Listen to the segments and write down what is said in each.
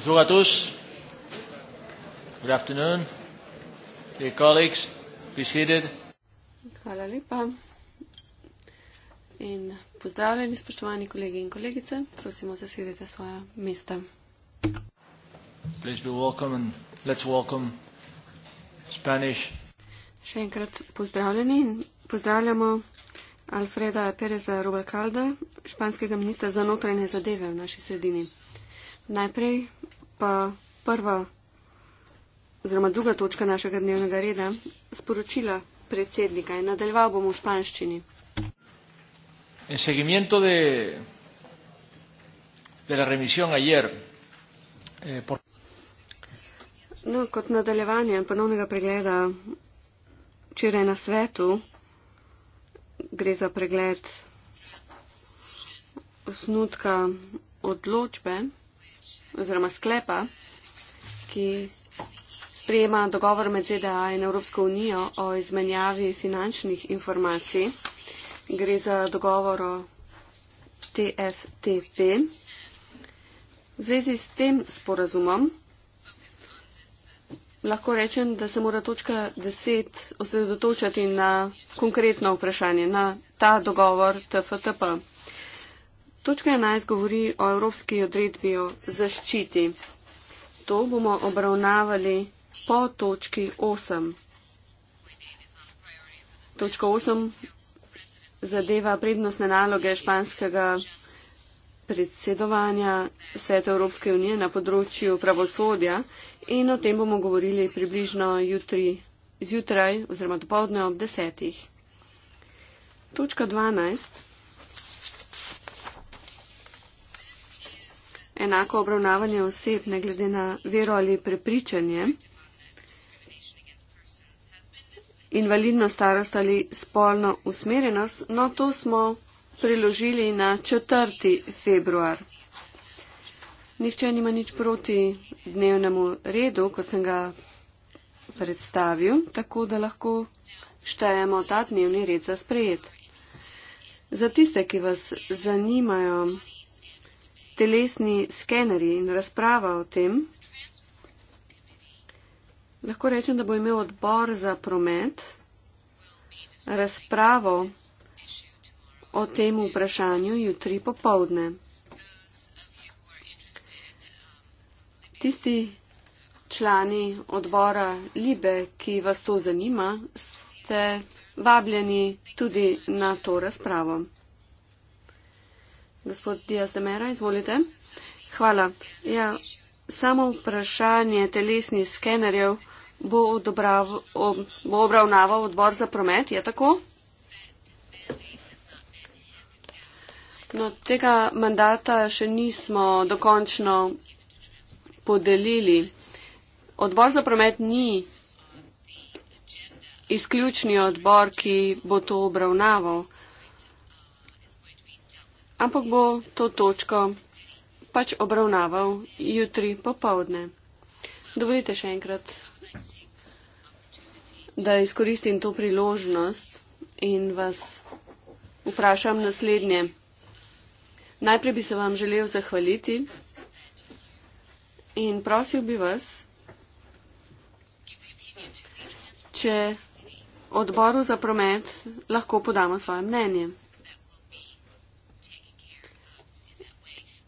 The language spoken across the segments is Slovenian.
Bonjour à tous. Good afternoon. Dear colleagues, be seated. Hvala lepa. In pozdravljeni, spoštovani kolegi in kolegice. Prosimo, zasedite svoja mesta. Please be welcome and let's welcome Spanish. Še enkrat pozdravljeni in pozdravljamo Alfreda Pereza Rubalcalda, španskega ministra za notranje zadeve v naši sredini. Najprej pa prva oziroma druga točka našega dnevnega reda, sporočila predsednika in nadaljeval bomo v španščini. En seguimiento de, de la remisión ayer. Eh, por... no, kot nadaljevanje ponovnega pregleda včeraj na svetu, gre za pregled osnutka odločbe oziroma sklepa, ki sprejema dogovor med ZDA in Evropsko unijo o izmenjavi finančnih informacij. Gre za dogovor o TFTP. V zvezi s tem sporazumom lahko rečem, da se mora točka 10 osredotočati na konkretno vprašanje, na ta dogovor TFTP. Točka 11 govori o evropski odredbi o zaščiti. To bomo obravnavali po točki 8. Točka 8 zadeva prednostne naloge španskega predsedovanja Svete Evropske unije na področju pravosodja in o tem bomo govorili približno jutri, zjutraj oziroma dopoldne ob desetih. Točka 12. enako obravnavanje oseb, ne glede na vero ali prepričanje, invalidno starost ali spolno usmerjenost, no to smo preložili na 4. februar. Nihče nima nič proti dnevnemu redu, kot sem ga predstavil, tako da lahko štejemo ta dnevni red za sprejet. Za tiste, ki vas zanimajo telesni skenerji in razprava o tem. Lahko rečem, da bo imel odbor za promet razpravo o tem vprašanju jutri popovdne. Tisti člani odbora Libe, ki vas to zanima, ste vabljeni tudi na to razpravo gospod Dias de Mera, izvolite. Hvala. Ja, samo vprašanje telesnih skenerjev bo, odobrav, ob, bo obravnaval odbor za promet, je tako? No, tega mandata še nismo dokončno podelili. Odbor za promet ni izključni odbor, ki bo to obravnaval ampak bo to točko pač obravnaval jutri popovdne. Dovolite še enkrat, da izkoristim to priložnost in vas vprašam naslednje. Najprej bi se vam želel zahvaliti in prosil bi vas, če odboru za promet lahko podamo svoje mnenje.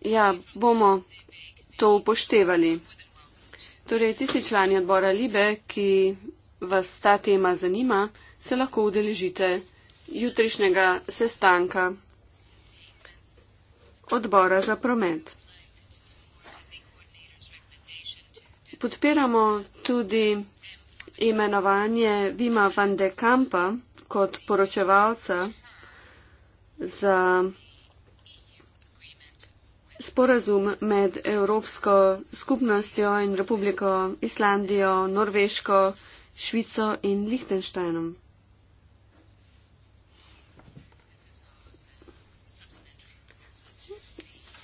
Ja, bomo to upoštevali. Torej, tisti člani odbora Libe, ki vas ta tema zanima, se lahko udeležite jutrišnjega sestanka odbora za promet. Podpiramo tudi imenovanje Vima Van de Kampa kot poročevalca za sporazum med Evropsko skupnostjo in Republiko Islandijo, Norveško, Švico in Lihtenštajnom.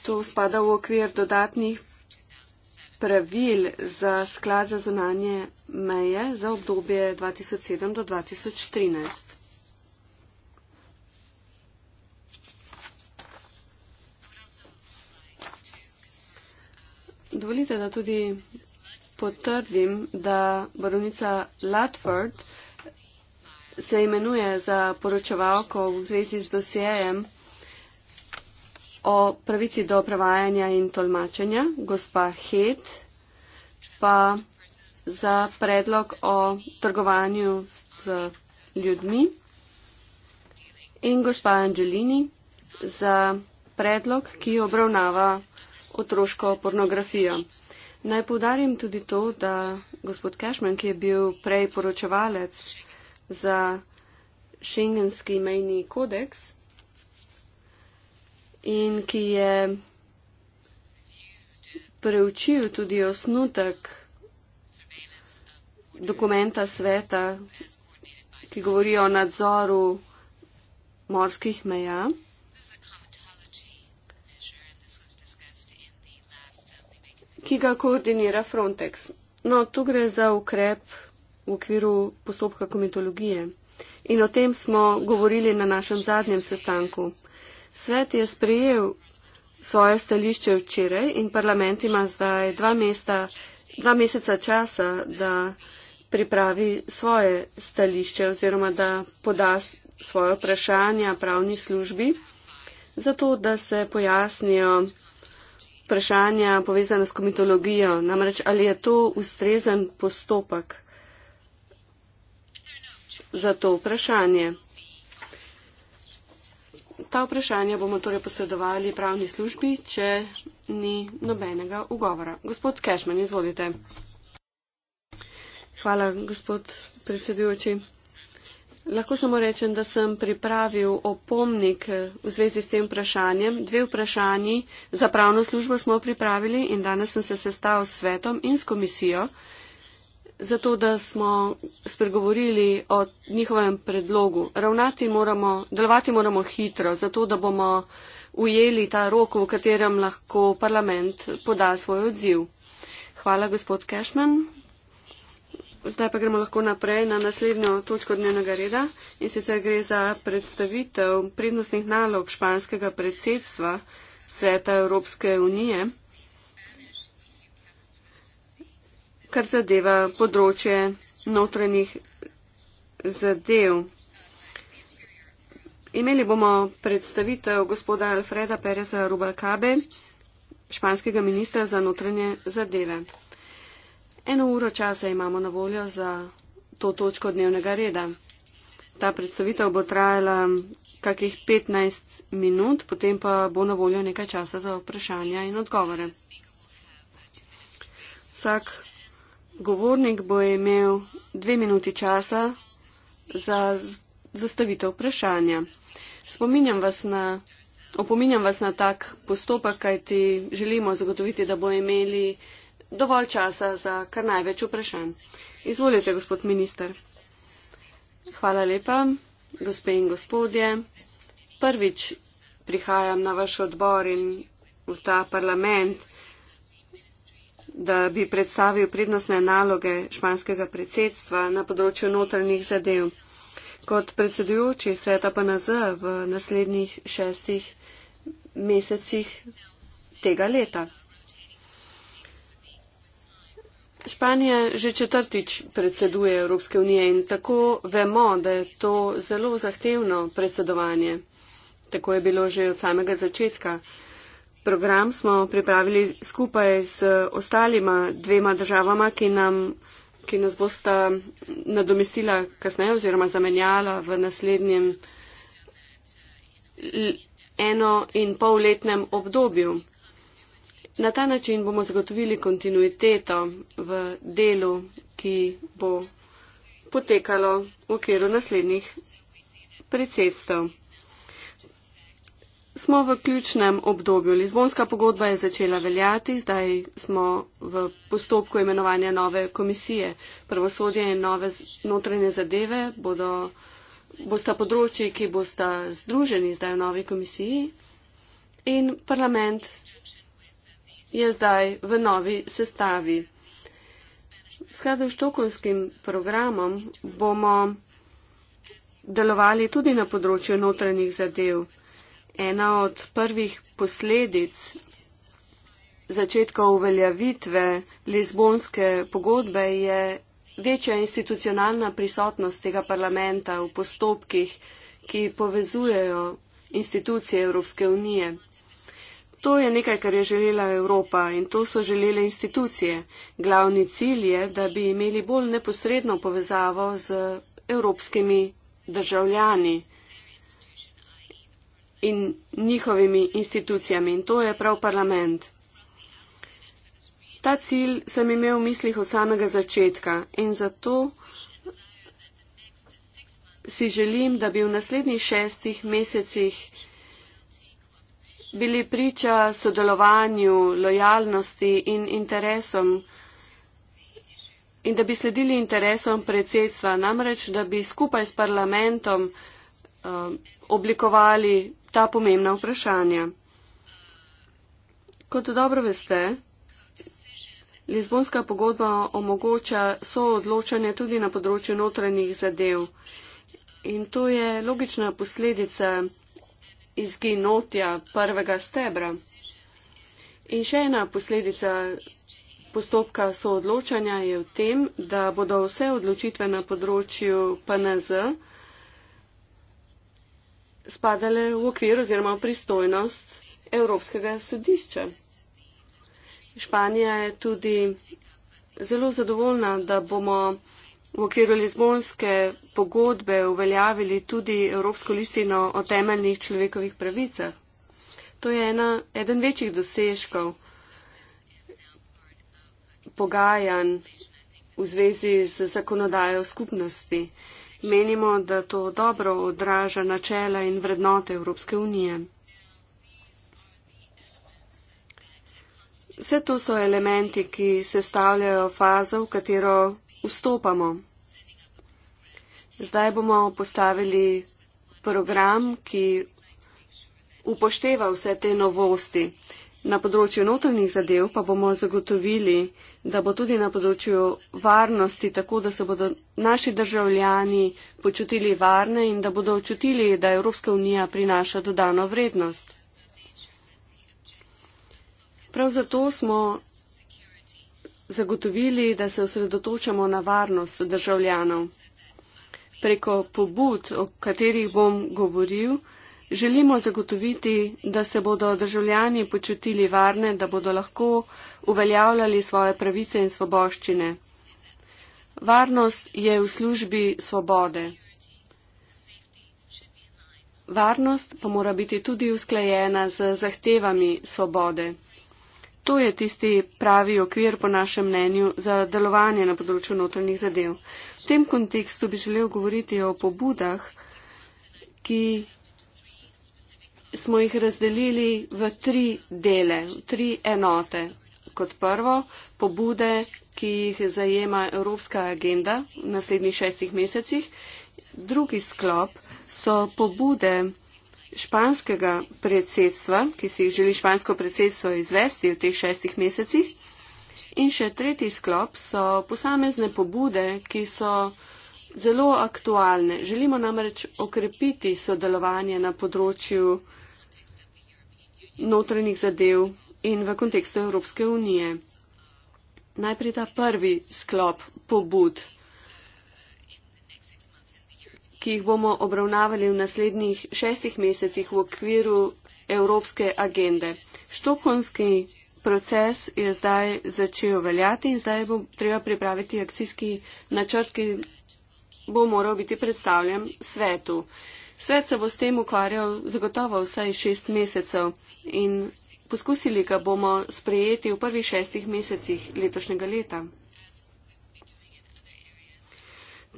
To spada v okvir dodatnih pravil za sklad za zunanje meje za obdobje 2007 do 2013. Dovolite, da tudi potrdim, da baronica Latford se imenuje za poročevalko v zvezi z dosjejem o pravici do prevajanja in tolmačenja, gospa Het, pa za predlog o trgovanju z ljudmi in gospa Angelini za predlog, ki obravnava otroško pornografijo. Naj povdarim tudi to, da gospod Kešman, ki je bil prej poročevalec za šengenski mejni kodeks in ki je preučil tudi osnutek dokumenta sveta, ki govori o nadzoru morskih meja. ki ga koordinira Frontex. No, tu gre za ukrep v okviru postopka komitologije. In o tem smo govorili na našem zadnjem sestanku. Svet je sprejel svoje stališče včeraj in parlament ima zdaj dva, mesta, dva meseca časa, da pripravi svoje stališče oziroma da poda svoje vprašanja pravni službi, zato da se pojasnijo vprašanja povezana s komitologijo. Namreč, ali je to ustrezen postopek za to vprašanje? Ta vprašanja bomo torej posredovali pravni službi, če ni nobenega ugovora. Gospod Kešman, izvolite. Hvala, gospod predsedujoči. Lahko samo rečem, da sem pripravil opomnik eh, v zvezi s tem vprašanjem. Dve vprašanji za pravno službo smo pripravili in danes sem se sestal s svetom in s komisijo, zato da smo spregovorili o njihovem predlogu. Ravnati moramo, delovati moramo hitro, zato da bomo ujeli ta rok, v katerem lahko parlament poda svoj odziv. Hvala, gospod Kešman. Zdaj pa gremo lahko naprej na naslednjo točko dnevnega reda in sicer gre za predstavitev prednostnih nalog španskega predsedstva Sveta Evropske unije, kar zadeva področje notranjih zadev. Imeli bomo predstavitev gospoda Alfreda Pereza Rubalkabe, španskega ministra za notranje zadeve. Eno uro časa imamo na voljo za to točko dnevnega reda. Ta predstavitev bo trajala kakih 15 minut, potem pa bo na voljo nekaj časa za vprašanja in odgovore. Vsak govornik bo imel dve minuti časa za zastavitev vprašanja. Spominjam vas na, opominjam vas na tak postopek, kajti želimo zagotoviti, da bo imeli dovolj časa za kar največ vprašanj. Izvolite, gospod minister. Hvala lepa, gospe in gospodje. Prvič prihajam na vaš odbor in v ta parlament, da bi predstavil prednostne naloge španskega predsedstva na področju notranjih zadev. Kot predsedujoči sveta PNZ v naslednjih šestih mesecih tega leta. Španija že četrtič predseduje Evropske unije in tako vemo, da je to zelo zahtevno predsedovanje. Tako je bilo že od samega začetka. Program smo pripravili skupaj s ostalima dvema državama, ki, nam, ki nas bosta nadomestila kasneje oziroma zamenjala v naslednjem eno in pol letnem obdobju. Na ta način bomo zagotovili kontinuiteto v delu, ki bo potekalo v okviru naslednjih predsedstv. Smo v ključnem obdobju. Lizbonska pogodba je začela veljati, zdaj smo v postopku imenovanja nove komisije. Pravosodje in nove notranje zadeve bodo, bosta področji, ki bosta združeni zdaj v novi komisiji. In parlament je zdaj v novi sestavi. V skladu s štokonskim programom bomo delovali tudi na področju notranjih zadev. Ena od prvih posledic začetka uveljavitve Lizbonske pogodbe je večja institucionalna prisotnost tega parlamenta v postopkih, ki povezujejo institucije Evropske unije. To je nekaj, kar je želela Evropa in to so želele institucije. Glavni cilj je, da bi imeli bolj neposredno povezavo z evropskimi državljani in njihovimi institucijami in to je prav parlament. Ta cilj sem imel v mislih od samega začetka in zato si želim, da bi v naslednjih šestih mesecih bili priča sodelovanju, lojalnosti in interesom in da bi sledili interesom predsedstva, namreč da bi skupaj s parlamentom um, oblikovali ta pomembna vprašanja. Kot dobro veste, Lizbonska pogodba omogoča soodločanje tudi na področju notranjih zadev. In to je logična posledica izginotja prvega stebra. In še ena posledica postopka soodločanja je v tem, da bodo vse odločitve na področju PNZ spadale v okvir oziroma v pristojnost Evropskega sodišča. Španija je tudi zelo zadovoljna, da bomo v okviru Lizbonske pogodbe uveljavili tudi Evropsko listino o temeljnih človekovih pravicah. To je ena, eden večjih dosežkov pogajanj v zvezi z zakonodajo skupnosti. Menimo, da to dobro odraža načela in vrednote Evropske unije. Vse to so elementi, ki sestavljajo fazo, v katero vstopamo. Zdaj bomo postavili program, ki upošteva vse te novosti. Na področju notrnih zadev pa bomo zagotovili, da bo tudi na področju varnosti tako, da se bodo naši državljani počutili varne in da bodo čutili, da Evropska unija prinaša dodano vrednost. Prav zato smo zagotovili, da se osredotočamo na varnost državljanov. Preko pobud, o katerih bom govoril, želimo zagotoviti, da se bodo državljani počutili varne, da bodo lahko uveljavljali svoje pravice in svoboščine. Varnost je v službi svobode. Varnost pa mora biti tudi usklajena z zahtevami svobode. To je tisti pravi okvir, po našem mnenju, za delovanje na področju notranjih zadev. V tem kontekstu bi želel govoriti o pobudah, ki smo jih razdelili v tri dele, v tri enote. Kot prvo, pobude, ki jih zajema Evropska agenda v naslednjih šestih mesecih. Drugi sklop so pobude, španskega predsedstva, ki si jih želi špansko predsedstvo izvesti v teh šestih mesecih. In še tretji sklop so posamezne pobude, ki so zelo aktualne. Želimo namreč okrepiti sodelovanje na področju notranjih zadev in v kontekstu Evropske unije. Najprej ta prvi sklop pobud ki jih bomo obravnavali v naslednjih šestih mesecih v okviru Evropske agende. Štokonski proces je zdaj začel veljati in zdaj bo treba pripraviti akcijski načrt, ki bo moral biti predstavljen svetu. Svet se bo s tem ukvarjal zagotovo vsaj šest mesecev in poskusili ga bomo sprejeti v prvih šestih mesecih letošnjega leta.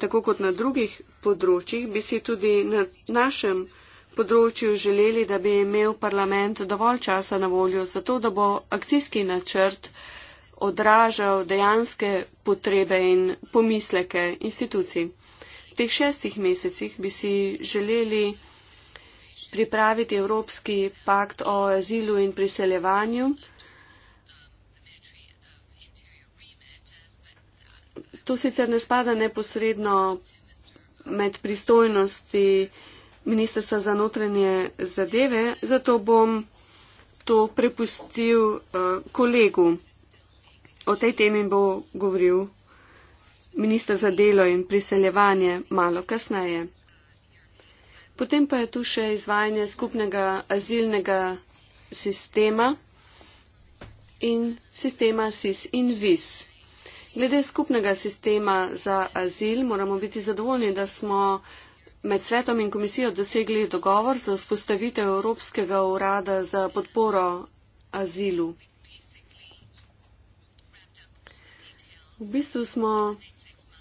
Tako kot na drugih področjih, bi si tudi na našem področju želeli, da bi imel parlament dovolj časa na voljo za to, da bo akcijski načrt odražal dejanske potrebe in pomisleke institucij. V teh šestih mesecih bi si želeli pripraviti Evropski pakt o azilu in priseljevanju. to sicer ne spada neposredno med pristojnosti Ministrstva za notranje zadeve, zato bom to prepustil uh, kolegu. O tej temi bo govoril ministr za delo in priseljevanje malo kasneje. Potem pa je tu še izvajanje skupnega azilnega sistema in sistema SIS in VIS. Glede skupnega sistema za azil moramo biti zadovoljni, da smo med svetom in komisijo dosegli dogovor za vzpostavitev Evropskega urada za podporo azilu. V bistvu smo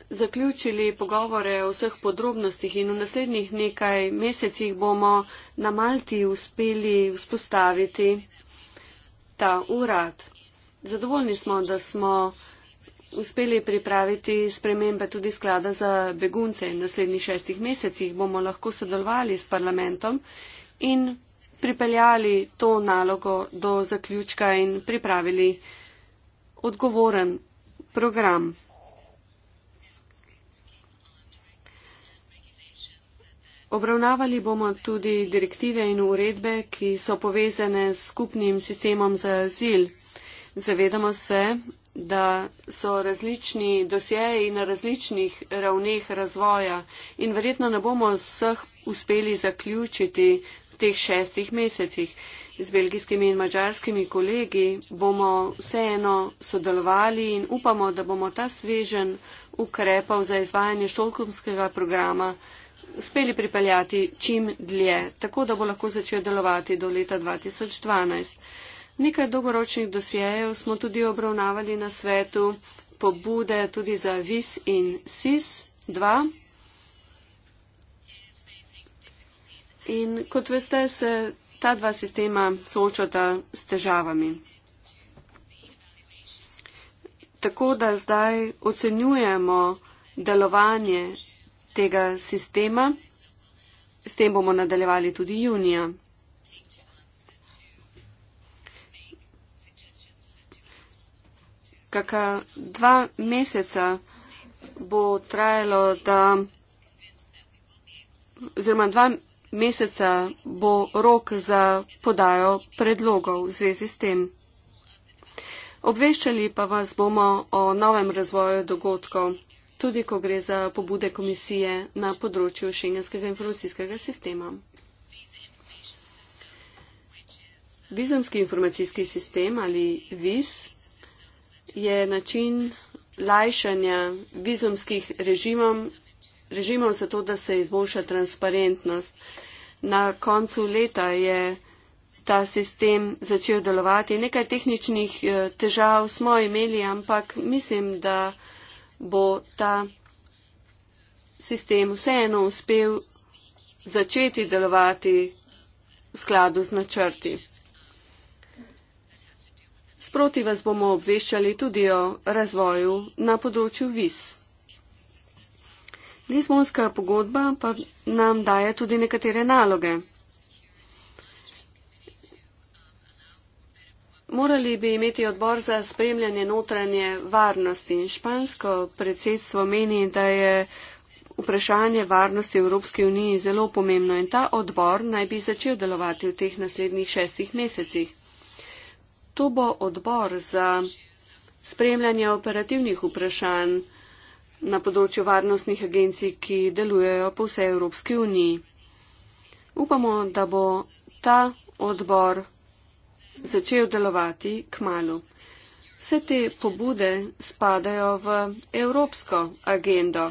zaključili pogovore o vseh podrobnostih in v naslednjih nekaj mesecih bomo na Malti uspeli vzpostaviti ta urad. Zadovoljni smo, da smo uspeli pripraviti spremembe tudi sklada za begunce in v naslednjih šestih mesecih bomo lahko sodelovali s parlamentom in pripeljali to nalogo do zaključka in pripravili odgovoren program. Obravnavali bomo tudi direktive in uredbe, ki so povezane s skupnim sistemom za azil. Zavedamo se, da so različni dosjeji na različnih ravneh razvoja in verjetno ne bomo vseh uspeli zaključiti v teh šestih mesecih. Z belgijskimi in mačarskimi kolegi bomo vseeno sodelovali in upamo, da bomo ta svežen ukrepov za izvajanje šolkomskega programa uspeli pripeljati čim dlje, tako da bo lahko začel delovati do leta 2012. Nekaj dolgoročnih dosjejev smo tudi obravnavali na svetu, pobude tudi za VIS in SIS 2. In kot veste, se ta dva sistema soočata s težavami. Tako da zdaj ocenjujemo delovanje tega sistema. S tem bomo nadaljevali tudi junija. kakšna dva meseca bo trajalo, da, oziroma dva meseca bo rok za podajo predlogov v zvezi s tem. Obveščali pa vas bomo o novem razvoju dogodkov, tudi ko gre za pobude komisije na področju šengenskega informacijskega sistema. Vizumski informacijski sistem ali VIS je način lajšanja vizumskih režimom, režimov za to, da se izboljša transparentnost. Na koncu leta je ta sistem začel delovati. Nekaj tehničnih eh, težav smo imeli, ampak mislim, da bo ta sistem vseeno uspel začeti delovati v skladu z načrti. Sproti vas bomo obveščali tudi o razvoju na področju viz. Lizbonska pogodba pa nam daje tudi nekatere naloge. Morali bi imeti odbor za spremljanje notranje varnosti in špansko predsedstvo meni, da je vprašanje varnosti Evropske unije zelo pomembno in ta odbor naj bi začel delovati v teh naslednjih šestih mesecih to bo odbor za spremljanje operativnih vprašanj na področju varnostnih agencij, ki delujejo po vsej Evropski uniji. Upamo, da bo ta odbor začel delovati k malu. Vse te pobude spadajo v evropsko agendo.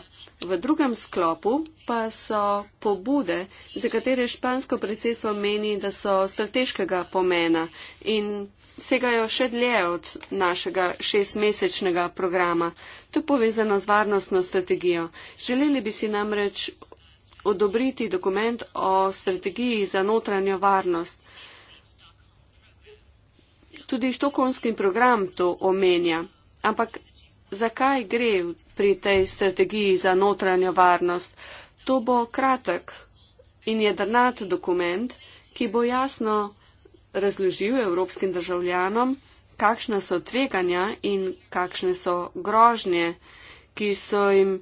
V drugem sklopu pa so pobude, za katere špansko predsedstvo meni, da so strateškega pomena in segajo še dlje od našega šestmesečnega programa. To je povezano z varnostno strategijo. Želeli bi si namreč odobriti dokument o strategiji za notranjo varnost. Tudi štokonski program to omenja. Ampak zakaj gre pri tej strategiji za notranjo varnost? To bo kratek in jedrnat dokument, ki bo jasno razložil evropskim državljanom, kakšna so tveganja in kakšne so grožnje, ki so jim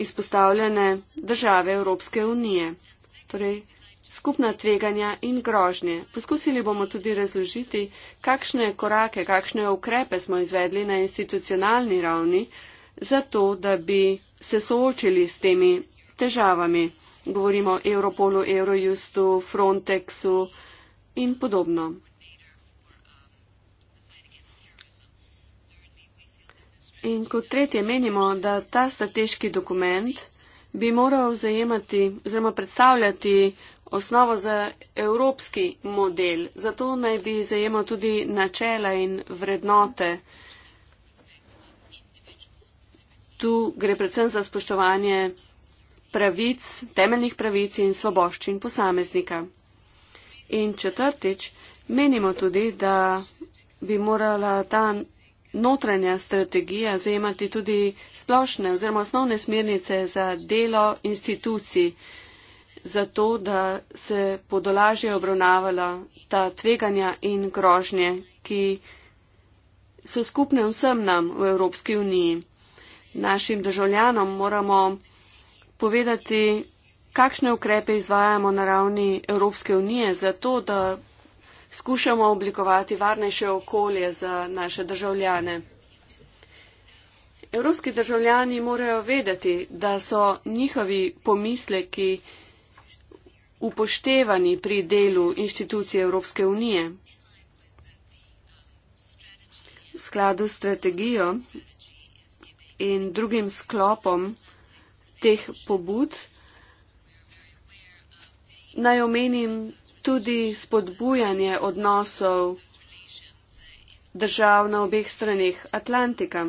izpostavljene države Evropske unije. Torej, skupna tveganja in grožnje. Poskusili bomo tudi razložiti, kakšne korake, kakšne ukrepe smo izvedli na institucionalni ravni, zato da bi se soočili s temi težavami. Govorimo o Europolu, Eurojustu, Frontexu in podobno. In kot tretje menimo, da ta strateški dokument bi moral zajemati oziroma predstavljati osnovo za evropski model. Zato naj bi zajemal tudi načela in vrednote. Tu gre predvsem za spoštovanje pravic, temeljnih pravic in svoboščin posameznika. In četrtič, menimo tudi, da bi morala ta notranja strategija zajemati tudi splošne oziroma osnovne smernice za delo institucij, zato, da se podolažje obravnavala ta tveganja in grožnje, ki so skupne vsem nam v Evropski uniji. Našim državljanom moramo povedati, kakšne ukrepe izvajamo na ravni Evropske unije, zato da skušamo oblikovati varnejše okolje za naše državljane. Evropski državljani morajo vedeti, da so njihovi pomisleki, ki upoštevani pri delu inštitucije Evropske unije. V skladu s strategijo in drugim sklopom teh pobud naj omenim tudi spodbujanje odnosov držav na obeh stranih Atlantika.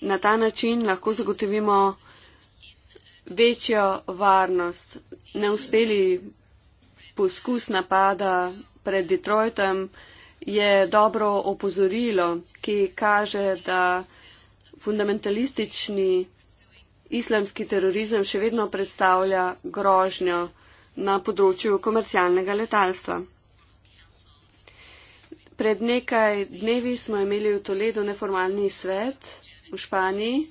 Na ta način lahko zagotovimo večjo varnost. Neuspeli poskus napada pred Detroitem je dobro opozorilo, ki kaže, da fundamentalistični islamski terorizem še vedno predstavlja grožnjo na področju komercialnega letalstva. Pred nekaj dnevi smo imeli v Toledo neformalni svet v Španiji.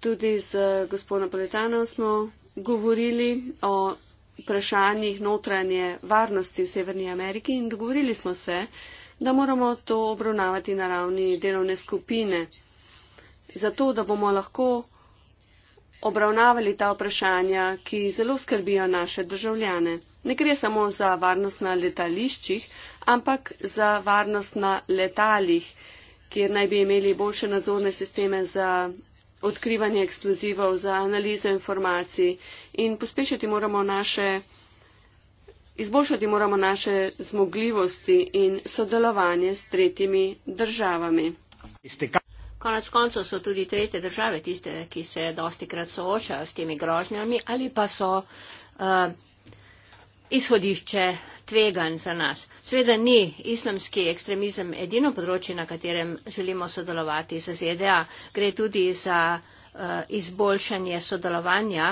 Tudi z gospodom Napoletanom smo govorili o vprašanjih notranje varnosti v Severni Ameriki in dogovorili smo se, da moramo to obravnavati na ravni delovne skupine. Zato, da bomo lahko obravnavali ta vprašanja, ki zelo skrbijo naše državljane. Ne gre samo za varnost na letališčih, ampak za varnost na letalih, kjer naj bi imeli boljše nadzorne sisteme za odkrivanje eksplozivov, za analizo informacij in pospešiti moramo naše, izboljšati moramo naše zmogljivosti in sodelovanje s tretjimi državami. Konec koncev so tudi tretje države tiste, ki se dosti krat soočajo s temi grožnjami ali pa so uh, izhodišče tvegan za nas. Sveda ni islamski ekstremizem edino področje, na katerem želimo sodelovati z ZDA. Gre tudi za uh, izboljšanje sodelovanja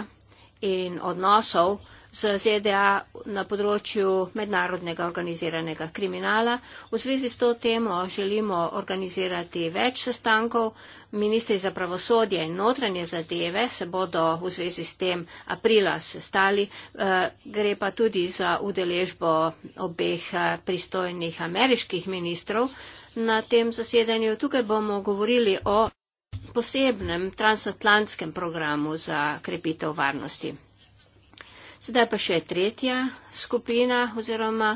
in odnosov uh, ZDA na področju mednarodnega organiziranega kriminala. V zvezi s to temo želimo organizirati več sestankov. Ministri za pravosodje in notranje zadeve se bodo v zvezi s tem aprila sestali. Eh, gre pa tudi za udeležbo obeh eh, pristojnih ameriških ministrov na tem zasedanju. Tukaj bomo govorili o posebnem transatlantskem programu za krepitev varnosti. Sedaj pa še tretja skupina oziroma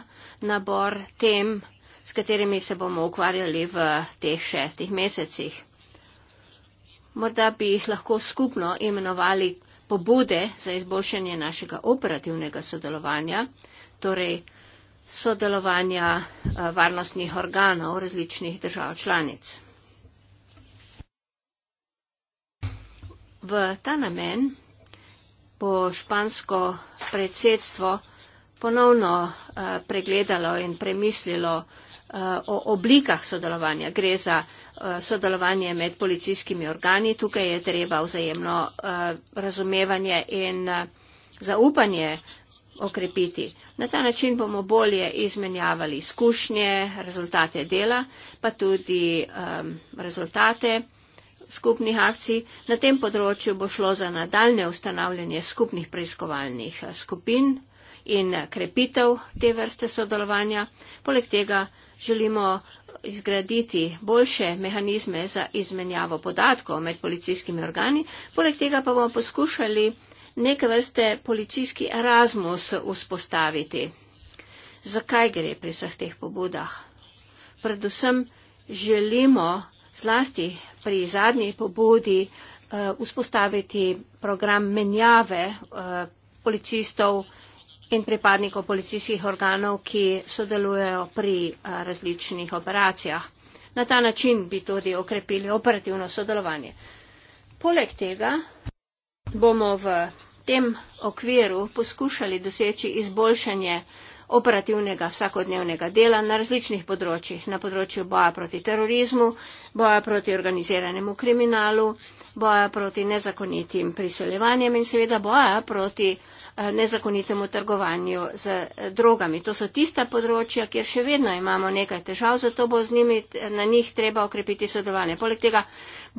nabor tem, s katerimi se bomo ukvarjali v teh šestih mesecih. Morda bi jih lahko skupno imenovali pobude za izboljšanje našega operativnega sodelovanja, torej sodelovanja eh, varnostnih organov različnih držav članic. V ta namen bo špansko predsedstvo ponovno uh, pregledalo in premislilo uh, o oblikah sodelovanja. Gre za uh, sodelovanje med policijskimi organi. Tukaj je treba vzajemno uh, razumevanje in uh, zaupanje okrepiti. Na ta način bomo bolje izmenjavali izkušnje, rezultate dela, pa tudi um, rezultate skupnih akcij. Na tem področju bo šlo za nadaljne ustanavljanje skupnih preiskovalnih eh, skupin in krepitev te vrste sodelovanja. Poleg tega želimo izgraditi boljše mehanizme za izmenjavo podatkov med policijskimi organi. Poleg tega pa bomo poskušali neke vrste policijski Erasmus vzpostaviti. Zakaj gre pri vseh teh pobudah? Predvsem želimo zlasti pri zadnji pobudi eh, vzpostaviti program menjave eh, policistov in pripadnikov policijskih organov, ki sodelujejo pri eh, različnih operacijah. Na ta način bi tudi okrepili operativno sodelovanje. Poleg tega bomo v tem okviru poskušali doseči izboljšanje uh, operativnega vsakodnevnega dela na različnih področjih, na področju boja proti terorizmu, boja proti organiziranemu kriminalu, boja proti nezakonitim priseljevanjem in seveda boja proti eh, nezakonitemu trgovanju z eh, drogami. To so tista področja, kjer še vedno imamo nekaj težav, zato bo z njimi eh, na njih treba okrepiti sodelovanje. Poleg tega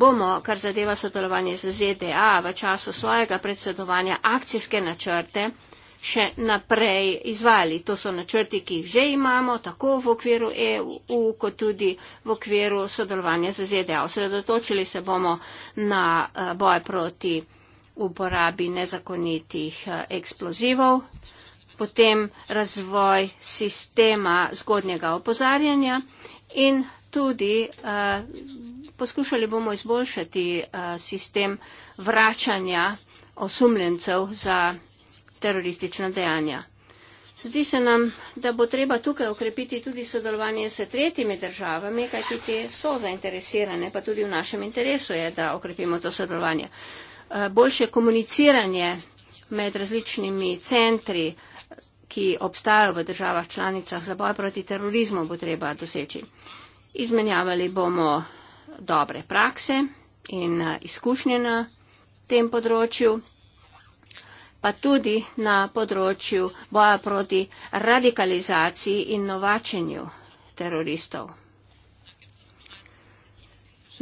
bomo, kar zadeva sodelovanje z ZDA v času svojega predsedovanja, akcijske načrte še naprej izvali. To so načrti, ki jih že imamo, tako v okviru EU, kot tudi v okviru sodelovanja z ZDA. Osredotočili se bomo na eh, boj proti uporabi nezakonitih eh, eksplozivov, potem razvoj sistema zgodnjega opozarjanja in tudi eh, poskušali bomo izboljšati sistem vračanja osumljencev za teroristična dejanja. Zdi se nam, da bo treba tukaj okrepiti tudi sodelovanje s tretjimi državami, kajti te so zainteresirane, pa tudi v našem interesu je, da okrepimo to sodelovanje. Eh, boljše komuniciranje med različnimi centri, ki obstajajo v državah članicah za boj proti terorizmu, bo treba doseči. Izmenjavali bomo dobre prakse in eh, izkušnje na tem področju, pa tudi na področju boja proti radikalizaciji in novačenju teroristov.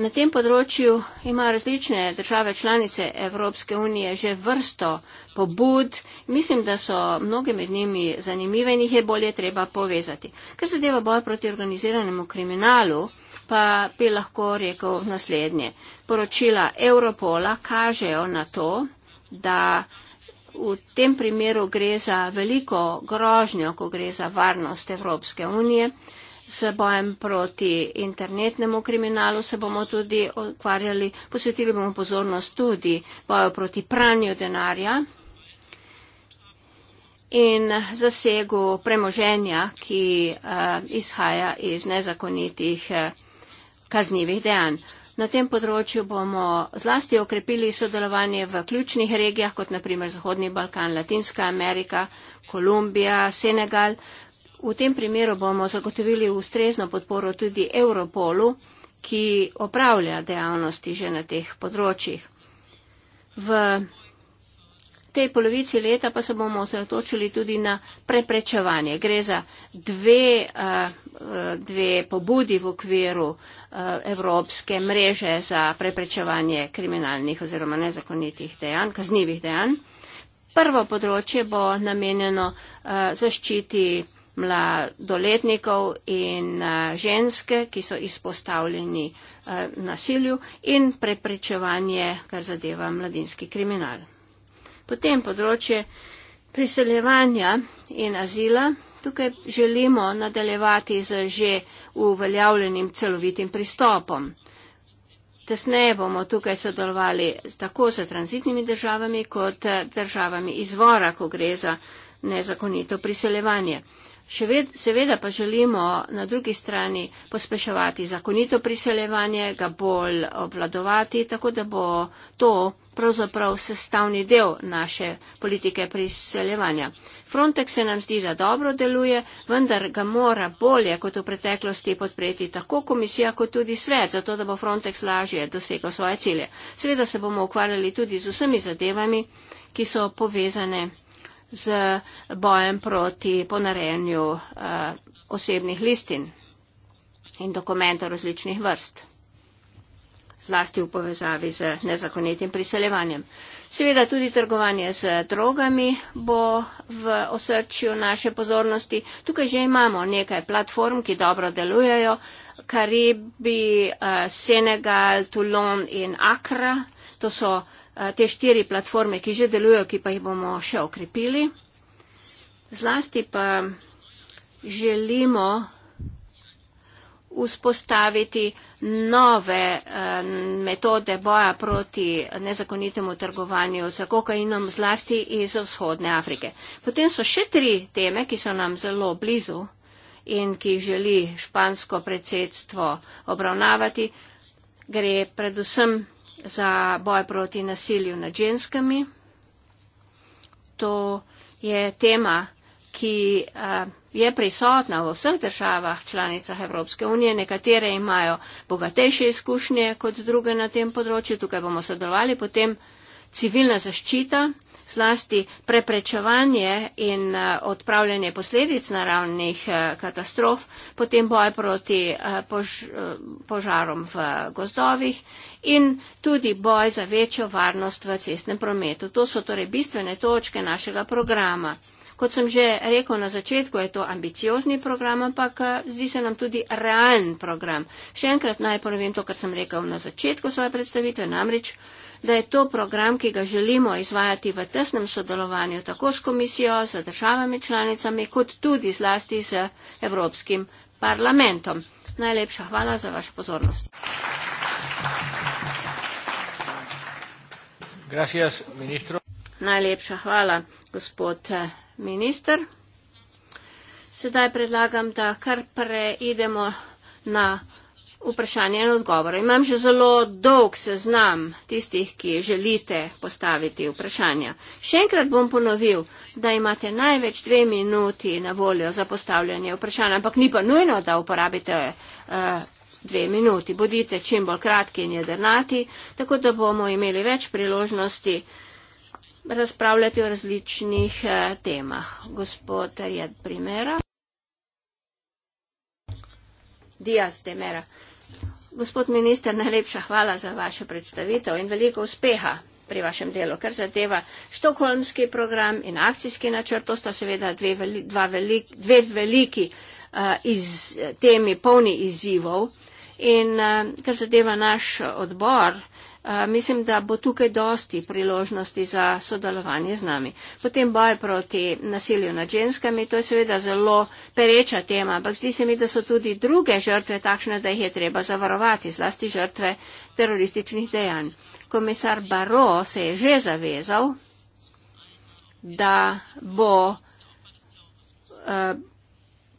Na tem področju ima različne države članice Evropske unije že vrsto pobud. Mislim, da so mnoge med njimi zanimive in jih je bolje treba povezati. Kar zadeva boja proti organiziranemu kriminalu, pa bi lahko rekel naslednje. Poročila Europola kažejo na to, da v tem primeru gre za veliko grožnjo, ko gre za varnost Evropske unije. S bojem proti internetnemu kriminalu se bomo tudi ukvarjali, posvetili bomo pozornost tudi boju proti pranju denarja in zasegu premoženja, ki uh, izhaja iz nezakonitih uh, eh, kaznjivih dejanj. Na tem področju bomo zlasti okrepili sodelovanje v ključnih regijah, kot naprimer Zahodni Balkan, Latinska Amerika, Kolumbija, Senegal. V tem primeru bomo zagotovili ustrezno podporo tudi Europolu, ki opravlja dejavnosti že na teh področjih. V tej polovici leta pa se bomo osredotočili tudi na preprečevanje. Gre za dve, eh, eh, dve pobudi v okviru eh, Evropske mreže za preprečevanje kriminalnih oziroma nezakonitih dejanj, kaznivih dejanj. Prvo področje bo namenjeno zaščiti mladoletnikov in ženske, ki so izpostavljeni nasilju in preprečevanje, kar zadeva mladinski kriminal. Potem področje priseljevanja in azila. Tukaj želimo nadaljevati z že uveljavljenim celovitim pristopom. Tesneje bomo tukaj sodelovali tako z tranzitnimi državami kot državami izvora, ko gre za nezakonito priseljevanje ved, seveda pa želimo na drugi strani pospeševati zakonito priseljevanje, ga bolj obvladovati, tako da bo to pravzaprav sestavni del naše politike priseljevanja. Frontex se nam zdi, da dobro deluje, vendar ga mora bolje kot v preteklosti podpreti tako komisija kot tudi svet, zato da bo Frontex lažje dosegal svoje cilje. Seveda se bomo ukvarjali tudi z vsemi zadevami, ki so povezane z bojem proti ponarejanju uh, osebnih listin in dokumentov različnih vrst, zlasti v povezavi z nezakonitim priseljevanjem. Seveda tudi trgovanje z drogami bo v osrčju naše pozornosti. Tukaj že imamo nekaj platform, ki dobro delujejo. Karibi, uh, Senegal, Toulon in Akra. To so uh, Eh, te štiri platforme, ki že delujejo, ki pa jih bomo še okrepili. Zlasti pa želimo vzpostaviti nove eh, metode boja proti nezakonitemu trgovanju za kokainom zlasti iz vzhodne Afrike. Potem so še tri teme, ki so nam zelo blizu in ki jih želi špansko predsedstvo obravnavati. Gre predvsem za boj proti nasilju nad ženskami. To je tema, ki eh, je prisotna v vseh državah članicah Evropske unije. Nekatere imajo bogatejše izkušnje kot druge na tem področju. Tukaj bomo sodelovali potem civilna zaščita zlasti preprečevanje in eh, odpravljanje posledic naravnih eh, katastrof, potem boj proti eh, pož požarom v gozdovih in tudi boj za večjo varnost v cestnem prometu. To so torej bistvene točke našega programa. Kot sem že rekel na začetku, je to ambiciozni program, ampak eh, zdi se nam tudi realen program. Še enkrat naj ponovim to, kar sem rekel na začetku svoje predstavitve, namreč, da je to program, ki ga želimo izvajati v tesnem sodelovanju tako s komisijo, z državami članicami, kot tudi zlasti z Evropskim parlamentom. Najlepša hvala za vašo pozornost. Gracias, Najlepša hvala, gospod eh, minister. Sedaj predlagam, da kar preidemo na vprašanje in odgovore. Imam že zelo dolg seznam tistih, ki želite postaviti vprašanja. Še enkrat bom ponovil, da imate največ dve minuti na voljo za postavljanje vprašanja, ampak ni pa nujno, da uporabite uh, dve minuti. Bodite čim bolj kratki in jedrnati, tako da bomo imeli več priložnosti. Uh, razpravljati o različnih eh, temah. Gospod Rijad Primera. Dijas Demera. Gospod minister, najlepša hvala za vašo predstavitev in veliko uspeha pri vašem delu, kar zadeva štokholmski program in akcijski načrt. To sta seveda dve, dva, velik, dve veliki eh, iz, temi polni izzivov. In eh, kar zadeva naš odbor, mislim, da bo tukaj dosti priložnosti za sodelovanje z nami. Potem boj proti nasilju nad ženskami, to je seveda zelo pereča tema, ampak zdi se mi, da so tudi druge žrtve takšne, da jih je treba zavarovati, zlasti žrtve terorističnih dejanj. Komisar Baro se je že zavezal, da bo uh,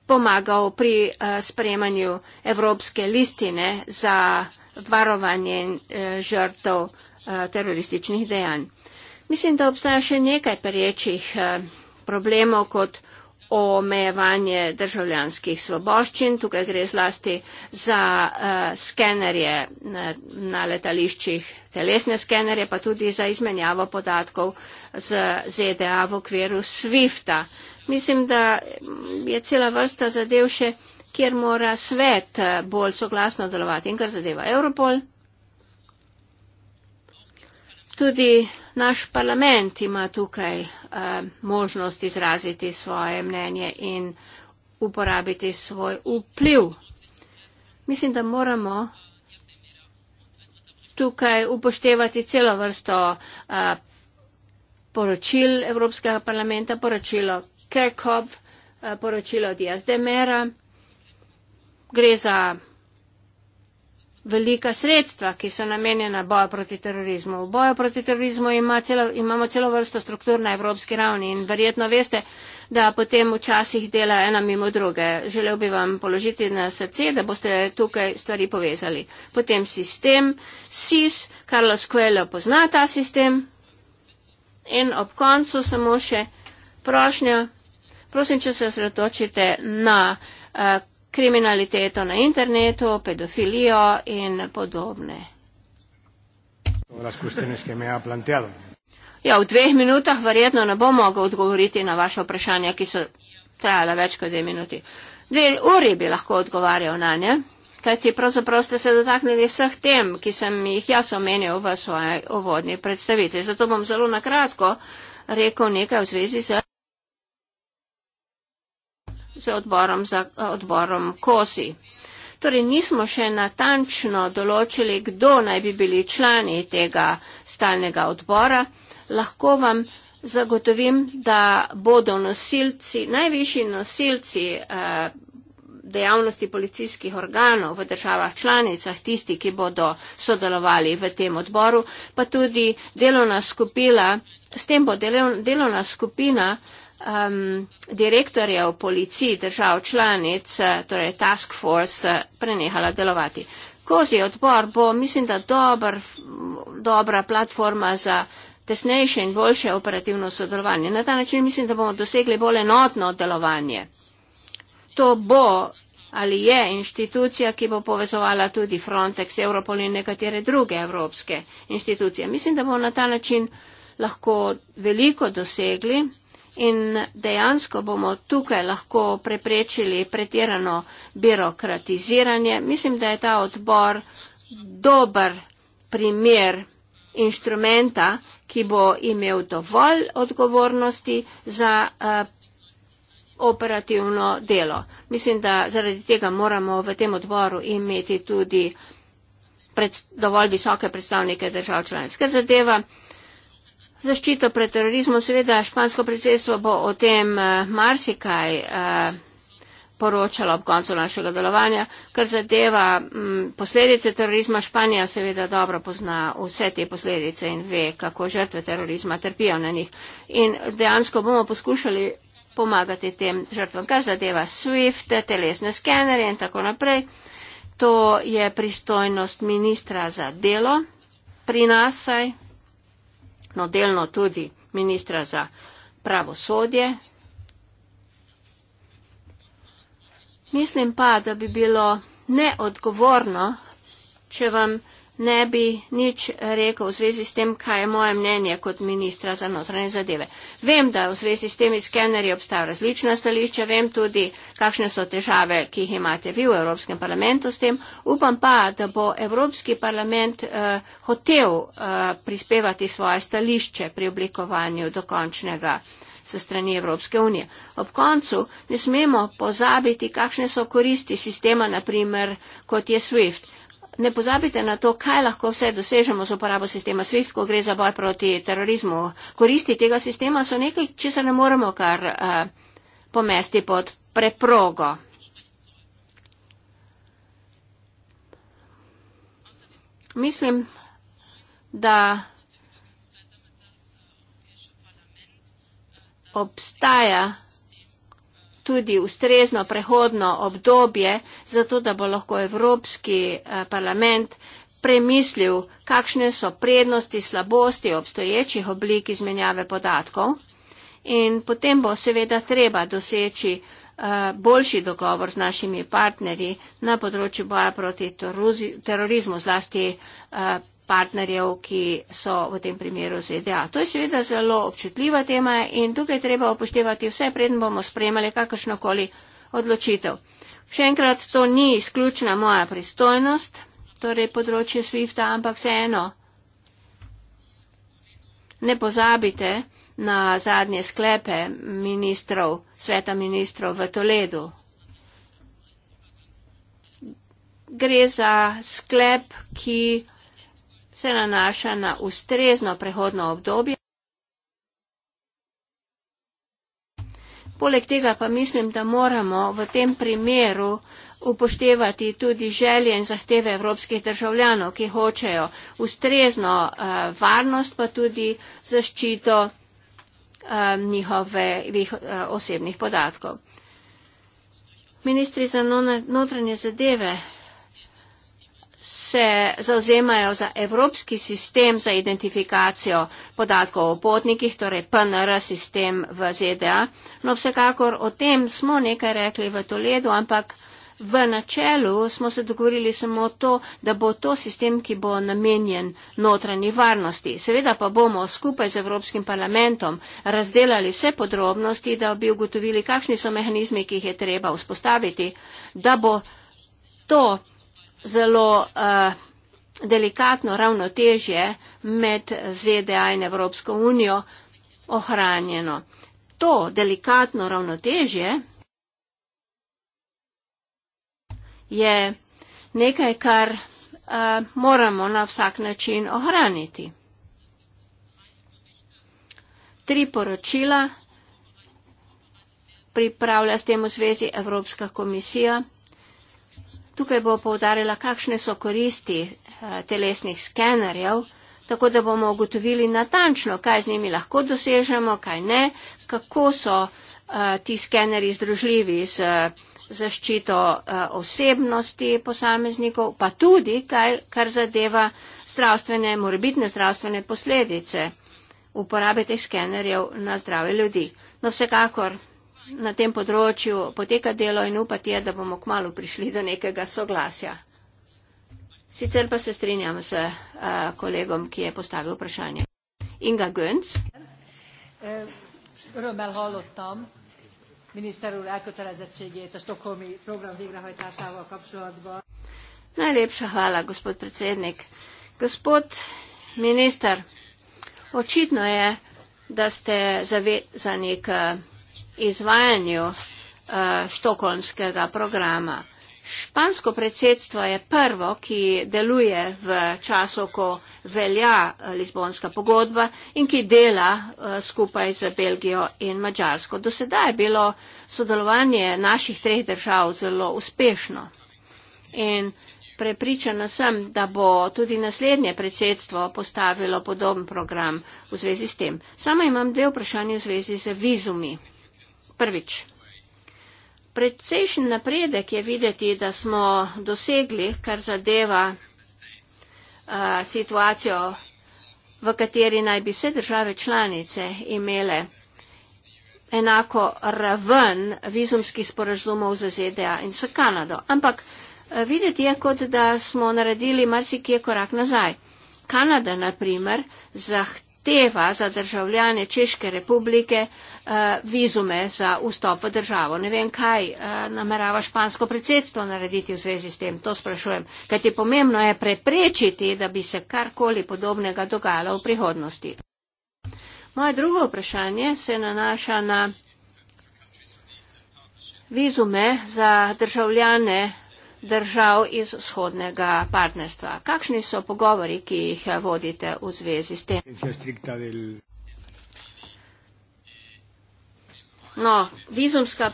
pomagal pri uh, sprejemanju evropske listine za varovanje eh, žrtov eh, terorističnih dejanj. Mislim, da obstaja še nekaj perječih eh, problemov kot omejevanje državljanskih svoboščin. Tukaj gre zlasti za uh, skenerje na, na letališčih, telesne skenerje, pa tudi za izmenjavo podatkov z ZDA v okviru SWIFT-a. Mislim, da je cela vrsta zadev še kjer mora svet eh, bolj soglasno delovati in kar zadeva Europol. Tudi naš parlament ima tukaj uh, možnost izraziti svoje mnenje in uporabiti svoj vpliv. Mislim, da moramo tukaj upoštevati celo vrsto uh, poročil Evropskega parlamenta, poročilo KECOP, uh, poročilo Diaz de Mera gre za velika sredstva, ki so namenjena boju proti terorizmu. V boju proti terorizmu ima celo, imamo celo vrsto struktur na evropski ravni in verjetno veste, da potem včasih dela ena mimo druge. Želel bi vam položiti na srce, da boste tukaj stvari povezali. Potem sistem SIS, Carlos Coelho pozna ta sistem in ob koncu samo še prošnja. Prosim, če se osredotočite na uh, kriminaliteto na internetu, pedofilijo in podobne. Ja, v dveh minutah verjetno ne bom mogel odgovoriti na vaše vprašanja, ki so trajala več kot dve minuti. Dve uri bi lahko odgovarjal na nje, kajti pravzaprav ste se dotaknili vseh tem, ki sem jih jaz omenil v svoji uvodni predstavitvi. Zato bom zelo nakratko rekel nekaj v zvezi z z odborom, za, eh, odborom Kozi. Torej nismo še natančno določili, kdo naj bi bili člani tega stalnega odbora. Lahko vam zagotovim, da bodo nosilci, najvišji nosilci eh, dejavnosti policijskih organov v državah članicah, tisti, ki bodo sodelovali v tem odboru, pa tudi delovna skupina, s tem bo delovna skupina um, direktorjev policij držav članic, eh, torej task force, eh, prenehala delovati. Kozi odbor bo, mislim, da dobar, dobra platforma za tesnejše in boljše operativno sodelovanje. Na ta način mislim, da bomo dosegli bolj enotno delovanje. To bo ali je inštitucija, ki bo povezovala tudi Frontex, Europol in nekatere druge evropske inštitucije. Mislim, da bomo na ta način lahko veliko dosegli in dejansko bomo tukaj lahko preprečili pretirano birokratiziranje. Mislim, da je ta odbor dober primer inštrumenta, ki bo imel dovolj odgovornosti za eh, operativno delo. Mislim, da zaradi tega moramo v tem odboru imeti tudi pred, dovolj visoke predstavnike držav članic. Ker zadeva zaščito pred terorizmom. Seveda, špansko predsedstvo bo o tem eh, marsikaj eh, poročalo ob koncu našega delovanja. Kar zadeva mm, posledice terorizma, Španija seveda dobro pozna vse te posledice in ve, kako žrtve terorizma trpijo na njih. In dejansko bomo poskušali pomagati tem žrtvam, kar zadeva SWIFT, telesne skenere in tako naprej. To je pristojnost ministra za delo pri nas, saj verjetno delno tudi ministra za pravosodje. Mislim pa, da bi bilo neodgovorno, če vam ne bi nič rekel v zvezi s tem, kaj je moje mnenje kot ministra za notranje zadeve. Vem, da v zvezi s temi skeneri obstajajo različna stališča, vem tudi, kakšne so težave, ki jih imate vi v Evropskem parlamentu s tem. Upam pa, da bo Evropski parlament eh, hotel eh, prispevati svoje stališče pri oblikovanju dokončnega se strani Evropske unije. Ob koncu ne smemo pozabiti, kakšne so koristi sistema, naprimer, kot je SWIFT ne pozabite na to, kaj lahko vse dosežemo z uporabo sistema SWIFT, ko gre za boj proti terorizmu. Koristi tega sistema so nekaj, če se ne moremo kar uh, pomesti pod preprogo. Mislim, da obstaja tudi ustrezno prehodno obdobje, zato da bo lahko Evropski eh, parlament premislil, kakšne so prednosti, slabosti obstoječih oblik izmenjave podatkov. In potem bo seveda treba doseči eh, boljši dogovor z našimi partnerji na področju boja proti terorizmu, zlasti eh, partnerjev, ki so v tem primeru ZDA. To je seveda zelo občutljiva tema in tukaj treba upoštevati vse, preden bomo spremljali kakršnokoli odločitev. Še enkrat, to ni izključna moja pristojnost, torej področje SWIFT-a, ampak vseeno. Ne pozabite na zadnje sklepe ministrov, sveta ministrov v Toledu. Gre za sklep, ki se nanaša na ustrezno prehodno obdobje. Poleg tega pa mislim, da moramo v tem primeru upoštevati tudi želje in zahteve evropskih državljanov, ki hočejo ustrezno uh, varnost, pa tudi zaščito uh, eh, njihovih uh, eh, osebnih podatkov. Ministri za notranje zadeve se zauzemajo za evropski sistem za identifikacijo podatkov o potnikih, torej PNR sistem v ZDA. No, vsekakor o tem smo nekaj rekli v Toledu, ampak v načelu smo se dogovorili samo to, da bo to sistem, ki bo namenjen notranji varnosti. Seveda pa bomo skupaj z Evropskim parlamentom razdelali vse podrobnosti, da bi ugotovili, kakšni so mehanizmi, ki jih je treba vzpostaviti, da bo to zelo uh, delikatno ravnotežje med ZDA in Evropsko unijo ohranjeno. To delikatno ravnotežje je nekaj, kar uh, moramo na vsak način ohraniti. Tri poročila pripravlja s tem v zvezi Evropska komisija. Tukaj bo povdarjala, kakšne so koristi eh, telesnih skenerjev, tako da bomo ugotovili natančno, kaj z njimi lahko dosežemo, kaj ne, kako so eh, ti skeneri združljivi z eh, zaščito osebnosti posameznikov, pa tudi, kaj, kar zadeva zdravstvene, morebitne zdravstvene posledice uporabe teh skenerjev na zdrave ljudi. No, vsekakor na tem področju poteka delo in upati je, da bomo kmalo prišli do nekega soglasja. Sicer pa se strinjam s uh, kolegom, ki je postavil vprašanje. Inga Gönc. Eh, örömmel hallottam miniszter úr elkötelezettségét a stokholmi program végrehajtásával kapcsolatban. Najlepša hvala, gospod predsednik. Gospod minister, očitno je, da ste zavezani k uh, izvajanju uh, eh, štokolmskega programa. Špansko predsedstvo je prvo, ki deluje v času, ko velja eh, Lizbonska pogodba in ki dela eh, skupaj z Belgijo in Mačarsko. Do sedaj je bilo sodelovanje naših treh držav zelo uspešno in prepričana sem, da bo tudi naslednje predsedstvo postavilo podoben program v zvezi s tem. Sama imam dve vprašanje v zvezi z vizumi prvič. Predsejšen napredek je videti, da smo dosegli, kar zadeva uh, situacijo, v kateri naj bi vse države članice imele enako raven vizumskih sporazumov za ZDA in za Kanado. Ampak videti je, kot da smo naredili marsikje korak nazaj. Kanada, na primer, zahteva zahteva za državljane Češke republike uh, vizume za vstop v državo. Ne vem, kaj uh, namerava špansko predsedstvo narediti v zvezi s tem, to sprašujem. Kajti pomembno je preprečiti, da bi se karkoli podobnega dogajalo v prihodnosti. Moje drugo vprašanje se nanaša na vizume za državljane držav iz vzhodnega partnerstva. Kakšni so pogovori, ki jih vodite v zvezi s tem? No, vizumska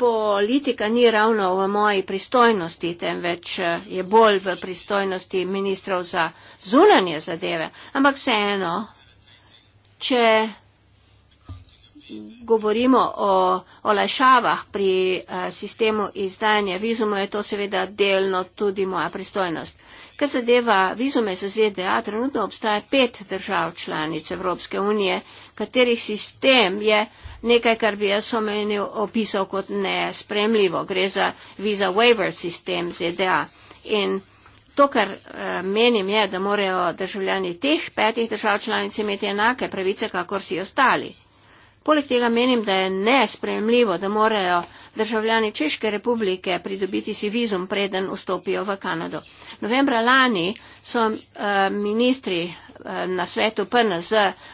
politika ni ravno v moji pristojnosti, temveč eh, je bolj v pristojnosti ministrov za zunanje zadeve. Ampak vseeno, če govorimo o olajšavah pri eh, sistemu izdajanja vizumo, je to seveda delno tudi moja pristojnost. Kar zadeva vizume za ZDA, trenutno obstaja pet držav članic Evropske unije, katerih sistem je nekaj, kar bi jaz omenil, opisal kot nespremljivo. Gre za visa waiver sistem ZDA. In To, kar eh, menim, je, da morajo državljani teh petih držav članic imeti enake pravice, kakor si ostali. Poleg tega menim, da je nespremljivo, da morajo državljani Češke republike pridobiti si vizum, preden vstopijo v Kanado. Novembra lani so uh, ministri uh, na svetu PNZ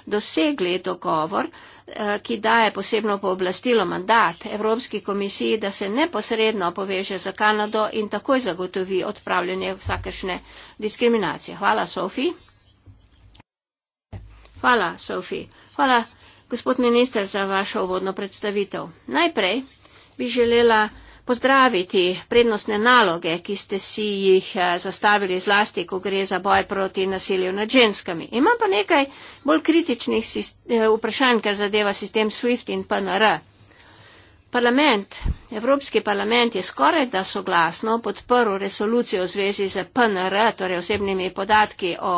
dosegli dogovor, uh, ki daje posebno pooblastilo mandat Evropski komisiji, da se neposredno poveže za Kanado in takoj zagotovi odpravljanje vsakešne diskriminacije. Hvala, Sofi. Hvala, Sofi. Hvala. Gospod minister, za vašo uvodno predstavitev. Najprej bi želela pozdraviti prednostne naloge, ki ste si jih eh, zastavili zlasti, ko gre za boj proti nasilju nad ženskami. Imam pa nekaj bolj kritičnih eh, vprašanj, kar zadeva sistem SWIFT in PNR. Parlament, Evropski parlament je skoraj da soglasno podprl resolucijo v zvezi z PNR, torej osebnimi podatki o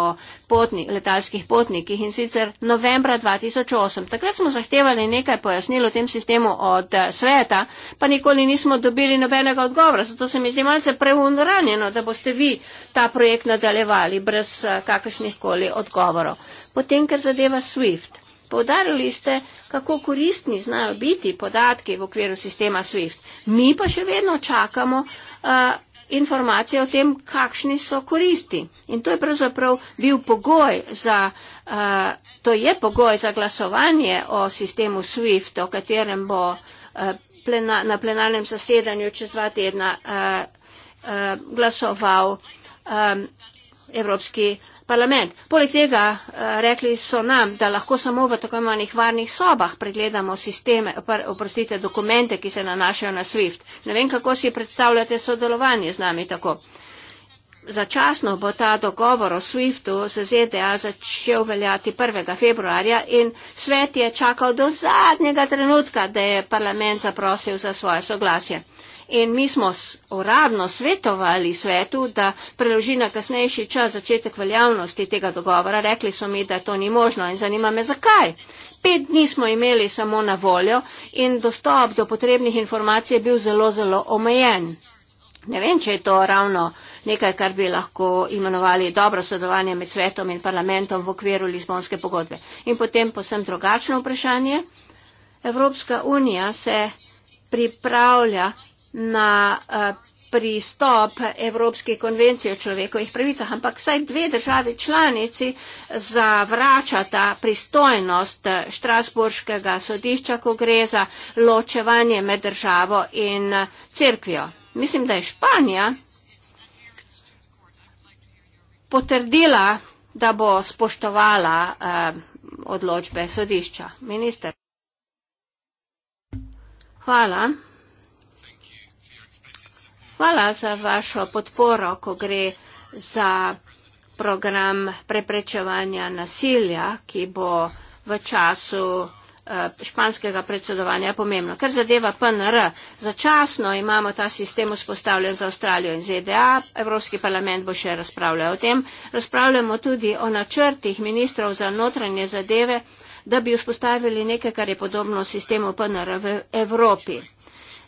potni, letalskih potnikih in sicer novembra 2008. Takrat smo zahtevali nekaj pojasnil o tem sistemu od eh, sveta, pa nikoli nismo dobili nobenega odgovora. Zato se mi zdi malce preunranjeno, da boste vi ta projekt nadaljevali brez eh, kakršnih koli odgovorov. Potem, ker zadeva SWIFT. Podarili ste, kako koristni znajo biti podatki v okviru sistema SWIFT. Mi pa še vedno čakamo uh, informacije o tem, kakšni so koristi. In to je pravzaprav bil pogoj za, uh, to je pogoj za glasovanje o sistemu SWIFT, o katerem bo uh, plena, na plenarnem zasedanju čez dva tedna uh, uh, glasoval um, Evropski parlament parlament. Poleg tega eh, rekli so nam, da lahko samo v tako imenih varnih sobah pregledamo sisteme, oprostite, dokumente, ki se nanašajo na SWIFT. Ne vem, kako si predstavljate sodelovanje z nami tako. Začasno bo ta dogovor o SWIFT-u z ZDA začel veljati 1. februarja in svet je čakal do zadnjega trenutka, da je parlament zaprosil za svoje soglasje in mi smo uradno svetovali svetu, da preloži na kasnejši čas začetek veljavnosti tega dogovora. Rekli so mi, da to ni možno in zanima me zakaj. Pet dni smo imeli samo na voljo in dostop do potrebnih informacij je bil zelo, zelo omejen. Ne vem, če je to ravno nekaj, kar bi lahko imenovali dobro sodelovanje med svetom in parlamentom v okviru Lizbonske pogodbe. In potem posem drugačno vprašanje. Evropska unija se pripravlja na eh, pristop Evropske konvencije o človekovih pravicah, ampak saj dve državi članici zavračata pristojnost eh, Štrasburškega sodišča, ko gre za ločevanje med državo in eh, crkvijo. Mislim, da je Španija potrdila, da bo spoštovala odločbe sodišča. Minister. Hvala. Hvala za vašo podporo, ko gre za program preprečevanja nasilja, ki bo v času eh, španskega predsedovanja pomembno. Ker zadeva PNR, začasno imamo ta sistem vzpostavljen za Avstralijo in ZDA, Evropski parlament bo še razpravljal o tem. Razpravljamo tudi o načrtih ministrov za notranje zadeve, da bi vzpostavili nekaj, kar je podobno sistemu PNR v Evropi.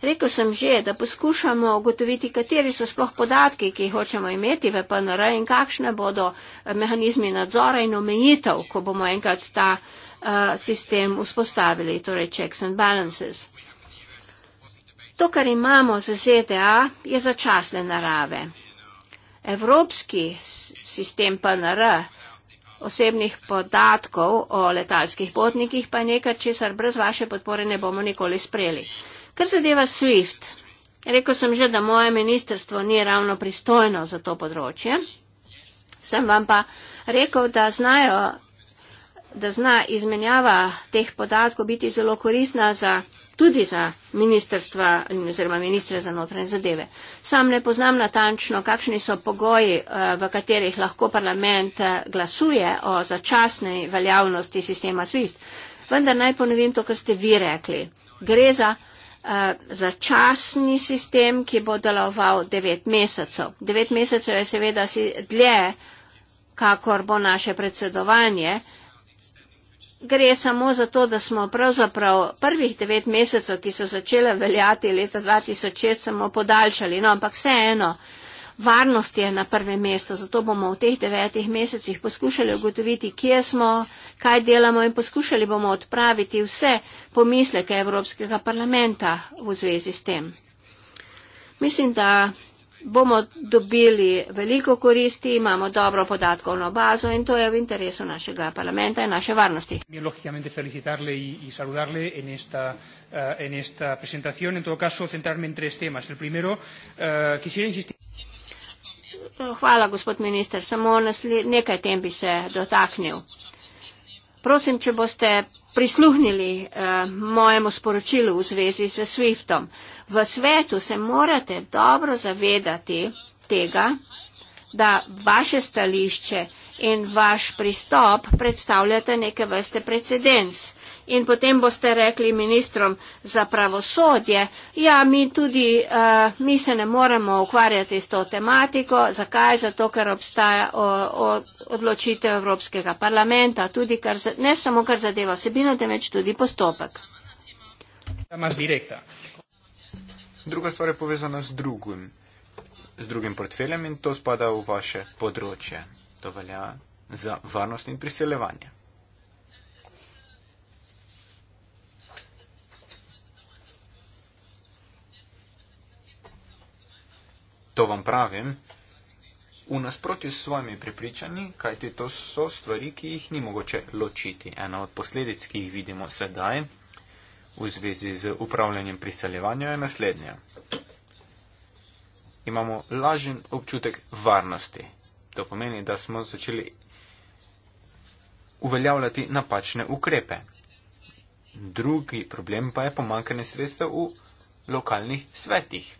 Rekl sem že, da poskušamo ugotoviti, kateri so sploh podatki, ki jih hočemo imeti v PNR in kakšne bodo eh, mehanizmi nadzora in omejitev, ko bomo enkrat ta uh, sistem vzpostavili, torej checks and balances. To, kar imamo z ZDA, je začasne narave. Evropski sistem PNR osebnih podatkov o letalskih potnikih pa je nekaj, česar brez vaše podpore ne bomo nikoli sprejeli. Kar zadeva SWIFT, rekel sem že, da moje ministerstvo ni ravno pristojno za to področje. Sem vam pa rekel, da znajo da zna izmenjava teh podatkov biti zelo koristna za, tudi za ministrstva oziroma ministre za notranje zadeve. Sam ne poznam natančno, kakšni so pogoji, eh, v katerih lahko parlament eh, glasuje o začasnej veljavnosti sistema SWIFT. Vendar naj ponovim to, kar ste vi rekli. Gre za Eh, začasni sistem, ki bo deloval devet mesecev. Devet mesecev je seveda si dlje, kakor bo naše predsedovanje. Gre samo za to, da smo pravzaprav prvih devet mesecev, ki so začele veljati leta 2006, samo podaljšali. No, ampak vseeno, uh, Varnost je na prvem mestu, zato bomo v teh devetih mesecih poskušali ugotoviti, kje smo, kaj delamo in poskušali bomo odpraviti vse pomisleke Evropskega parlamenta v zvezi s tem. Mislim, da bomo dobili veliko koristi, imamo dobro podatkovno bazo in to je v interesu našega parlamenta in naše varnosti. Mi je, Hvala, gospod minister. Samo nekaj tem bi se dotaknil. Prosim, če boste prisluhnili eh, mojemu sporočilu v zvezi s SWIFT-om. V svetu se morate dobro zavedati tega, da vaše stališče in vaš pristop predstavljate neke vrste precedens in potem boste rekli ministrom za pravosodje, ja, mi tudi, uh, mi se ne moremo ukvarjati s to tematiko, zakaj? Zato, ker obstaja o, o, odločitev Evropskega parlamenta, tudi kar, ne samo kar zadeva osebino, temveč tudi postopek. Druga stvar je povezana s drugim, s drugim portfeljem in to spada v vaše področje. To velja za varnost in priseljevanje. To vam pravim, v nasprotju s svojimi prepričanji, kajti to so stvari, ki jih ni mogoče ločiti. Ena od posledic, ki jih vidimo sedaj v zvezi z upravljanjem priseljevanja, je naslednja. Imamo lažen občutek varnosti. To pomeni, da smo začeli uveljavljati napačne ukrepe. Drugi problem pa je pomankanje sredstev v lokalnih svetih.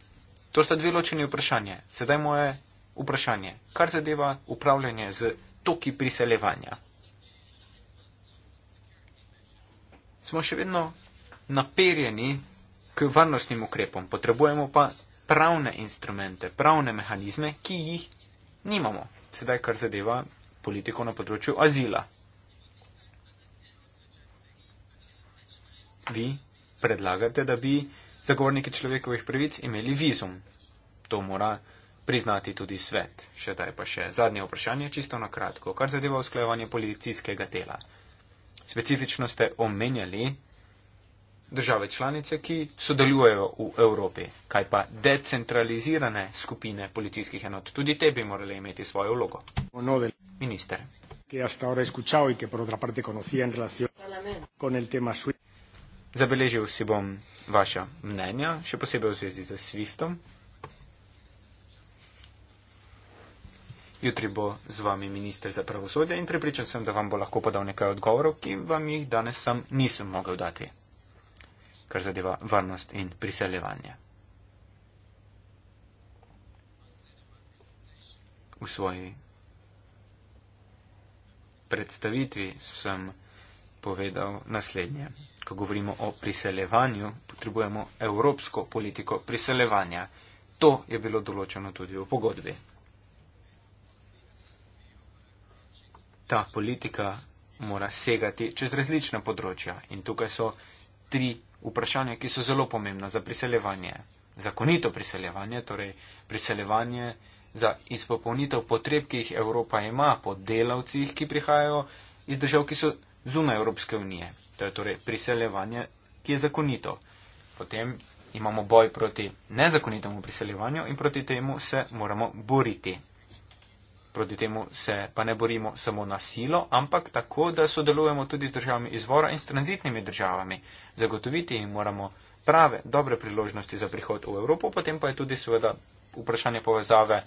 To sta dve ločeni vprašanje. Sedaj moje vprašanje, kar zadeva upravljanje z toki priseljevanja. Smo še vedno naperjeni k varnostnim ukrepom, potrebujemo pa pravne instrumente, pravne mehanizme, ki jih nimamo. Sedaj, kar zadeva politiko na področju azila. Vi predlagate, da bi zagovorniki človekovih pravic imeli vizum. To mora priznati tudi svet. Še taj pa še zadnje vprašanje, čisto na kratko, kar zadeva usklajevanje policijskega dela. Specifično ste omenjali države članice, ki sodelujejo v Evropi, kaj pa decentralizirane skupine policijskih enot. Tudi te bi morali imeti svojo vlogo. Minister. Que hasta ahora he escuchado y que por otra parte conocía en relación con el tema suyo. Zabeležil si bom vaša mnenja, še posebej v zvezi z Swiftom. Jutri bo z vami minister za pravosodje in pripričan sem, da vam bo lahko podal nekaj odgovorov, ki vam jih danes sam nisem mogel dati, kar zadeva varnost in priseljevanje. V svoji predstavitvi sem povedal naslednje ko govorimo o priseljevanju, potrebujemo evropsko politiko priseljevanja. To je bilo določeno tudi v pogodbi. Ta politika mora segati čez različna področja in tukaj so tri vprašanja, ki so zelo pomembna za priseljevanje. Zakonito priseljevanje, torej priseljevanje za izpopolnitev potreb, ki jih Evropa ima po delavcih, ki prihajajo iz držav, ki so zunaj Evropske unije. To je torej priseljevanje, ki je zakonito. Potem imamo boj proti nezakonitemu priseljevanju in proti temu se moramo boriti. Proti temu se pa ne borimo samo na silo, ampak tako, da sodelujemo tudi z državami izvora in s tranzitnimi državami. Zagotoviti jim moramo prave, dobre priložnosti za prihod v Evropo, potem pa je tudi seveda vprašanje povezave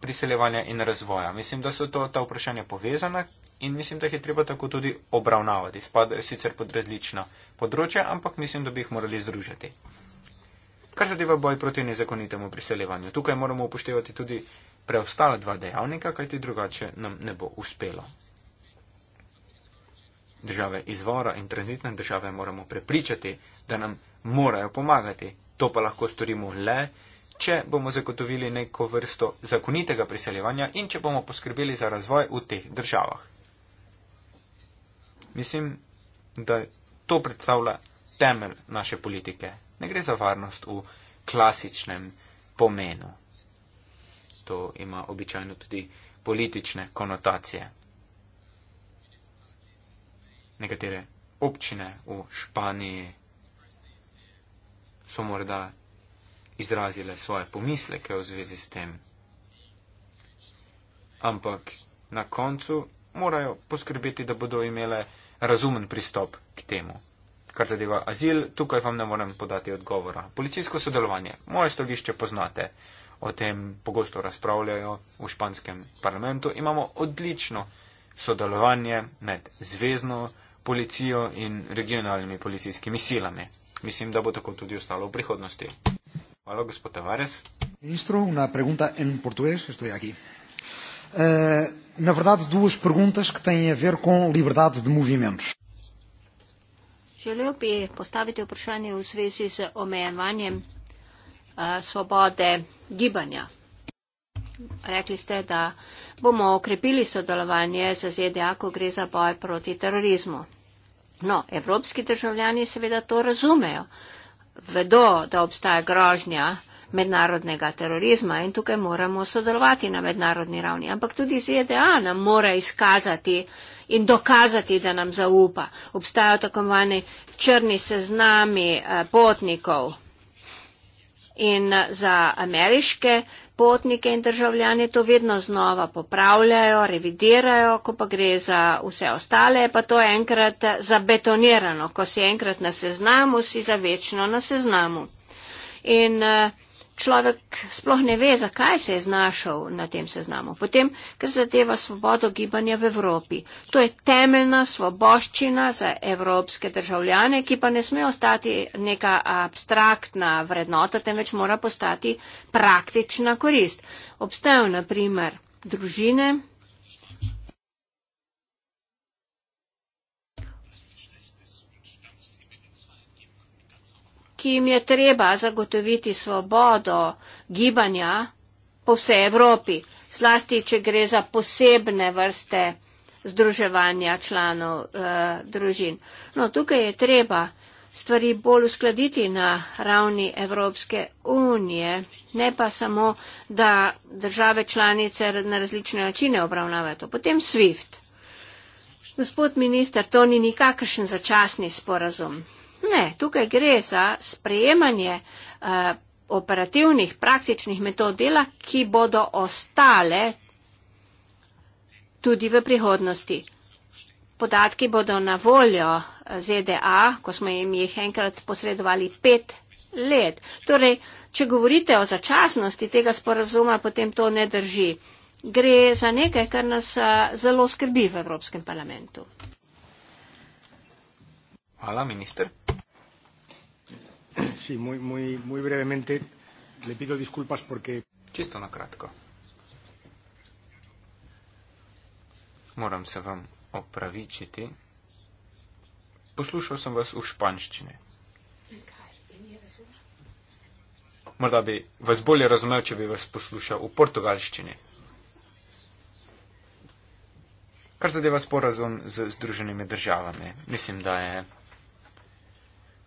priseljevanja in razvoja. Mislim, da so to ta vprašanja povezana, in mislim, da jih je treba tako tudi obravnavati. Spadajo sicer pod različna področja, ampak mislim, da bi jih morali združiti. Kar zadeva boj proti nezakonitemu priseljevanju. Tukaj moramo upoštevati tudi preostala dva dejavnika, kajti drugače nam ne bo uspelo. Države izvora in tranzitne države moramo prepričati, da nam morajo pomagati. To pa lahko storimo le, če bomo zagotovili neko vrsto zakonitega priseljevanja in če bomo poskrbeli za razvoj v teh državah. Mislim, da to predstavlja temelj naše politike. Ne gre za varnost v klasičnem pomenu. To ima običajno tudi politične konotacije. Nekatere občine v Španiji so morda izrazile svoje pomisleke v zvezi s tem. Ampak na koncu morajo poskrbeti, da bodo imele razumen pristop k temu. Kar zadeva azil, tukaj vam ne morem podati odgovora. Policijsko sodelovanje. Moje stališče poznate. O tem pogosto razpravljajo v španskem parlamentu. Imamo odlično sodelovanje med zvezdno policijo in regionalnimi policijskimi silami. Mislim, da bo tako tudi ostalo v prihodnosti. Hvala, gospod Tavares. Ministro, una pregunta en portugues, estoy aquí. Eh, Na verdade, duas perguntas que têm a ver com liberdade de movimentos. Želel bi postaviti vprašanje v zvezi z omejevanjem uh, svobode gibanja. Rekli ste, da bomo okrepili sodelovanje z ZDA, ko gre za boj proti terorizmu. No, evropski državljani seveda to razumejo. Vedo, da obstaja grožnja uh, mednarodnega terorizma in tukaj moramo sodelovati na mednarodni ravni. Ampak tudi ZDA nam mora izkazati in dokazati, da nam zaupa. Obstajajo tako imenovani črni seznami eh, potnikov in eh, za ameriške potnike in državljane to vedno znova popravljajo, revidirajo, ko pa gre za vse ostale, pa to je enkrat eh, zabetonirano, ko si enkrat na seznamu, si za večno na seznamu. In uh, človek sploh ne ve, zakaj se je znašel na tem seznamu. Potem, ker zadeva svobodo gibanja v Evropi. To je temeljna svoboščina za evropske državljane, ki pa ne sme ostati neka abstraktna vrednota, temveč mora postati praktična korist. Obstajajo, na primer, družine, ki jim je treba zagotoviti svobodo gibanja po vsej Evropi, zlasti, če gre za posebne vrste združevanja članov eh, družin. No, tukaj je treba stvari bolj uskladiti na ravni Evropske unije, ne pa samo, da države članice na različne načine obravnavajo to. Potem SWIFT. Gospod minister, to ni nikakršen začasni sporazum. Ne, tukaj gre za sprejemanje uh, operativnih, praktičnih metod dela, ki bodo ostale tudi v prihodnosti. Podatki bodo na voljo eh, ZDA, ko smo jim jih enkrat posredovali pet let. Torej, če govorite o začasnosti tega sporazuma, potem to ne drži. Gre za nekaj, kar nas eh, zelo skrbi v Evropskem parlamentu. Hvala, minister. Sí, muy, muy, muy brevemente. Le pido disculpas porque. Čisto na kratko. Moram se vam opravičiti. Poslušal sem vas v španščini. Morda bi vas bolje razumel, če bi vas poslušal v portugalščini. Kar zadeva sporazum z Združenimi državami, mislim, da je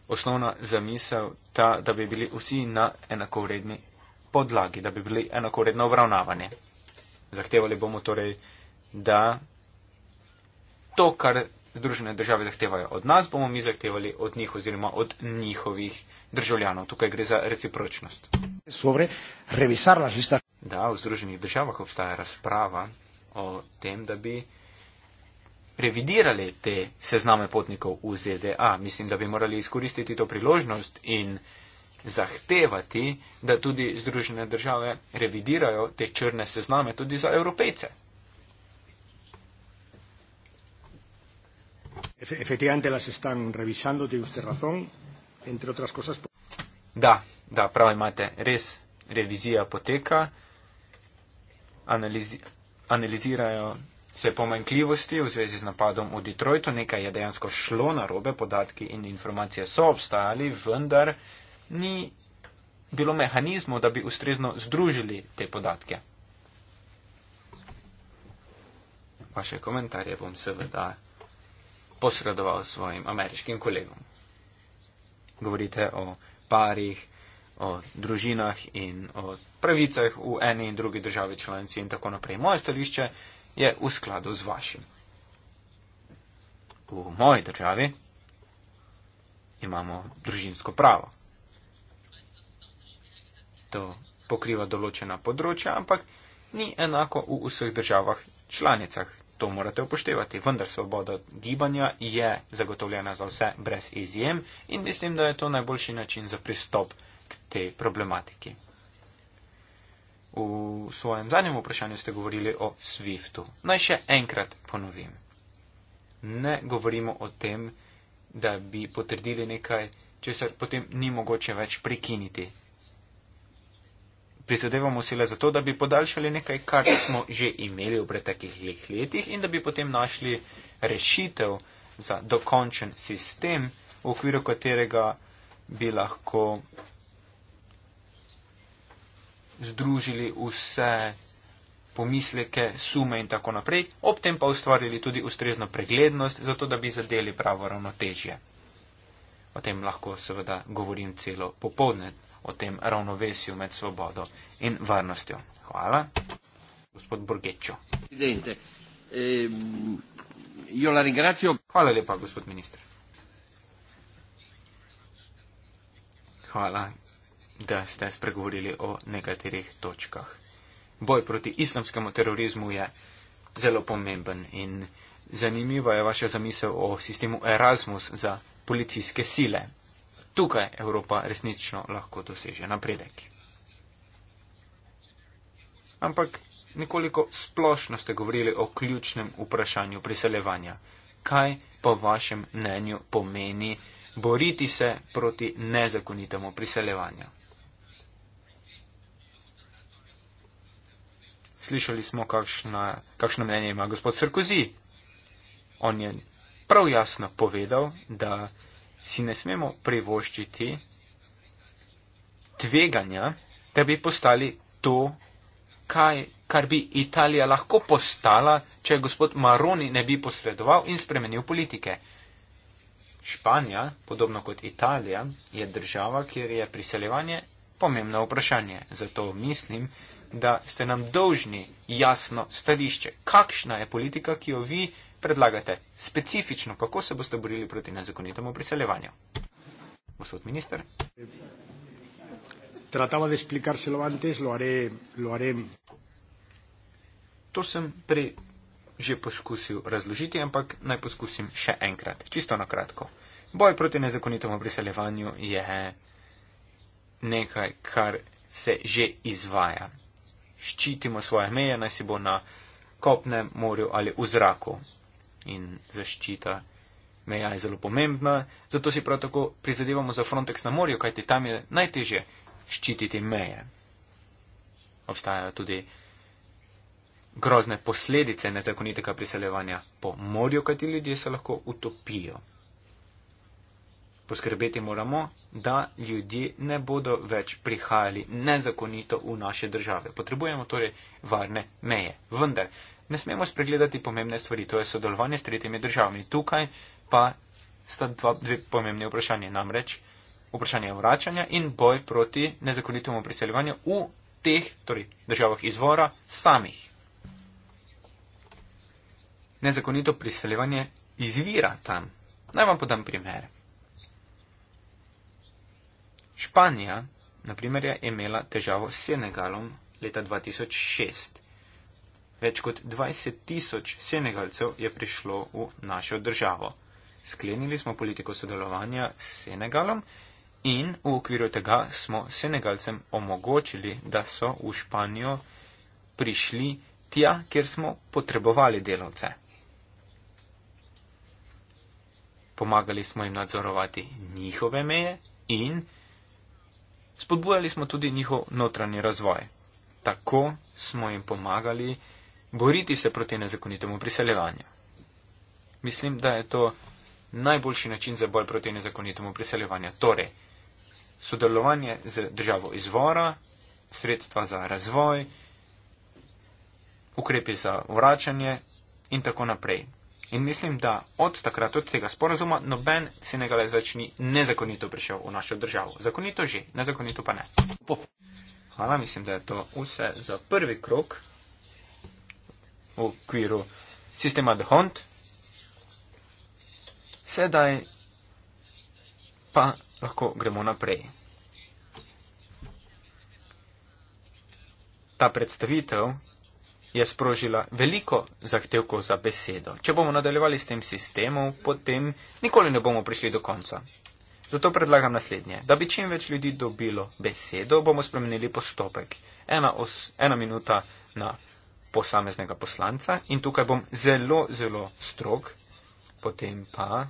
osnovna zamisel ta, da bi bili vsi na enakovredni podlagi, da bi bili enakovredno obravnavani. Zahtevali bomo torej, da to, kar Združene države zahtevajo od nas, bomo mi zahtevali od njih oziroma od njihovih državljanov. Tukaj gre za recipročnost. Da, v Združenih državah obstaja razprava o tem, da bi revidirali te sezname potnikov v ZDA. Mislim, da bi morali izkoristiti to priložnost in zahtevati, da tudi Združene države revidirajo te črne sezname tudi za evropejce. Da, da, prav imate, res revizija poteka, analizi, analizirajo Vse pomankljivosti v zvezi z napadom v Detroitu nekaj je dejansko šlo na robe, podatki in informacije so obstajali, vendar ni bilo mehanizmov, da bi ustrezno združili te podatke. Vaše komentarje bom seveda posredoval svojim ameriškim kolegom. Govorite o parih, o družinah in o pravicah v eni in drugi državi članici in tako naprej. Moje stališče je, je v skladu z vašim. V moji državi imamo družinsko pravo. To pokriva določena področja, ampak ni enako v vseh državah članicah. To morate upoštevati. Vendar svoboda gibanja je zagotovljena za vse brez izjem in mislim, da je to najboljši način za pristop k tej problematiki v svojem zadnjem vprašanju ste govorili o Swiftu. Naj še enkrat ponovim. Ne govorimo o tem, da bi potrdili nekaj, česar potem ni mogoče več prekiniti. Prizadevamo sile za to, da bi podaljšali nekaj, kar smo že imeli v preteklih letih in da bi potem našli rešitev za dokončen sistem, v okviru katerega bi lahko združili vse pomisleke, sume in tako naprej, ob tem pa ustvarili tudi ustrezno preglednost, zato da bi zadeli pravo ravnotežje. O tem lahko seveda govorim celo popovdne, o tem ravnovesju med svobodo in varnostjo. Hvala. Gospod Borgečo. Ehm, Hvala lepa, gospod minister. Hvala, da ste spregovorili o nekaterih točkah. Boj proti islamskemu terorizmu je zelo pomemben in zanimiva je vaša zamisel o sistemu Erasmus za policijske sile. Tukaj Evropa resnično lahko doseže napredek. Ampak nekoliko splošno ste govorili o ključnem vprašanju priseljevanja. Kaj po vašem mnenju pomeni boriti se proti nezakonitemu priseljevanju? slišali smo, kakšna, kakšno mnenje ima gospod Sarkozy. On je prav jasno povedal, da si ne smemo privoščiti tveganja, da bi postali to, kaj, kar bi Italija lahko postala, če gospod Maroni ne bi posredoval in spremenil politike. Španija, podobno kot Italija, je država, kjer je priseljevanje pomembno vprašanje. Zato mislim, da ste nam dolžni jasno stališče, kakšna je politika, ki jo vi predlagate, specifično, kako se boste borili proti nezakonitemu priseljevanju. Gospod minister. Trataba de explicarse lo antes, lo haré, lo haré. To sem prej že poskusil razložiti, ampak naj poskusim še enkrat, čisto na kratko. Boj proti nezakonitemu priseljevanju je nekaj, kar se že izvaja ščitimo svoje meje, naj si bo na kopnem morju ali v zraku. In zaščita meja je zelo pomembna, zato si prav tako prizadevamo za Frontex na morju, kajti tam je najtežje ščititi meje. Obstajajo tudi grozne posledice nezakonitega priseljevanja po morju, kajti ljudje se lahko utopijo. Poskrbeti moramo, da ljudje ne bodo več prihajali nezakonito v naše države. Potrebujemo torej varne meje. Vendar ne smemo spregledati pomembne stvari, to je sodelovanje s tretjimi državami. Tukaj pa sta dva, dve pomembne vprašanje, namreč vprašanje vračanja in boj proti nezakonitemu priseljevanju v teh, torej državah izvora, samih. Nezakonito priseljevanje izvira tam. Naj vam podam primer. Španija, na primer, je imela težavo s Senegalom leta 2006. Več kot 20 tisoč Senegalcev je prišlo v našo državo. Sklenili smo politiko sodelovanja s Senegalom in v okviru tega smo Senegalcem omogočili, da so v Španijo prišli tja, kjer smo potrebovali delavce. Pomagali smo jim nadzorovati njihove meje in Spodbujali smo tudi njihov notranji razvoj. Tako smo jim pomagali boriti se proti nezakonitemu priseljevanju. Mislim, da je to najboljši način za boj proti nezakonitemu priseljevanju. Torej, sodelovanje z državo izvora, sredstva za razvoj, ukrepi za vračanje in tako naprej. In mislim, da od takrat, od tega sporazuma, noben Senegalec več ni nezakonito prišel v našo državo. Zakonito že, nezakonito pa ne. Hvala, mislim, da je to vse za prvi krok v okviru sistema The Hunt. Sedaj pa lahko gremo naprej. Ta predstavitev je sprožila veliko zahtevkov za besedo. Če bomo nadaljevali s tem sistemom, potem nikoli ne bomo prišli do konca. Zato predlagam naslednje. Da bi čim več ljudi dobilo besedo, bomo spremenili postopek. Ena, os, ena minuta na posameznega poslanca in tukaj bom zelo, zelo strog, potem pa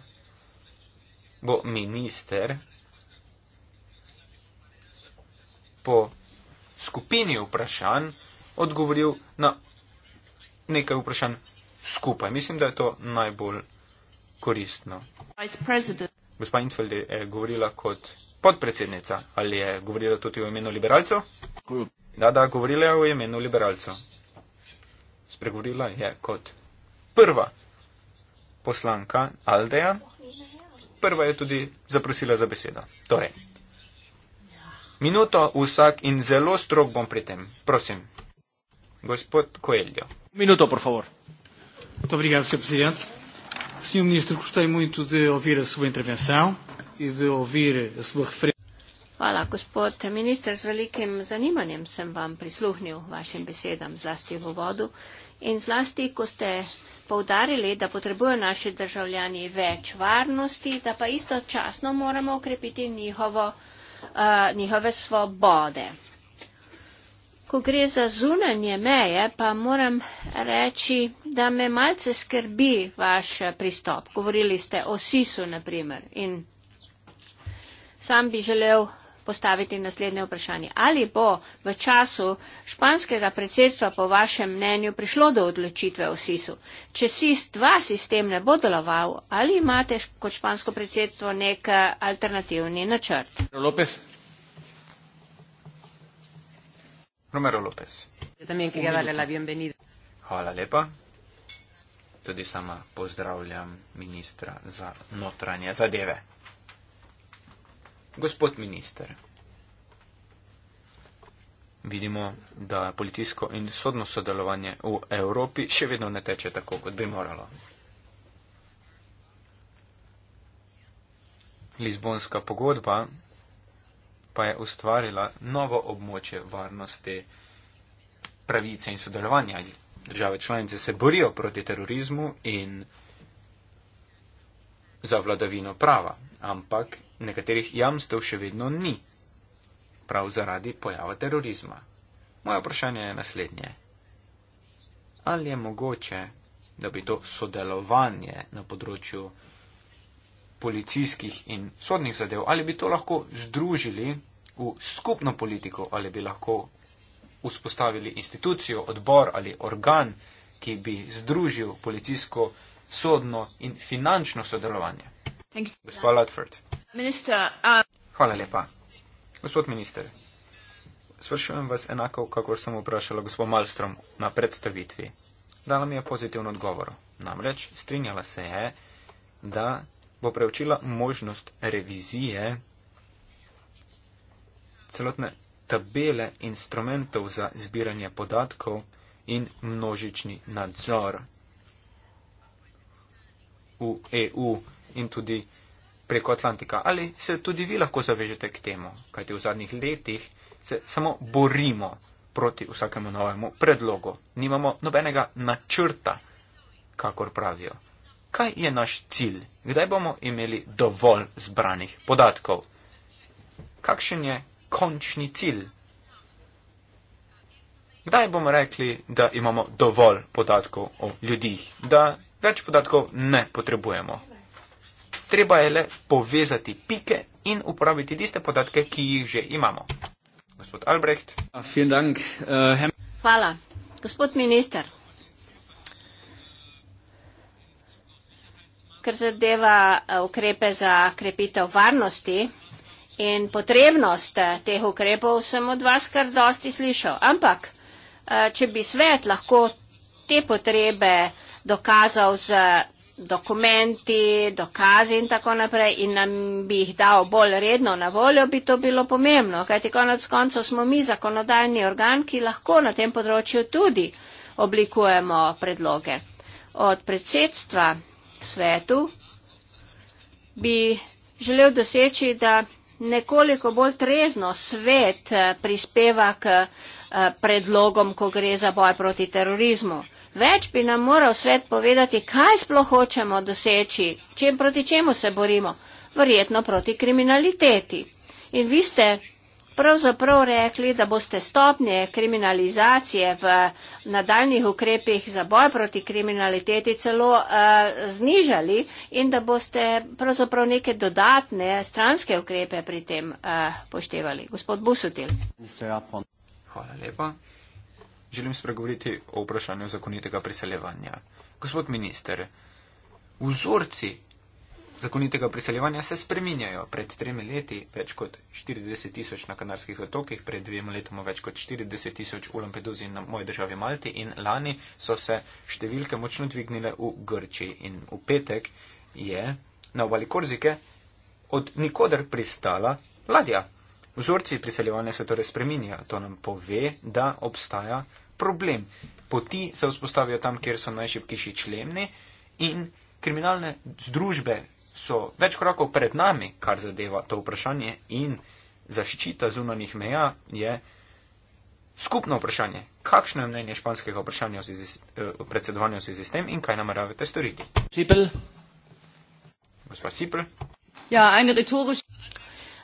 bo minister po skupini vprašanj odgovoril na nekaj vprašanj skupaj. Mislim, da je to najbolj koristno. Gospa Infeld je govorila kot podpredsednica. Ali je govorila tudi v imenu liberalcev? Da, da, govorila je v imenu liberalcev. Spregovorila je kot prva poslanka Aldeja. Prva je tudi zaprosila za besedo. Torej, minuto vsak in zelo strok bom pri tem. Prosim. Gospod Koeljo minuto, por favor. Muito obrigado, Sr. Presidente. Sr. Ministro, gostei muito de ouvir a sua intervenção e de ouvir a sua referência. Hvala, gospod minister, z velikim zanimanjem sem vam prisluhnil vašim besedam zlasti v vodu in zlasti, ko ste povdarili, da potrebujo naši državljani več varnosti, da pa istočasno moramo okrepiti njihovo, uh, njihove svobode. Ko gre za zunanje meje, pa moram reči, da me malce skrbi vaš pristop. Govorili ste o Sisu, naprimer. In sam bi želel postaviti naslednje vprašanje. Ali bo v času španskega predsedstva, po vašem mnenju, prišlo do odločitve o Sisu? Če Sis 2 sistem ne bo deloval, ali imate kot špansko predsedstvo nek eh, alternativni načrt? López. Romero López. Yo también quería darle la bienvenida. Hvala lepa. Tudi sama pozdravljam ministra za notranje zadeve. Gospod minister, vidimo, da policijsko in sodno sodelovanje v Evropi še vedno ne teče tako, kot bi moralo. Lizbonska pogodba pa je ustvarila novo območje varnosti, pravice in sodelovanja. Države članice se borijo proti terorizmu in za vladavino prava, ampak nekaterih jamstev še vedno ni, prav zaradi pojava terorizma. Moje vprašanje je naslednje. Ali je mogoče, da bi to sodelovanje na področju policijskih in sodnih zadev, ali bi to lahko združili v skupno politiko, ali bi lahko vzpostavili institucijo, odbor ali organ, ki bi združil policijsko, sodno in finančno sodelovanje. Gospod Ludford. Uh, Hvala lepa. Gospod minister, sprašujem vas enako, kakor sem vprašala gospod Malstrom na predstavitvi. Dala mi je pozitivno odgovor. Namreč strinjala se je, da bo preučila možnost revizije celotne tabele instrumentov za zbiranje podatkov in množični nadzor v EU in tudi preko Atlantika. Ali se tudi vi lahko zavežete k temu, kajti v zadnjih letih se samo borimo proti vsakemu novemu predlogu. Nimamo nobenega načrta, kakor pravijo kaj je naš cilj, kdaj bomo imeli dovolj zbranih podatkov, kakšen je končni cilj. Kdaj bomo rekli, da imamo dovolj podatkov o ljudih, da več podatkov ne potrebujemo? Treba je le povezati pike in uporabiti tiste podatke, ki jih že imamo. Gospod Albrecht. Ja, äh, Hvala, gospod minister. kar zadeva eh, ukrepe za krepitev varnosti in potrebnost eh, teh ukrepov, sem od vas kar dosti slišal. Ampak, eh, če bi svet lahko te potrebe dokazal z dokumenti, dokazi in tako naprej in nam bi jih dal bolj redno na voljo, bi to bilo pomembno, kajti konec koncev smo mi zakonodajni organ, ki lahko na tem področju tudi oblikujemo predloge. Od predsedstva svetu, bi želel doseči, da nekoliko bolj trezno svet eh, prispeva k eh, predlogom, ko gre za boj proti terorizmu. Več bi nam moral svet povedati, kaj sploh hočemo doseči, čem proti čemu se borimo. Verjetno proti kriminaliteti. In vi ste pravzaprav rekli, da boste stopnje kriminalizacije v nadaljnih ukrepih za boj proti kriminaliteti celo uh, znižali in da boste pravzaprav neke dodatne stranske ukrepe pri tem uh, poštevali. Gospod Busutil. Hvala lepa. Želim spregovoriti o vprašanju zakonitega priseljevanja. Gospod minister, vzorci Zakonitega priseljevanja se spreminjajo. Pred tremi leti več kot 40 tisoč na Kanarskih otokih, pred dvema letoma več kot 40 tisoč v Lampeduzi na moji državi Malti in lani so se številke močno dvignile v Grčiji in v petek je na obali Korzike od nikoder pristala ladja. Vzorci priseljevanja se torej spreminjajo. To nam pove, da obstaja problem. Poti se vzpostavijo tam, kjer so najšipkejši člemni in kriminalne združbe so več korakov pred nami, kar zadeva to vprašanje in zaščita zunanih meja je skupno vprašanje. Kakšno je mnenje španskega vprašanja o eh, predsedovanju v zvezi s tem in kaj namerate storiti? Sipel. Gospa Sipel. Ja, ena retorična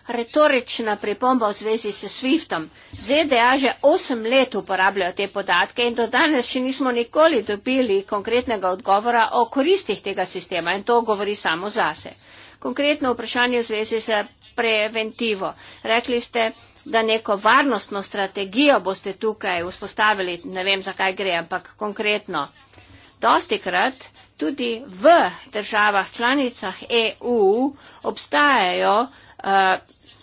retorična pripomba v zvezi s SWIFT-om. ZDA že 8 let uporabljajo te podatke in do danes še nismo nikoli dobili konkretnega odgovora o koristih tega sistema in to govori samo zase. Konkretno vprašanje v zvezi s preventivo. Rekli ste, da neko varnostno strategijo boste tukaj vzpostavili, ne vem, zakaj gre, ampak konkretno. Dostikrat tudi v državah članicah EU obstajajo Eh,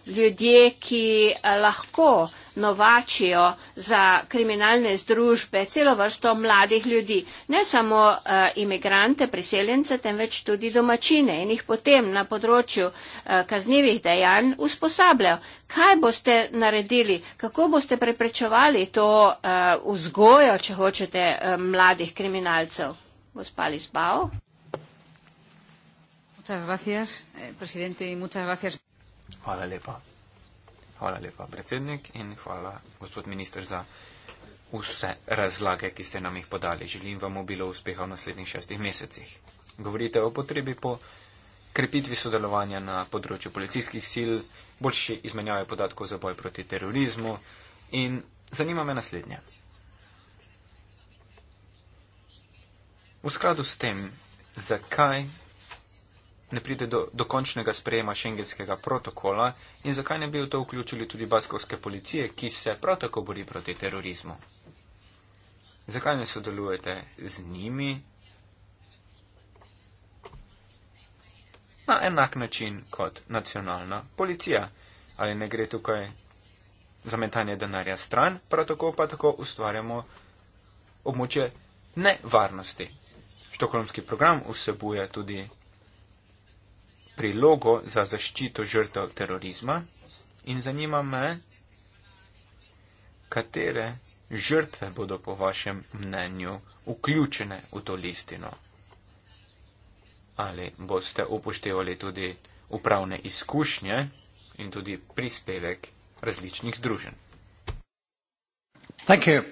ljudje, ki eh, lahko novačijo za kriminalne združbe celo vrsto mladih ljudi. Ne samo uh, imigrante, priseljence, temveč tudi domačine in jih potem na področju uh, kaznjivih dejanj usposabljajo. Kaj boste naredili, kako boste preprečevali to uh, vzgojo, če hočete, uh, mladih kriminalcev? Gospa Lisbao. Muchas gracias, eh, presidente, y muchas gracias. Hvala lepa. Hvala lepa, predsednik, in hvala, gospod minister, za vse razlage, ki ste nam jih podali. Želim vam obilo uspeha v naslednjih šestih mesecih. Govorite o potrebi po krepitvi sodelovanja na področju policijskih sil, boljši izmenjave podatkov za boj proti terorizmu in zanima me naslednje. V skladu s tem, zakaj ne pride do, do končnega sprejema šengenskega protokola in zakaj ne bi v to vključili tudi baskovske policije, ki se prav tako bori proti terorizmu? Zakaj ne sodelujete z njimi? Na enak način kot nacionalna policija. Ali ne gre tukaj za metanje denarja stran, prav tako pa tako ustvarjamo območje nevarnosti. Štokholmski program vsebuje tudi prilogo za zaščito žrtev terorizma in zanima me, katere žrtve bodo po vašem mnenju vključene v to listino. Ali boste upoštevali tudi upravne izkušnje in tudi prispevek različnih združenj. Thank you.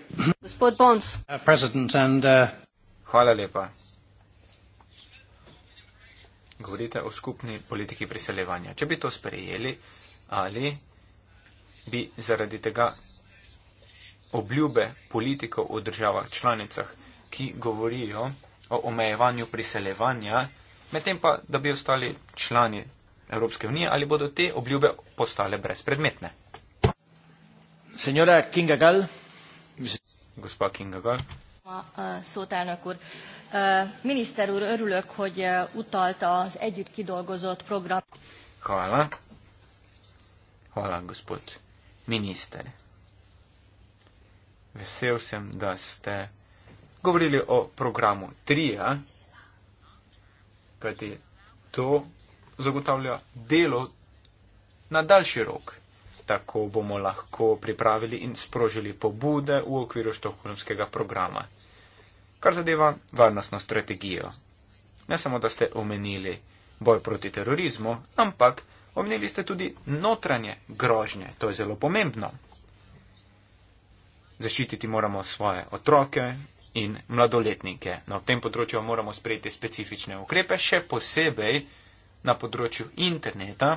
Gospod Bons. Uh, and, uh, Hvala lepa, govorite o skupni politiki priseljevanja. Če bi to sprejeli, ali bi zaradi tega obljube politikov v državah članicah, ki govorijo o omejevanju priseljevanja, medtem pa, da bi ostali člani Evropske unije, ali bodo te obljube postale brezpredmetne. Gospa Kinga Gal. Uh, uh, Miniszter úr, örülök, hogy utalta az együtt kidolgozott program. Hála. Hála, gospod. Minister. Vesel sem, da ste govorili o programu TRIA, kajti to zagotavlja delo na daljši rok. Tako bomo lahko pripravili in sprožili pobude v okviru štokholmskega programa kar zadeva varnostno strategijo. Ne samo, da ste omenili boj proti terorizmu, ampak omenili ste tudi notranje grožnje. To je zelo pomembno. Zaščititi moramo svoje otroke in mladoletnike. Na tem področju moramo sprejeti specifične ukrepe, še posebej na področju interneta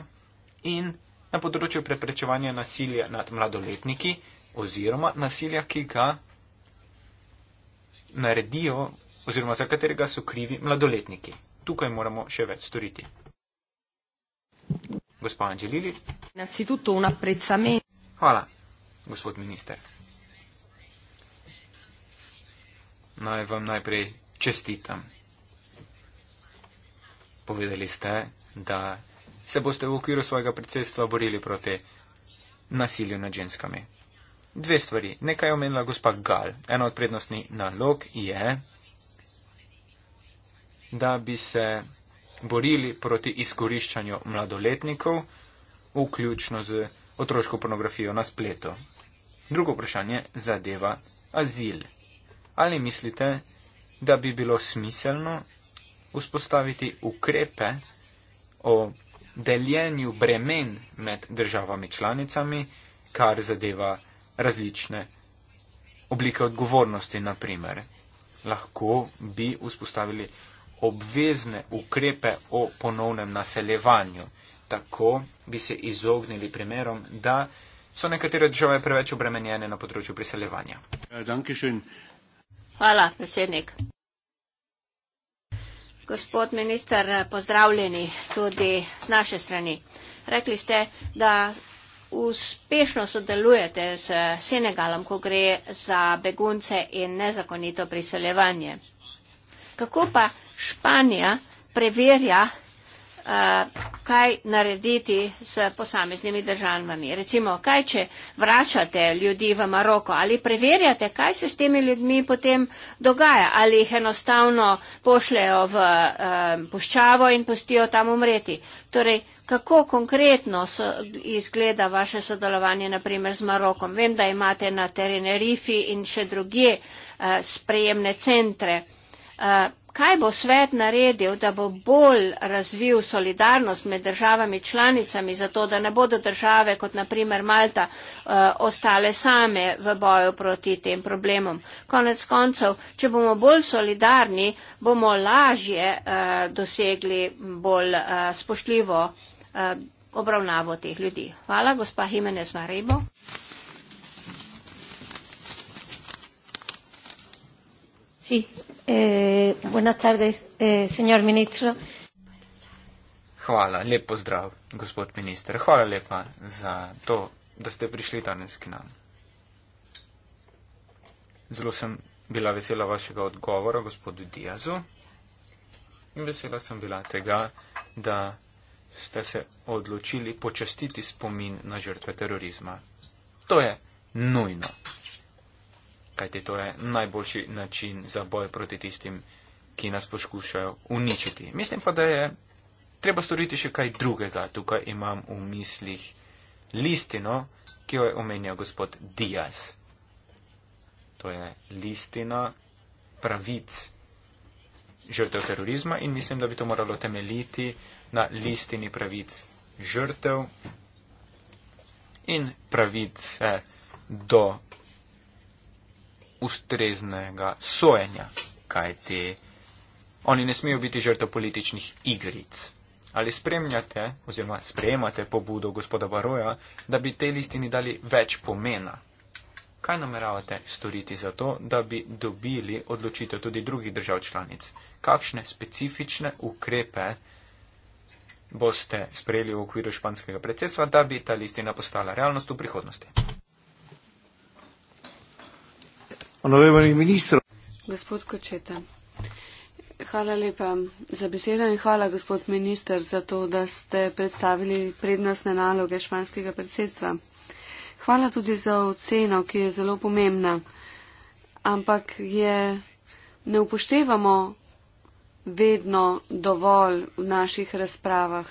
in na področju preprečevanja nasilja nad mladoletniki oziroma nasilja, ki ga naredijo oziroma za katerega so krivi mladoletniki. Tukaj moramo še več storiti. Gospod Anželili. Hvala, gospod minister. Naj vam najprej čestitam. Povedali ste, da se boste v okviru svojega predsedstva borili proti nasilju nad ženskami dve stvari. Nekaj je omenila gospa Gal. Ena od prednostnih nalog je, da bi se borili proti izkoriščanju mladoletnikov, vključno z otroško pornografijo na spletu. Drugo vprašanje zadeva azil. Ali mislite, da bi bilo smiselno vzpostaviti ukrepe o deljenju bremen med državami članicami, kar zadeva azil? različne oblike odgovornosti, naprimer. Lahko bi vzpostavili obvezne ukrepe o ponovnem naseljevanju. Tako bi se izognili primerom, da so nekatere države preveč obremenjene na področju priseljevanja. Ja, Hvala, predsednik. Gospod minister, pozdravljeni tudi z naše strani. Rekli ste, da uspešno sodelujete z Senegalom, ko gre za begunce in nezakonito priseljevanje. Kako pa Španija preverja, eh, kaj narediti s posameznimi državami? Recimo, kaj če vračate ljudi v Maroko ali preverjate, kaj se s temi ljudmi potem dogaja? Ali jih enostavno pošljajo v eh, puščavo in pustijo tam umreti? Torej, Kako konkretno so, izgleda vaše sodelovanje, naprimer, z Marokom? Vem, da imate na Tenerifi in še druge uh, eh, sprejemne centre. Uh, kaj bo svet naredil, da bo bolj razvil solidarnost med državami članicami, zato da ne bodo države, kot naprimer Malta, uh, ostale same v boju proti tem problemom? Konec koncev, če bomo bolj solidarni, bomo lažje uh, dosegli bolj uh, spoštljivo Eh, obravnavo teh ljudi. Hvala, gospa Jimenez Marebo. Sí. Eh, buenas tardes, eh, señor ministro. Hvala, lepo zdrav, gospod minister. Hvala lepa za to, da ste prišli danes k nam. Zelo sem bila vesela vašega odgovora, gospodu Diazu. In vesela sem bila tega, da ste se odločili počastiti spomin na žrtve terorizma. To je nujno. Kajti to je najboljši način za boj proti tistim, ki nas poskušajo uničiti. Mislim pa, da je treba storiti še kaj drugega. Tukaj imam v mislih listino, ki jo je omenjal gospod Diaz. To je listina pravic žrtev terorizma in mislim, da bi to moralo temeljiti na listini pravic žrtev in pravice do ustreznega sojenja, kajti oni ne smejo biti žrtev političnih igric. Ali spremljate oziroma sprejemate pobudo gospoda Baroja, da bi tej listini dali več pomena? Kaj nameravate storiti za to, da bi dobili odločitev tudi drugih držav članic? Kakšne specifične ukrepe boste sprejeli v okviru španskega predsedstva, da bi ta listina postala realnost v prihodnosti? Gospod Kočeta, hvala lepa za besedo in hvala, gospod minister, za to, da ste predstavili prednostne naloge španskega predsedstva. Hvala tudi za oceno, ki je zelo pomembna, ampak je, ne upoštevamo vedno dovolj v naših razpravah.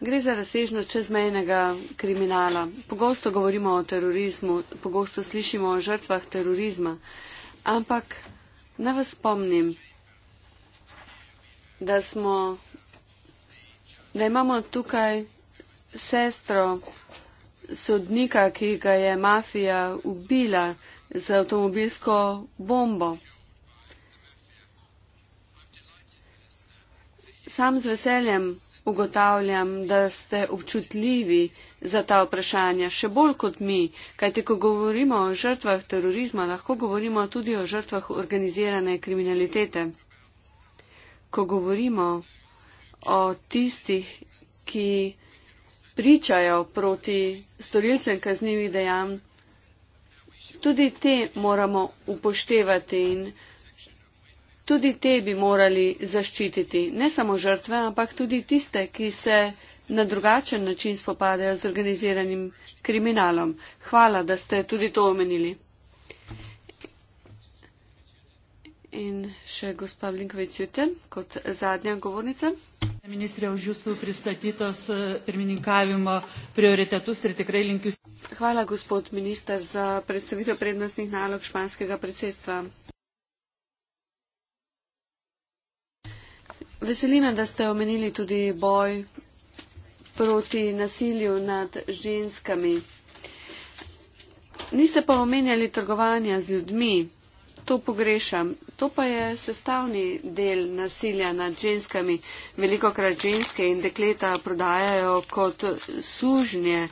Gre za razsežnost čezmejnega kriminala. Pogosto govorimo o terorizmu, pogosto slišimo o žrtvah terorizma, ampak ne vas spomnim, da, smo, da imamo tukaj sestro sodnika, ki ga je mafija ubila z avtomobilsko bombo. sam z veseljem ugotavljam, da ste občutljivi za ta vprašanja, še bolj kot mi, kajte ko govorimo o žrtvah terorizma, lahko govorimo tudi o žrtvah organizirane kriminalitete. Ko govorimo o tistih, ki pričajo proti storilcem kaznjivih dejanj, tudi te moramo upoštevati in upoštevati. Tudi te bi morali zaščititi, ne samo žrtve, ampak tudi tiste, ki se na drugačen način spopadajo z organiziranim kriminalom. Hvala, da ste tudi to omenili. In še gospa Blinkovic Jutem kot zadnja govornica. Ministrė, už jūsų pristatytos pirmininkavimo prioritetus ir tikrai linkiu. Hvala, gospod ministras, za predstavitev prednostnih nalog španskega predsedstva. Veselime, da ste omenili tudi boj proti nasilju nad ženskami. Niste pa omenjali trgovanja z ljudmi. To pogrešam. To pa je sestavni del nasilja nad ženskami. Veliko krat ženske in dekleta prodajajo kot sužnje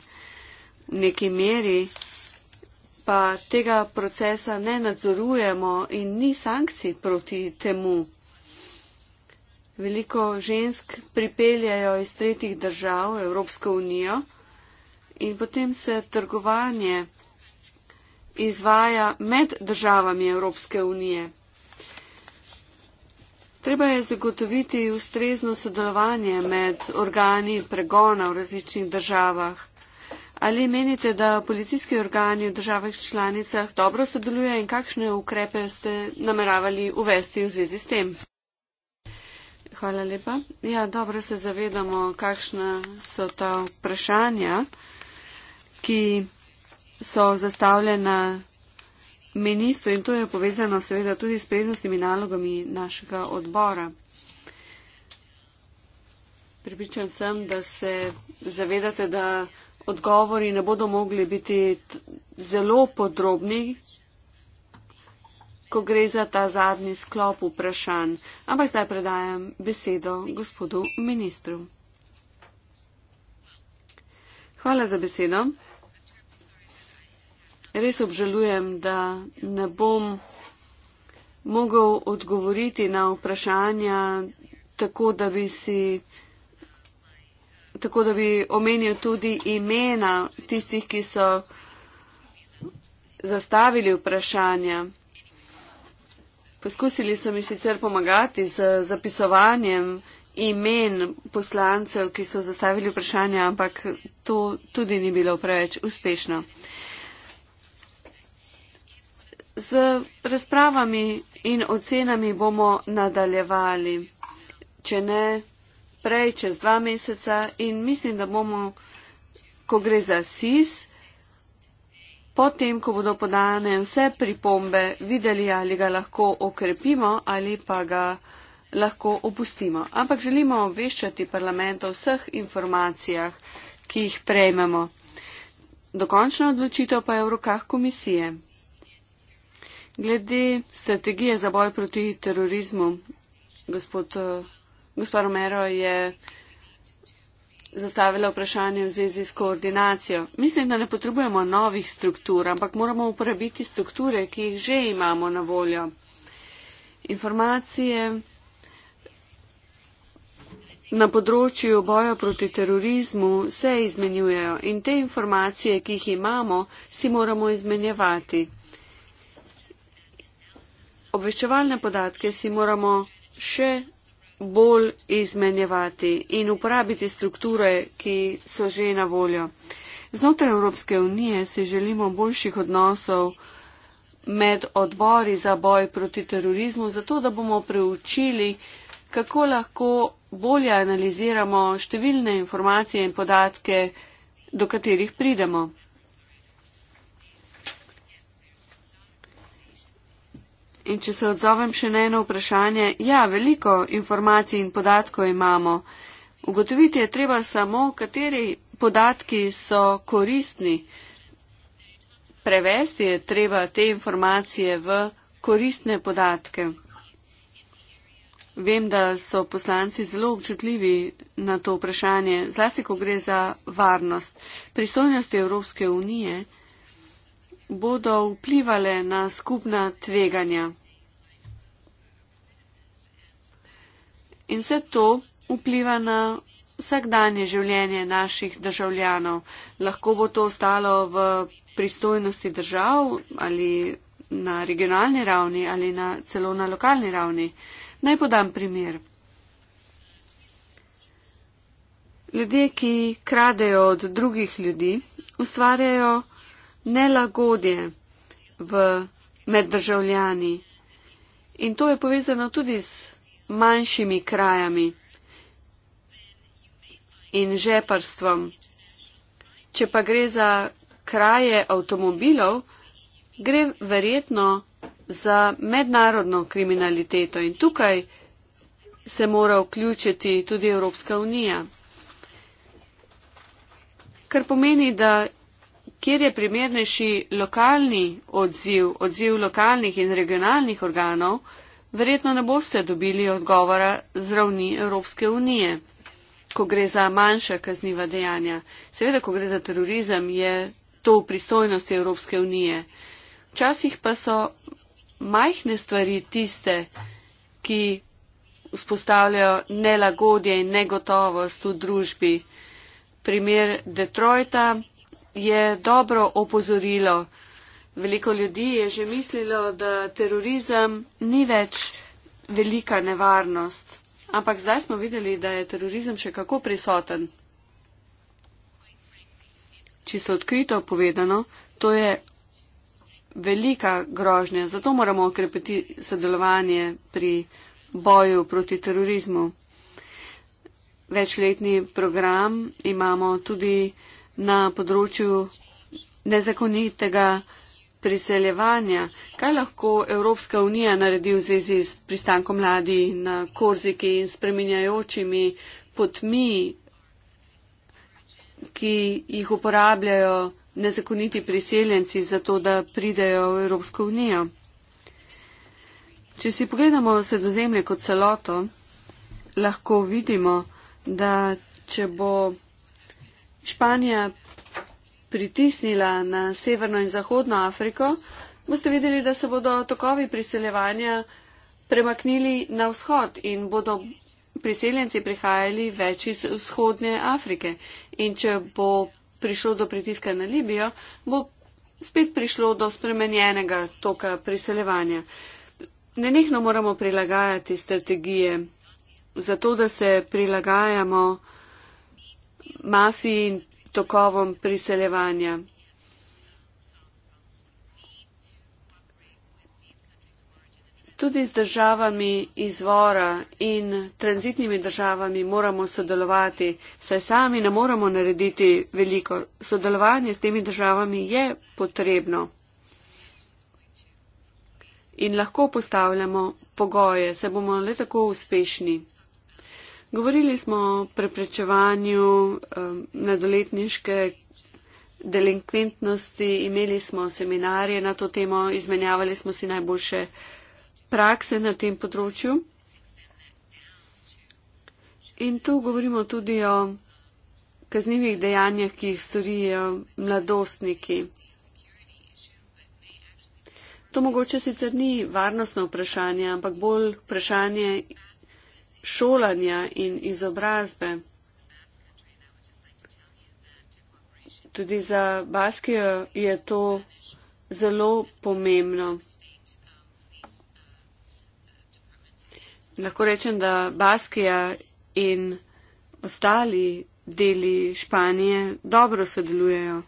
v neki meri, pa tega procesa ne nadzorujemo in ni sankcij proti temu veliko žensk pripeljajo iz tretjih držav v Evropsko unijo in potem se trgovanje izvaja med državami Evropske unije. Treba je zagotoviti ustrezno sodelovanje med organi pregona v različnih državah. Ali menite, da policijski organi v državah članicah dobro sodelujejo in kakšne ukrepe ste nameravali uvesti v zvezi s tem? Hvala lepa. Ja, dobro se zavedamo, kakšna so ta vprašanja, ki so zastavljena ministru in to je povezano seveda tudi s prednostnimi nalogami našega odbora. Pripričan sem, da se zavedate, da odgovori ne bodo mogli biti zelo podrobni, ko gre za ta zadnji sklop vprašanj. Ampak zdaj predajam besedo gospodu ministru. Hvala za besedo. Res obžalujem, da ne bom mogel odgovoriti na vprašanja tako, da bi si. Tako da bi omenil tudi imena tistih, ki so zastavili vprašanja. Poskusili so mi sicer pomagati z zapisovanjem imen poslancev, ki so zastavili vprašanja, ampak to tudi ni bilo preveč uspešno. Z razpravami in ocenami bomo nadaljevali, če ne prej čez dva meseca in mislim, da bomo, ko gre za SIS, potem, ko bodo podane vse pripombe, videli, ali ga lahko okrepimo ali pa ga lahko opustimo. Ampak želimo obveščati parlament o vseh informacijah, ki jih prejmemo. Dokončna odločitev pa je v rokah komisije. Glede strategije za boj proti terorizmu, gospod, gospod Romero je zastavila vprašanje v zvezi s koordinacijo. Mislim, da ne potrebujemo novih struktur, ampak moramo uporabiti strukture, ki jih že imamo na voljo. Informacije na področju boja proti terorizmu se izmenjujejo in te informacije, ki jih imamo, si moramo izmenjevati. Obveščevalne podatke si moramo še bolj izmenjevati in uporabiti strukture, ki so že na voljo. Znotraj Evropske unije si želimo boljših odnosov med odbori za boj proti terorizmu, zato da bomo preučili, kako lahko bolje analiziramo številne informacije in podatke, do katerih pridemo. In če se odzovem še na eno vprašanje, ja, veliko informacij in podatkov imamo. Ugotoviti je treba samo, kateri podatki so koristni. Prevesti je treba te informacije v koristne podatke. Vem, da so poslanci zelo občutljivi na to vprašanje, zlasti, ko gre za varnost. Pristojnosti Evropske unije bodo vplivale na skupna tveganja. In vse to vpliva na vsakdanje življenje naših državljanov. Lahko bo to ostalo v pristojnosti držav ali na regionalni ravni ali na celo na lokalni ravni. Naj podam primer. Ljudje, ki kradejo od drugih ljudi, ustvarjajo nelagodje v, med državljani. In to je povezano tudi z manjšimi krajami in žeparstvom. Če pa gre za kraje avtomobilov, gre verjetno za mednarodno kriminaliteto in tukaj se mora vključiti tudi Evropska unija. Kar pomeni, da kjer je primernejši lokalni odziv, odziv lokalnih in regionalnih organov, verjetno ne boste dobili odgovora z ravni Evropske unije, ko gre za manjša kazniva dejanja. Seveda, ko gre za terorizem, je to v pristojnosti Evropske unije. Včasih pa so majhne stvari tiste, ki vzpostavljajo nelagodje in negotovost v družbi. Primer Detroita, je dobro opozorilo. Veliko ljudi je že mislilo, da terorizem ni več velika nevarnost. Ampak zdaj smo videli, da je terorizem še kako prisoten. Čisto odkrito povedano, to je velika grožnja. Zato moramo okrepiti sodelovanje pri boju proti terorizmu. Večletni program imamo tudi na področju nezakonitega priseljevanja. Kaj lahko Evropska unija naredi v zvezi z pristankom mladi na Korziki in spreminjajočimi potmi, ki jih uporabljajo nezakoniti priseljenci za to, da pridejo v Evropsko unijo? Če si pogledamo sredozemlje kot celoto, lahko vidimo, da če bo Španija pritisnila na severno in zahodno Afriko, boste videli, da se bodo tokovi priseljevanja premaknili na vzhod in bodo priseljenci prihajali več iz vzhodne Afrike. In če bo prišlo do pritiska na Libijo, bo spet prišlo do spremenjenega toka priseljevanja. Nenehno moramo prilagajati strategije, zato da se prilagajamo mafiji in tokovom priseljevanja. Tudi z državami izvora in tranzitnimi državami moramo sodelovati, saj sami ne moremo narediti veliko. Sodelovanje s temi državami je potrebno in lahko postavljamo pogoje, saj bomo le tako uspešni. Govorili smo o preprečevanju um, nadoletniške delinkventnosti, imeli smo seminarije na to temo, izmenjavali smo si najboljše prakse na tem področju. In tu govorimo tudi o kaznivih dejanjah, ki jih storijo mladostniki. To mogoče sicer ni varnostno vprašanje, ampak bolj vprašanje šolanja in izobrazbe. Tudi za Baskijo je to zelo pomembno. Lahko rečem, da Baskija in ostali deli Španije dobro sodelujejo.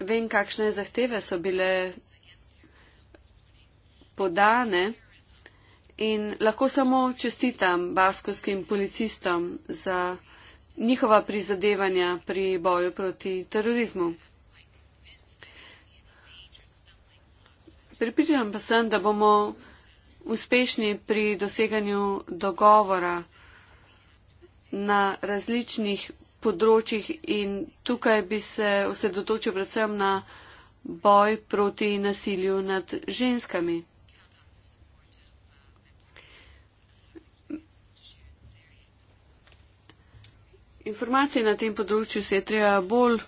Vem, kakšne zahteve so bile podane in lahko samo čestitam baskovskim policistom za njihova prizadevanja pri boju proti terorizmu. Pripričam pa sem, da bomo uspešni pri doseganju dogovora na različnih področjih in tukaj bi se osredotočil predvsem na boj proti nasilju nad ženskami. informacije na tem področju se je treba bolj,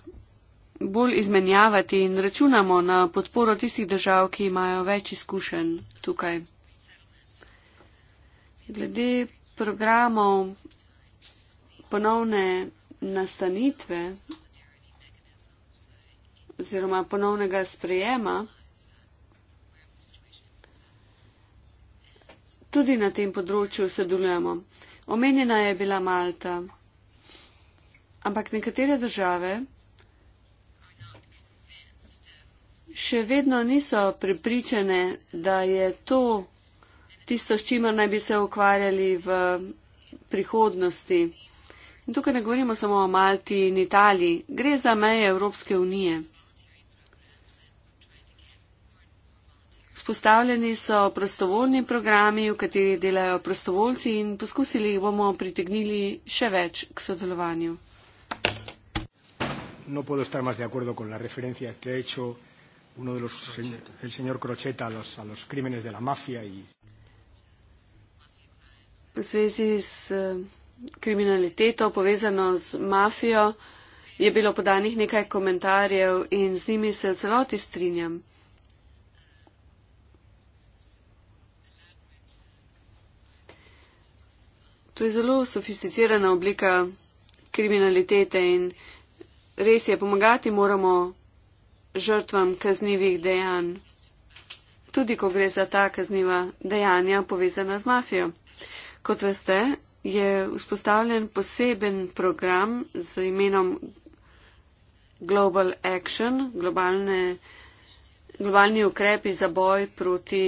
bolj izmenjavati in računamo na podporo tistih držav, ki imajo več izkušenj tukaj. Glede programov ponovne nastanitve oziroma ponovnega sprejema, tudi na tem področju sodelujemo. Omenjena je bila Malta ampak nekatere države še vedno niso prepričane, da je to tisto, s čimer naj bi se ukvarjali v prihodnosti. In tukaj ne govorimo samo o Malti in Italiji, gre za meje Evropske unije. Spostavljeni so prostovoljni programi, v katerih delajo prostovoljci in poskusili jih bomo pritegnili še več k sodelovanju. No puedo estar más de acuerdo con la referencia que ha hecho uno de los Crocheta. el señor Crocheta a los, a los crímenes de la mafia y v zvezi s kriminaliteto, eh, povezano z mafijo, je bilo podanih nekaj komentarjev in z njimi se v celoti strinjam. To je zelo sofisticirana oblika kriminalitete in res je, pomagati moramo žrtvam kaznivih dejanj, tudi ko gre za ta kazniva dejanja povezana z mafijo. Kot veste, je vzpostavljen poseben program z imenom Global Action, globalne, globalni ukrepi za boj proti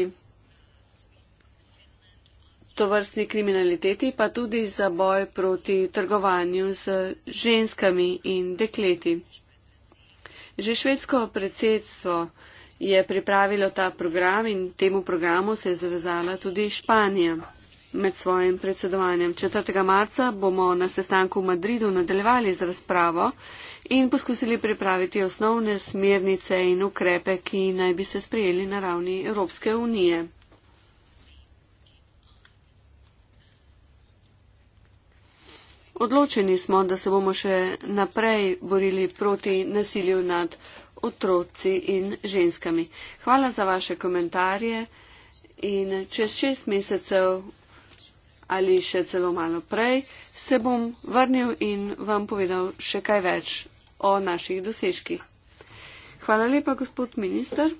to vrstni kriminaliteti, pa tudi za boj proti trgovanju z ženskami in dekleti. Že švedsko predsedstvo je pripravilo ta program in temu programu se je zavezala tudi Španija med svojim predsedovanjem. 4. marca bomo na sestanku v Madridu nadaljevali z razpravo in poskusili pripraviti osnovne smernice in ukrepe, ki naj bi se sprejeli na ravni Evropske unije. Odločeni smo, da se bomo še naprej borili proti nasilju nad otroci in ženskami. Hvala za vaše komentarje in čez šest mesecev ali še celo malo prej se bom vrnil in vam povedal še kaj več o naših dosežkih. Hvala lepa, gospod minister,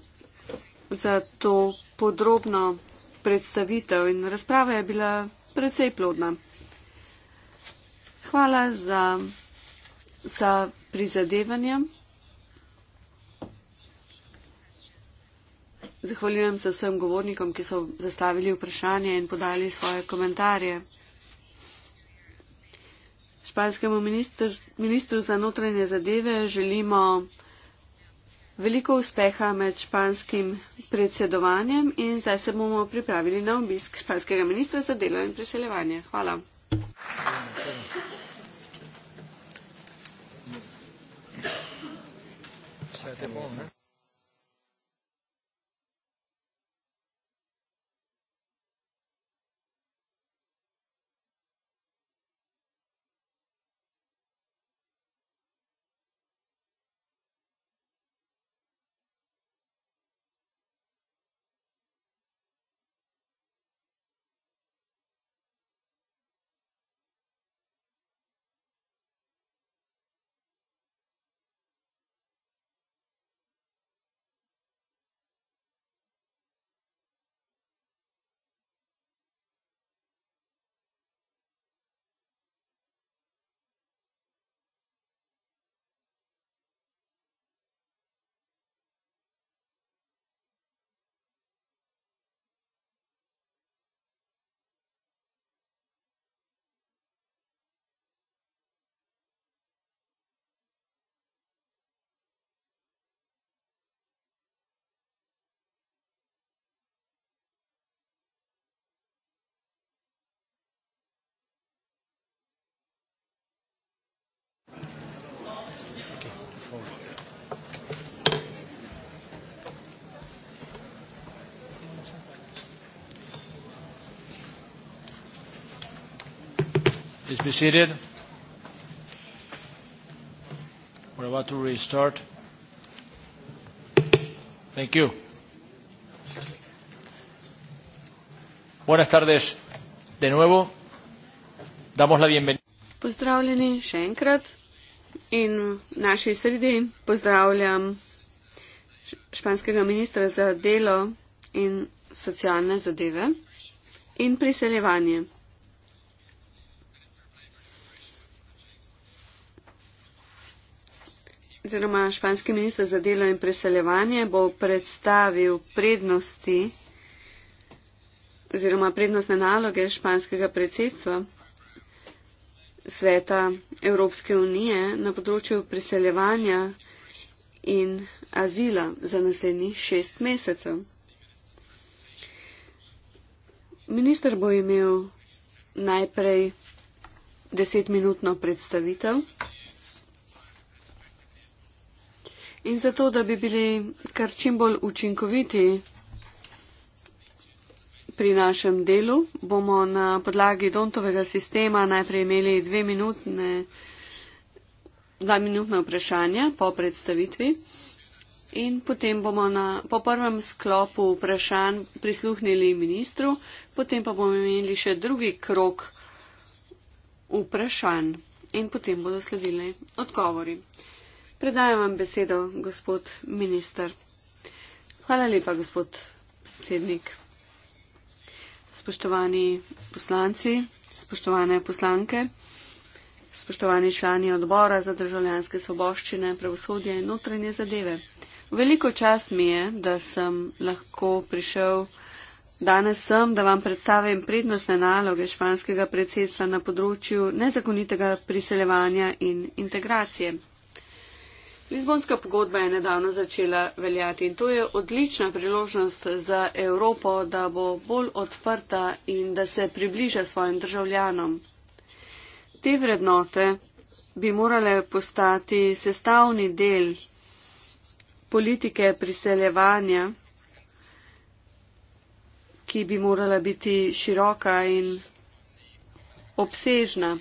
za to podrobno predstavitev in razprava je bila precej plodna. Hvala za vsa prizadevanja. Zahvaljujem se vsem govornikom, ki so zastavili vprašanje in podali svoje komentarje. Španskemu ministr, ministru za notranje zadeve želimo veliko uspeha med španskim predsedovanjem in zdaj se bomo pripravili na obisk španskega ministra za delo in priseljevanje. Hvala. Hvala. vse te bolne. be seated. We're about to restart. Thank you. Buenas tardes de nuevo. Damos la bienvenida. Pozdravljeni še enkrat in v naši sredi pozdravljam španskega ministra za delo in socialne zadeve in priseljevanje. oziroma španski minister za delo in preseljevanje bo predstavil prednosti oziroma prednostne naloge španskega predsedstva sveta Evropske unije na področju priseljevanja in azila za naslednjih šest mesecev. Minister bo imel najprej desetminutno predstavitev. In zato, da bi bili kar čim bolj učinkoviti pri našem delu, bomo na podlagi Dontovega sistema najprej imeli dve minutne, dva minutna vprašanja po predstavitvi. In potem bomo na, po prvem sklopu vprašanj prisluhnili ministru, potem pa bomo imeli še drugi krok vprašanj in potem bodo sledili odgovori. Predajam vam besedo, gospod minister. Hvala lepa, gospod predsednik. Spoštovani poslanci, spoštovane poslanke, spoštovani člani odbora za državljanske soboščine, pravosodje in notranje zadeve. Veliko čast mi je, da sem lahko prišel danes sem, da vam predstavim prednostne naloge španskega predsedstva na področju nezakonitega priseljevanja in integracije. Lizbonska pogodba je nedavno začela veljati in to je odlična priložnost za Evropo, da bo bolj odprta in da se približa svojim državljanom. Te vrednote bi morale postati sestavni del politike priseljevanja, ki bi morala biti široka in obsežna.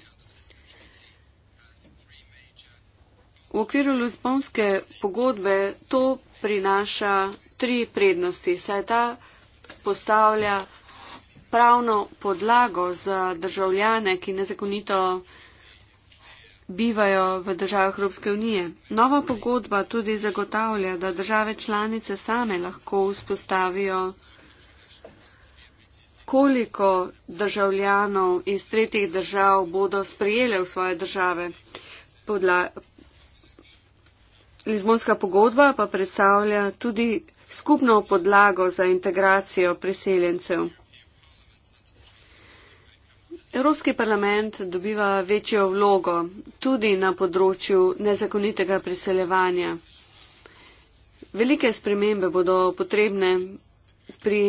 V okviru Lisbonske pogodbe to prinaša tri prednosti. Saj ta postavlja pravno podlago za državljane, ki nezakonito bivajo v državah Evropske unije. Nova pogodba tudi zagotavlja, da države članice same lahko vzpostavijo, koliko državljanov iz tretjih držav bodo sprejele v svoje države. Podla, Lizbonska pogodba pa predstavlja tudi skupno podlago za integracijo priseljencev. Evropski parlament dobiva večjo vlogo tudi na področju nezakonitega priseljevanja. Velike spremembe bodo potrebne pri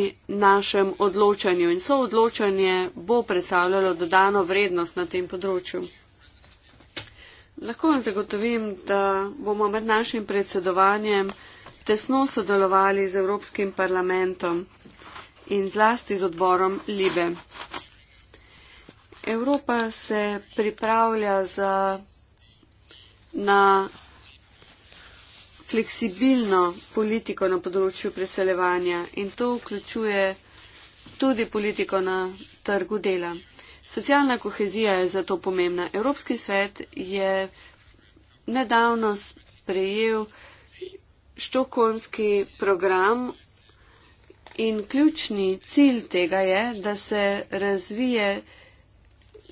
našem odločanju in so odločanje bo predstavljalo dodano vrednost na tem področju. Lahko vam zagotovim, da bomo med našim predsedovanjem tesno sodelovali z Evropskim parlamentom in zlasti z odborom Libe. Evropa se pripravlja za, na fleksibilno politiko na področju preseljevanja in to vključuje tudi politiko na trgu dela. Socialna kohezija je zato pomembna. Evropski svet je nedavno sprejel štokonski program in ključni cilj tega je, da se razvije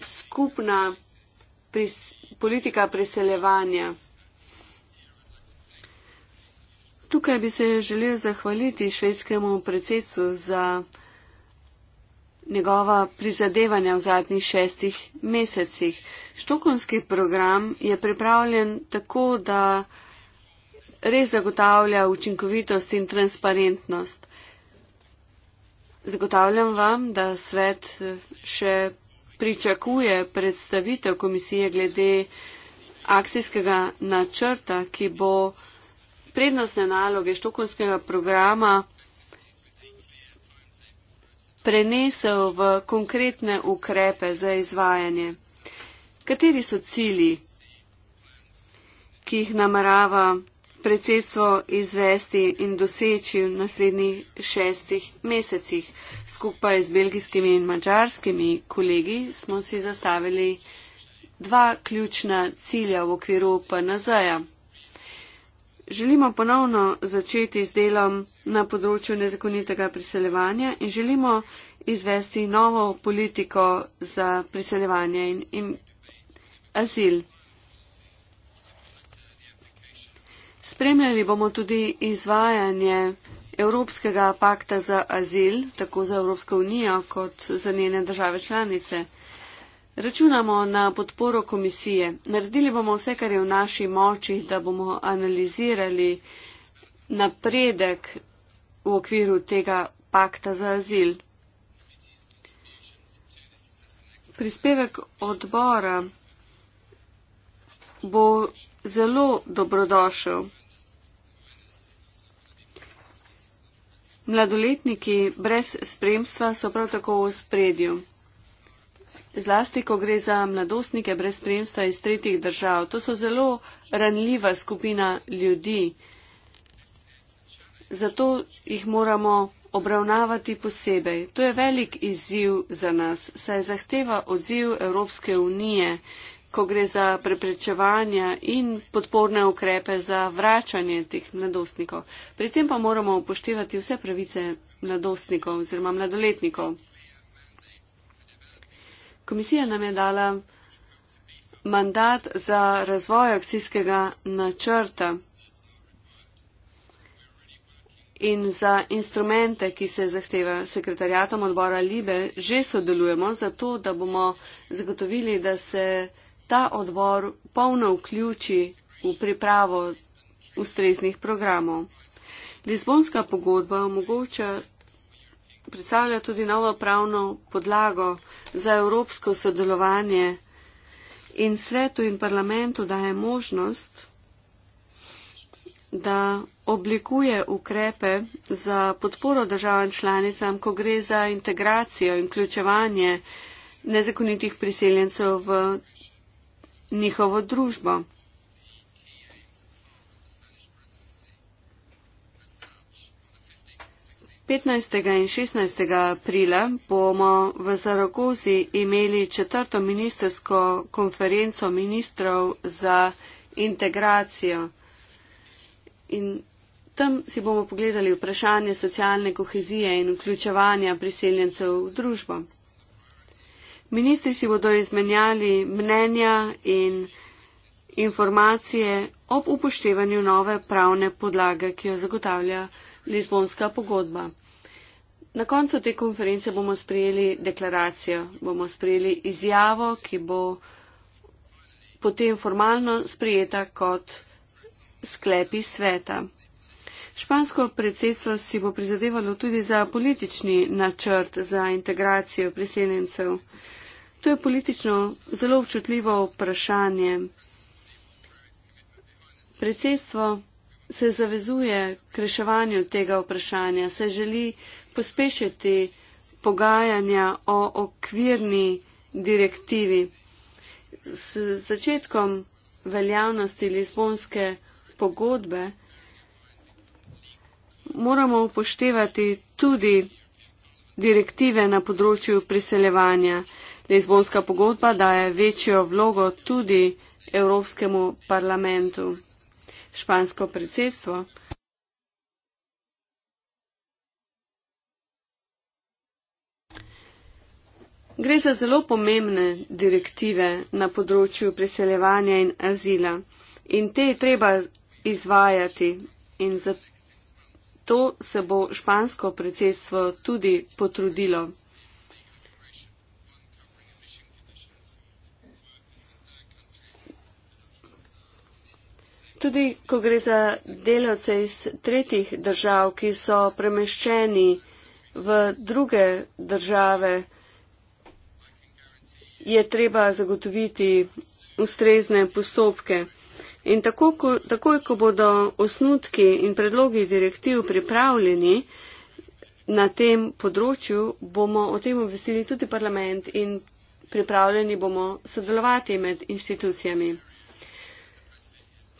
skupna pris politika priseljevanja. Tukaj bi se želel zahvaliti švedskemu predsedcu za njegova prizadevanja v zadnjih šestih mesecih. Štokonski program je pripravljen tako, da res zagotavlja učinkovitost in transparentnost. Zagotavljam vam, da svet eh, še pričakuje predstavitev komisije glede akcijskega načrta, ki bo prednostne naloge štokonskega programa prenesel v konkretne ukrepe za izvajanje. Kateri so cilji, ki jih namerava predsedstvo izvesti in doseči v naslednjih šestih mesecih? Skupaj z belgijskimi in mačarskimi kolegi smo si zastavili dva ključna cilja v okviru PNZ-ja želimo ponovno začeti z delom na področju nezakonitega priseljevanja in želimo izvesti novo politiko za priseljevanje in, in azil. Spremljali bomo tudi izvajanje Evropskega pakta za azil, tako za Evropsko unijo kot za njene države članice. Računamo na podporo komisije. Naredili bomo vse, kar je v naši moči, da bomo analizirali napredek v okviru tega pakta za azil. Prispevek odbora bo zelo dobrodošel. Mladoletniki brez spremstva so prav tako v spredju zlasti, ko gre za mladostnike brez spremstva iz tretjih držav. To so zelo ranljiva skupina ljudi. Zato jih moramo obravnavati posebej. To je velik izziv za nas, saj zahteva odziv Evropske unije, ko gre za preprečevanja in podporne ukrepe za vračanje teh mladostnikov. Pri tem pa moramo upoštevati vse pravice mladostnikov oziroma mladoletnikov komisija nam je dala mandat za razvoj akcijskega načrta in za instrumente, ki se zahtevajo sekretarjatom odbora Libe, že sodelujemo za to, da bomo zagotovili, da se ta odbor polno vključi v pripravo ustreznih programov. Lizbonska pogodba omogoča predstavlja tudi novo pravno podlago za evropsko sodelovanje in svetu in parlamentu daje možnost, da oblikuje ukrepe za podporo državam članicam, ko gre za integracijo in vključevanje nezakonitih priseljencev v njihovo družbo. 15. in 16. aprila bomo v Zaragozi imeli četrto ministersko konferenco ministrov za integracijo. In tam si bomo pogledali vprašanje socialne kohezije in vključevanja priseljencev v družbo. Ministri si bodo izmenjali mnenja in informacije ob upoštevanju nove pravne podlage, ki jo zagotavlja Lizbonska pogodba. Na koncu te konference bomo sprejeli deklaracijo, bomo sprejeli izjavo, ki bo potem formalno sprijeta kot sklepi sveta. Špansko predsedstvo si bo prizadevalo tudi za politični načrt za integracijo priseljencev. To je politično zelo občutljivo vprašanje. Predsedstvo se zavezuje k reševanju tega vprašanja, se želi pospešiti pogajanja o okvirni direktivi. S začetkom veljavnosti Lizbonske pogodbe moramo upoštevati tudi direktive na področju priseljevanja. Lizbonska pogodba daje večjo vlogo tudi Evropskemu parlamentu. Špansko predsedstvo Gre za zelo pomembne direktive na področju priseljevanja in azila in te je treba izvajati in zato se bo špansko predsedstvo tudi potrudilo. Tudi, ko gre za delavce iz tretjih držav, ki so premeščeni v druge države, je treba zagotoviti ustrezne postopke. In tako, ko, takoj, ko bodo osnutki in predlogi direktiv pripravljeni na tem področju, bomo o tem obvestili tudi parlament in pripravljeni bomo sodelovati med inštitucijami.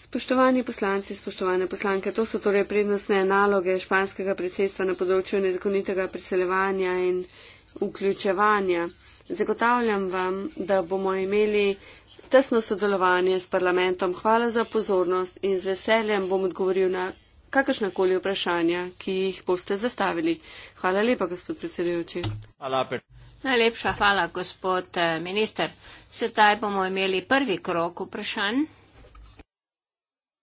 Spoštovani poslanci, spoštovane poslanke, to so torej prednostne naloge španskega predsedstva na področju nezakonitega priseljevanja in vključevanja. Zagotavljam vam, da bomo imeli tesno sodelovanje s parlamentom. Hvala za pozornost in z veseljem bom odgovoril na kakršnakoli vprašanja, ki jih boste zastavili. Hvala lepa, gospod predsedujoči. Najlepša hvala, gospod eh, minister. Sedaj bomo imeli prvi krok vprašanj.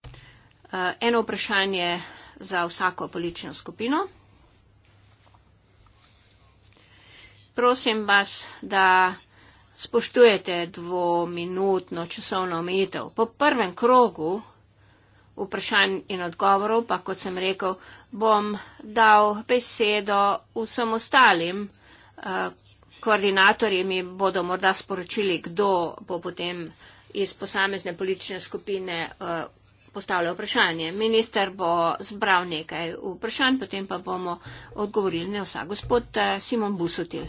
Eh, eno vprašanje za vsako politično skupino. prosim vas, da spoštujete dvominutno časovno omejitev. Po prvem krogu vprašanj in odgovorov, pa kot sem rekel, bom dal besedo vsem ostalim. Eh, koordinatorji mi bodo morda sporočili, kdo bo potem iz posamezne politične skupine eh, postavlja vprašanje. Minister bo zbral nekaj vprašanj, potem pa bomo odgovorili na vsa. Gospod eh, Simon Busutil.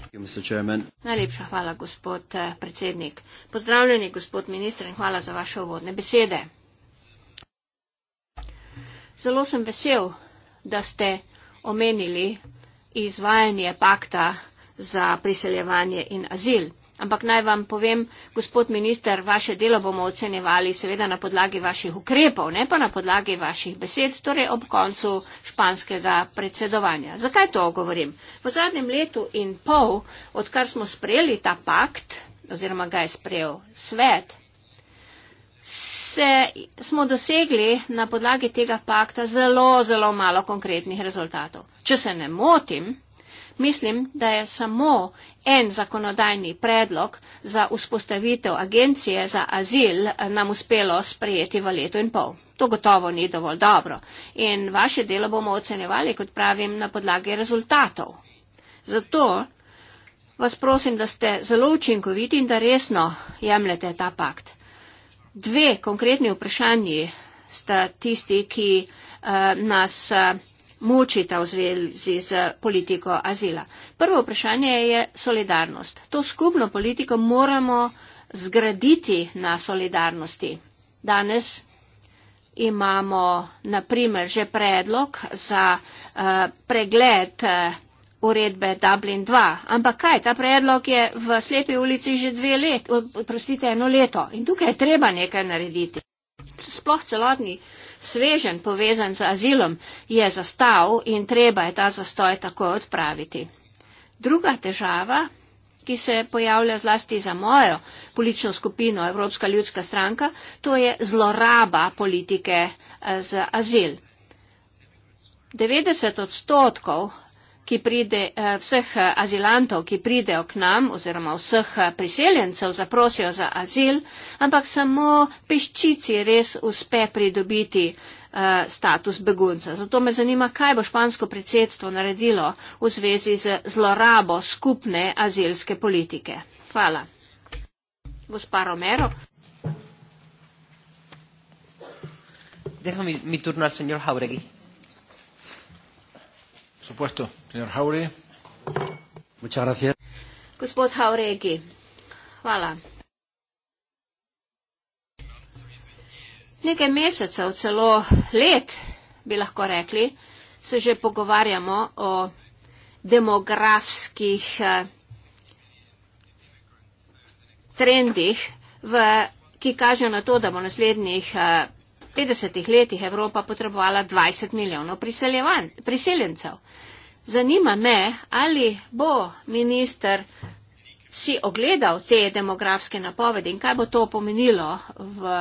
Najlepša hvala, gospod eh, predsednik. Pozdravljeni, gospod minister, in hvala za vaše uvodne besede. Zelo sem vesel, da ste omenili izvajanje pakta za priseljevanje in azil. Ampak naj vam povem, gospod minister, vaše delo bomo ocenjevali seveda na podlagi vaših ukrepov, ne pa na podlagi vaših besed, torej ob koncu španskega predsedovanja. Zakaj to govorim? V zadnjem letu in pol, odkar smo sprejeli ta pakt, oziroma ga je sprejel svet, se, smo dosegli na podlagi tega pakta zelo, zelo malo konkretnih rezultatov. Če se ne motim, Mislim, da je samo en zakonodajni predlog za vzpostavitev agencije za azil nam uspelo sprejeti v letu in pol. To gotovo ni dovolj dobro. In vaše delo bomo ocenjevali, kot pravim, na podlagi rezultatov. Zato vas prosim, da ste zelo učinkoviti in da resno jemljete ta pakt. Dve konkretni vprašanji sta tisti, ki uh, nas. Uh, močita v zvezi z politiko azila. Prvo vprašanje je solidarnost. To skupno politiko moramo zgraditi na solidarnosti. Danes imamo naprimer že predlog za uh, pregled uh, uredbe Dublin 2. Ampak kaj, ta predlog je v slepi ulici že dve let, oprostite, eno leto. In tukaj je treba nekaj narediti. Sploh celotni. Uh, svežen povezan z azilom, je zastav in treba je ta zastoj takoj odpraviti. Druga težava, ki se pojavlja zlasti za mojo politično skupino Evropska ljudska stranka, to je zloraba politike eh, z azil. 90 odstotkov ki pride, eh, vseh eh, azilantov, ki pridejo k nam oziroma vseh eh, priseljencev zaprosijo za azil, ampak samo peščici res uspe pridobiti status begunca. Zato me zanima, kaj bo špansko predsedstvo naredilo v zvezi z zlorabo skupne azilske politike. Hvala. Gospa Romero. Déjame mi, mi turno al señor Jauregui supuesto. Señor Jauregui. Muchas gracias. Gospod Jauregui. Hvala. Nekaj mesecev, celo let, bi lahko rekli, se že pogovarjamo o demografskih eh, trendih, v, ki kažejo na to, da bo naslednjih eh, 50 letih Evropa potrebovala 20 milijonov priseljencev. Zanima me, ali bo minister si ogledal te demografske napovedi in kaj bo to pomenilo v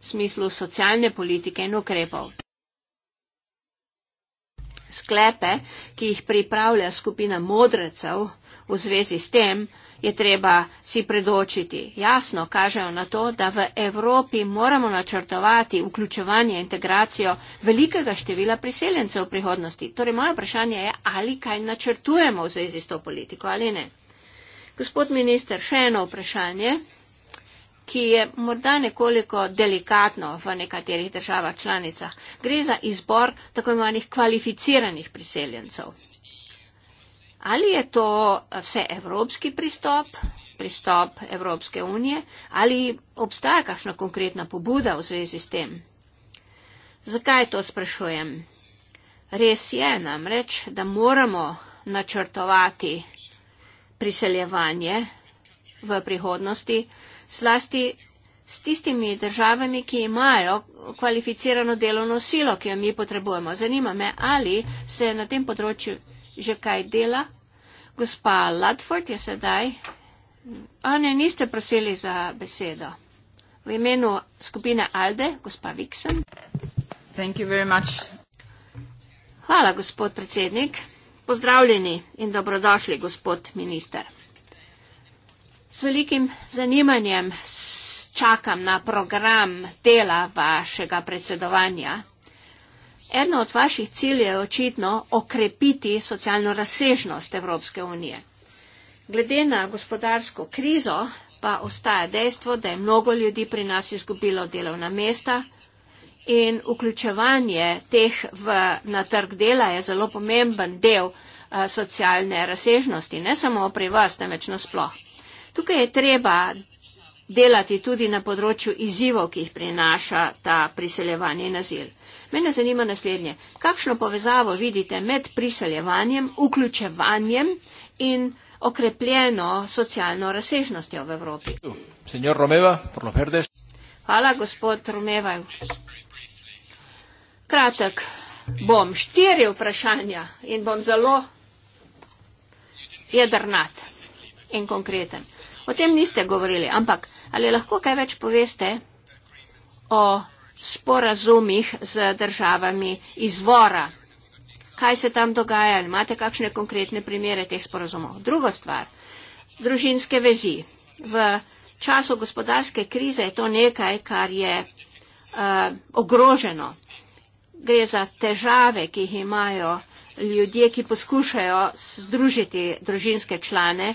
smislu socialne politike in ukrepov. Sklepe, ki jih pripravlja skupina modrecev v zvezi s tem, je treba si predočiti. Jasno kažejo na to, da v Evropi moramo načrtovati vključevanje, integracijo velikega števila priseljencev v prihodnosti. Torej, moje vprašanje je, ali kaj načrtujemo v zvezi s to politiko ali ne. Gospod minister, še eno vprašanje ki je morda nekoliko delikatno v nekaterih državah članicah. Gre za izbor tako imenovanih kvalificiranih priseljencev ali je to vse evropski pristop, pristop Evropske unije, ali obstaja kakšna konkretna pobuda v zvezi s tem? Zakaj to sprašujem? Res je namreč, da moramo načrtovati priseljevanje v prihodnosti, zlasti s tistimi državami, ki imajo kvalificirano delovno silo, ki jo mi potrebujemo. Zanima me, ali se na tem področju že kaj dela. Gospa Ladford je sedaj. Ane, niste prosili za besedo. V imenu skupine Alde, gospa Viksen. Hvala, gospod predsednik. Pozdravljeni in dobrodošli, gospod minister. S velikim zanimanjem čakam na program dela vašega predsedovanja eno od vaših ciljev je očitno okrepiti socialno razsežnost Evropske unije. Glede na gospodarsko krizo pa ostaja dejstvo, da je mnogo ljudi pri nas izgubilo delovna mesta in vključevanje teh v, na trg dela je zelo pomemben del a, eh, socialne razsežnosti, ne samo pri vas, temveč nasploh. Tukaj je treba delati tudi na področju izzivov, ki jih prinaša ta priseljevanje in azil. Mene zanima naslednje. Kakšno povezavo vidite med priseljevanjem, vključevanjem in okrepljeno socialno razsežnostjo v Evropi? Romeva, Hvala, gospod Romeva. Kratek bom. Štiri vprašanja in bom zelo jedrnat in konkreten. O tem niste govorili, ampak ali lahko kaj več poveste o sporazumih z državami izvora. Kaj se tam dogaja? Imate kakšne konkretne primere teh sporazumov? Druga stvar. Družinske vezi. V času gospodarske krize je to nekaj, kar je uh, ogroženo. Gre za težave, ki jih imajo ljudje, ki poskušajo združiti družinske člane,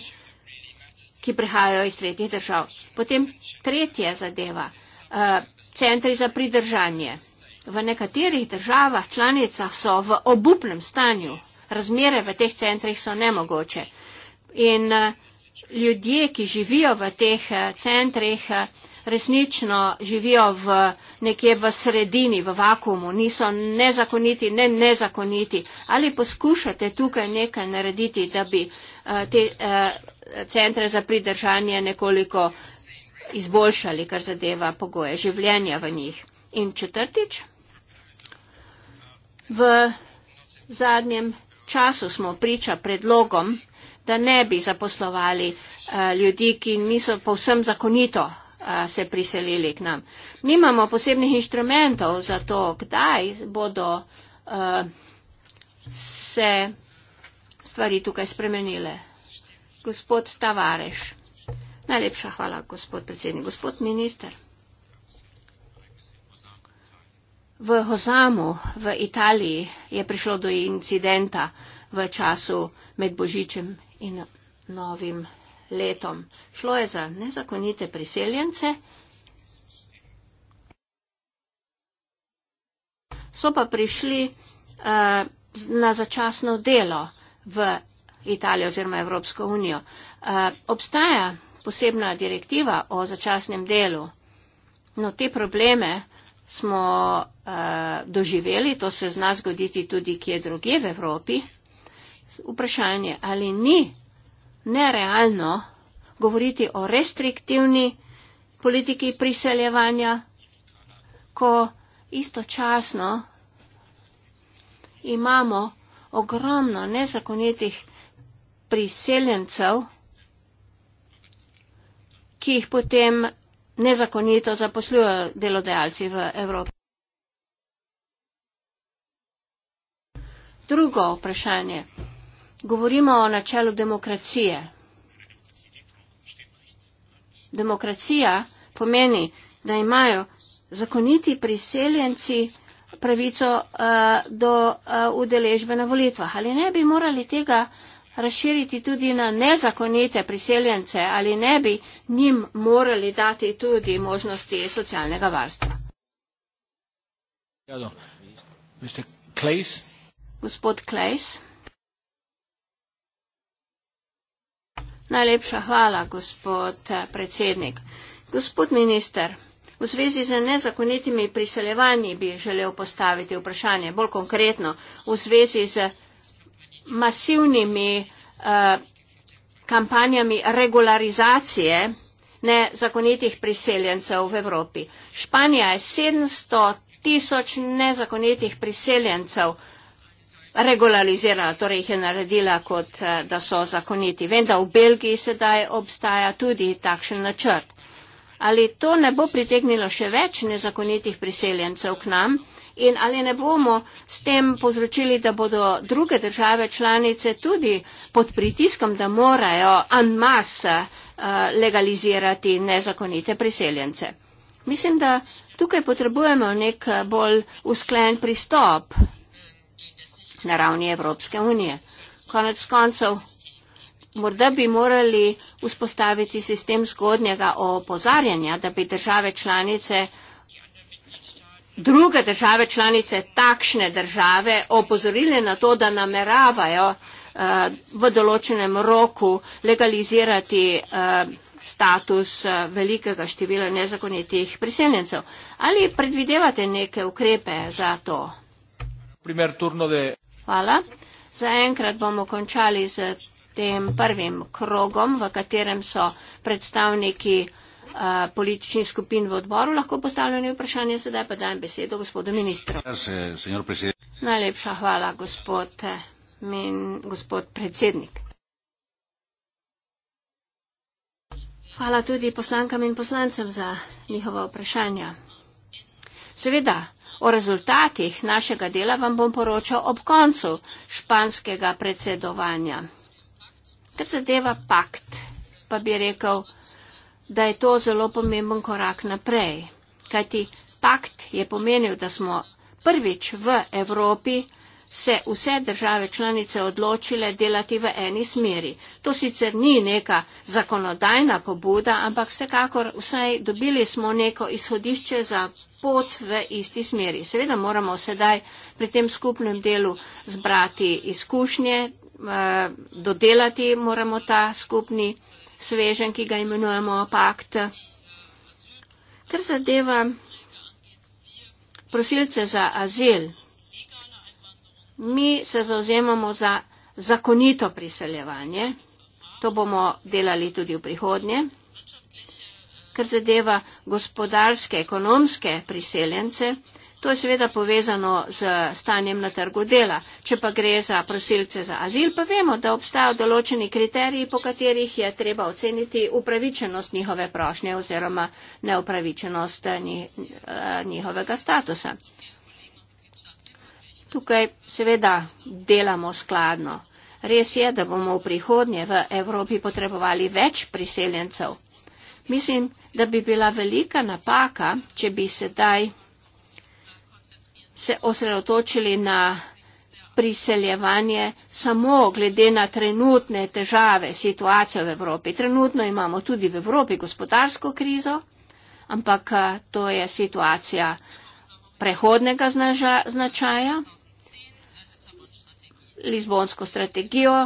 ki prihajajo iz tretjih držav. Potem tretja zadeva. Uh, centri za pridržanje. V nekaterih državah članicah so v obupnem stanju. Razmere v teh centrih so nemogoče. In eh, ljudje, ki živijo v teh eh, centrih, eh, resnično živijo v nekje v sredini, v vakumu, niso nezakoniti, ne nezakoniti. Ali poskušate tukaj nekaj narediti, da bi te centre za pridržanje nekoliko uh, izboljšali, kar zadeva pogoje življenja v njih. In četrtič, v zadnjem času smo priča predlogom, da ne bi zaposlovali eh, ljudi, ki niso povsem zakonito eh, se priselili k nam. Nimamo posebnih inštrumentov za to, kdaj bodo eh, se stvari tukaj spremenile. Gospod Tavareš. Najlepša hvala, gospod predsednik. Gospod minister, v Hozamu v Italiji je prišlo do incidenta v času med Božičem in novim letom. Šlo je za nezakonite priseljence, so pa prišli uh, na začasno delo v Italijo oziroma Evropsko unijo. Uh, obstaja posebna direktiva o začasnem delu. No, te probleme smo uh, doživeli, to se zna zgoditi tudi kje druge v Evropi. Vprašanje, ali ni nerealno govoriti o restriktivni politiki priseljevanja, ko istočasno imamo ogromno nezakonitih priseljencev, ki jih potem nezakonito zaposlujejo delodajalci v Evropi. Drugo vprašanje. Govorimo o načelu demokracije. Demokracija pomeni, da imajo zakoniti priseljenci pravico uh, do uh, udeležbe na volitvah. Ali ne bi morali tega uh, razširiti tudi na nezakonite priseljence ali ne bi njim morali dati tudi možnosti socialnega varstva. Gospod Klejs. Najlepša hvala, gospod eh, predsednik. Gospod minister, v zvezi z nezakonitimi priseljevanji bi želel postaviti vprašanje bolj konkretno v zvezi z masivnimi uh, kampanjami regularizacije nezakonitih priseljencev v Evropi. Španija je 700 tisoč nezakonitih priseljencev regularizirala, torej jih je naredila, kot eh, da so zakoniti. Vem, da v Belgiji sedaj obstaja tudi takšen načrt. Ali to ne bo pritegnilo še več nezakonitih priseljencev k nam? Uh, in ali ne bomo s tem povzročili, da bodo druge države članice tudi pod pritiskom, da morajo en mas eh, legalizirati nezakonite priseljence. Mislim, da tukaj potrebujemo nek eh, bolj usklen pristop na ravni Evropske unije. Konec koncev, morda bi morali vzpostaviti sistem zgodnjega opozarjanja, da bi države članice uh, druge države članice takšne države opozorili na to, da nameravajo eh, v določenem roku legalizirati eh, status eh, velikega števila nezakonitih priseljencev. Ali predvidevate neke ukrepe za to? Hvala. Zaenkrat bomo končali z tem prvim krogom, v katerem so predstavniki Eh, političnih skupin v odboru lahko postavljeni vprašanje, sedaj pa dajem besedo gospodu ministru. Najlepša hvala, gospod, eh, min, gospod predsednik. Hvala tudi poslankam in poslancem za njihova vprašanja. Seveda, o rezultatih našega dela vam bom poročal ob koncu španskega predsedovanja. Ker zadeva pakt, pa bi rekel, da je to zelo pomemben korak naprej. Kajti pakt je pomenil, da smo prvič v Evropi se vse države članice odločile delati v eni smeri. To sicer ni neka zakonodajna pobuda, ampak vsekakor vsaj dobili smo neko izhodišče za pot v isti smeri. Seveda moramo sedaj pri tem skupnem delu zbrati izkušnje, eh, dodelati moramo ta skupni svežen, ki ga imenujemo pakt. Kar zadeva prosilce za azil, mi se zauzemamo za zakonito priseljevanje. To bomo delali tudi v prihodnje. Kar zadeva gospodarske, ekonomske priseljence, To je seveda povezano z stanjem na trgu dela. Če pa gre za prosilce za azil, pa vemo, da obstajajo določeni kriteriji, po katerih je treba oceniti upravičenost njihove prošnje oziroma neupravičenost eh, eh, njihovega statusa. Tukaj seveda delamo skladno. Res je, da bomo v prihodnje v Evropi potrebovali več priseljencev. Mislim, da bi bila velika napaka, če bi sedaj se osredotočili na priseljevanje samo glede na trenutne težave, situacijo v Evropi. Trenutno imamo tudi v Evropi gospodarsko krizo, ampak to je situacija prehodnega znaža, značaja. Lizbonsko strategijo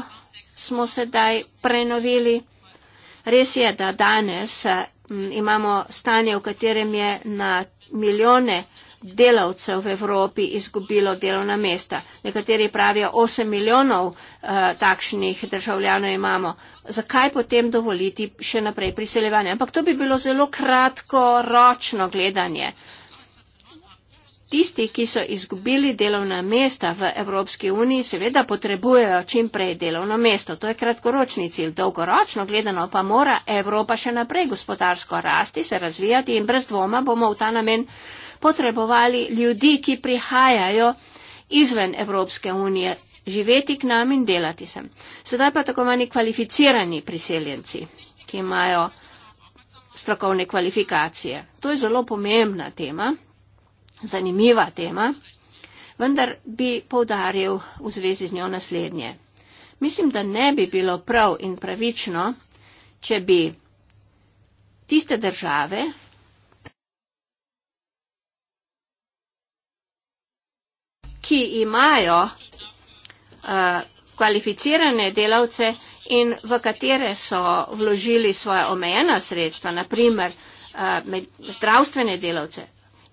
smo sedaj prenovili. Res je, da danes imamo stanje, v katerem je na milijone delavcev v Evropi izgubilo delovna mesta. Nekateri pravijo, 8 milijonov uh, takšnih državljanov imamo. Zakaj potem dovoliti še naprej priseljevanje? Ampak to bi bilo zelo kratkoročno gledanje. Tisti, ki so izgubili delovna mesta v Evropski uniji, seveda potrebujejo čim prej delovno mesto. To je kratkoročni cilj. Dolgoročno gledano pa mora Evropa še naprej gospodarsko rasti, se razvijati in brez dvoma bomo v ta namen uh, potrebovali ljudi, ki prihajajo izven Evropske unije živeti k nam in delati sem. Sedaj pa tako manj kvalificirani priseljenci, ki imajo strokovne kvalifikacije. To je zelo pomembna tema, zanimiva tema, vendar bi povdaril v zvezi z njo naslednje. Mislim, da ne bi bilo prav in pravično, če bi tiste države, ki imajo uh, kvalificirane delavce in v katere so vložili svoje omejena sredstva, naprimer uh, eh, zdravstvene delavce,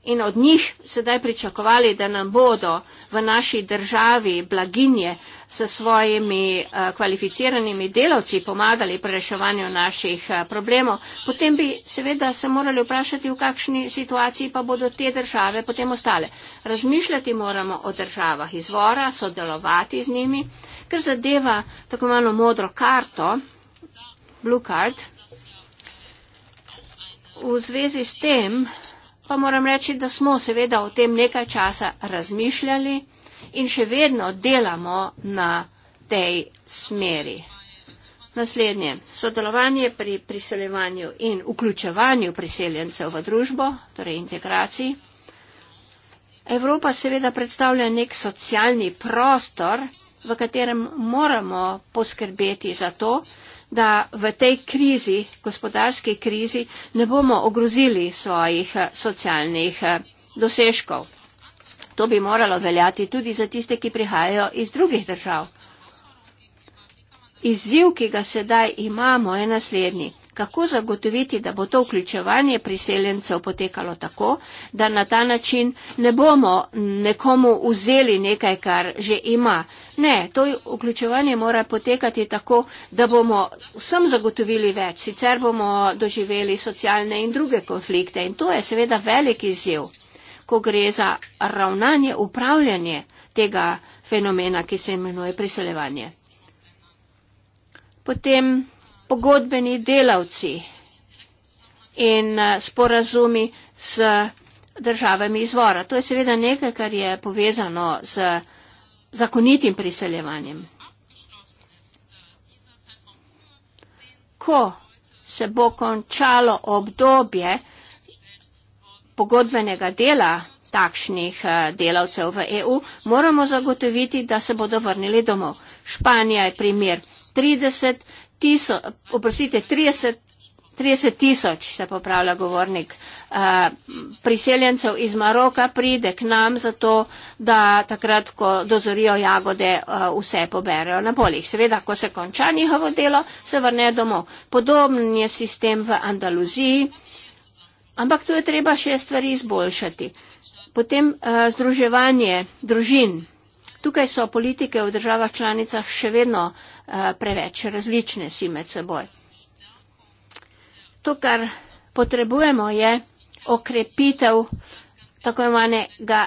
in od njih sedaj pričakovali, da nam bodo v naši državi blaginje s svojimi eh, kvalificiranimi delavci pomagali pri reševanju naših eh, problemov, potem bi seveda se morali vprašati, v kakšni situaciji pa bodo te države potem ostale. Razmišljati moramo o državah izvora, sodelovati z njimi, ker zadeva tako imenovano modro karto, blue card, v zvezi s tem, pa moram reči, da smo seveda o tem nekaj časa razmišljali in še vedno delamo na tej smeri. Naslednje, sodelovanje pri priseljevanju in vključevanju priseljencev v družbo, torej integraciji. Evropa seveda predstavlja nek socialni prostor, v katerem moramo poskrbeti za to, da v tej krizi, gospodarski krizi, ne bomo ogrozili svojih eh, socialnih eh, dosežkov. To bi moralo veljati tudi za tiste, ki prihajajo iz drugih držav. Izziv, ki ga sedaj imamo, je naslednji. Kako zagotoviti, da bo to vključevanje priseljencev potekalo tako, da na ta način ne bomo nekomu vzeli nekaj, kar že ima, Ne, to vključevanje mora potekati tako, da bomo vsem zagotovili več, sicer bomo doživeli socialne in druge konflikte in to je seveda velik izziv, ko gre za ravnanje, upravljanje tega fenomena, ki se imenuje priseljevanje. Potem pogodbeni delavci in eh, sporazumi z državami izvora. To je seveda nekaj, kar je povezano z zakonitim priseljevanjem. Ko se bo končalo obdobje pogodbenega dela takšnih eh, delavcev v EU, moramo zagotoviti, da se bodo vrnili domov. Španija je primer 30, tiso, oprosite, 30 30 tisoč, se popravlja govornik, eh, priseljencev iz Maroka pride k nam zato, da takrat, ko dozorijo jagode, eh, vse poberejo na poljih. Seveda, ko se konča njihovo delo, se vrnejo domov. Podoben je sistem v Andaluziji, ampak tu je treba še stvari izboljšati. Potem eh, združevanje družin. Tukaj so politike v državah članicah še vedno preveč različne si med seboj. To, kar potrebujemo, je okrepitev tako imenega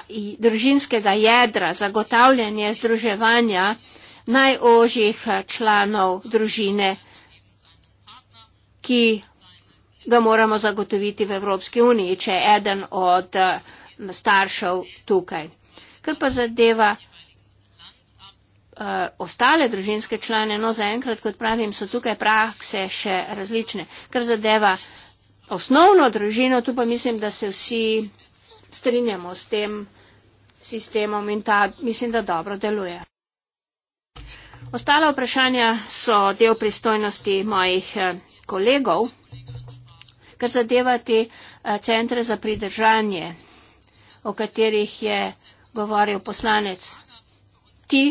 družinskega jedra, zagotavljanje združevanja najožjih članov družine, ki ga moramo zagotoviti v Evropski uniji, če je eden od eh, staršev tukaj. Kar pa zadeva Eh, ostale družinske člane, no zaenkrat, kot pravim, so tukaj prakse še različne. Kar zadeva osnovno družino, tu pa mislim, da se vsi strinjamo s tem sistemom in ta mislim, da dobro deluje. Ostala vprašanja so del pristojnosti mojih eh, kolegov, kar zadeva te eh, centre za pridržanje, o katerih je govoril poslanec. Ti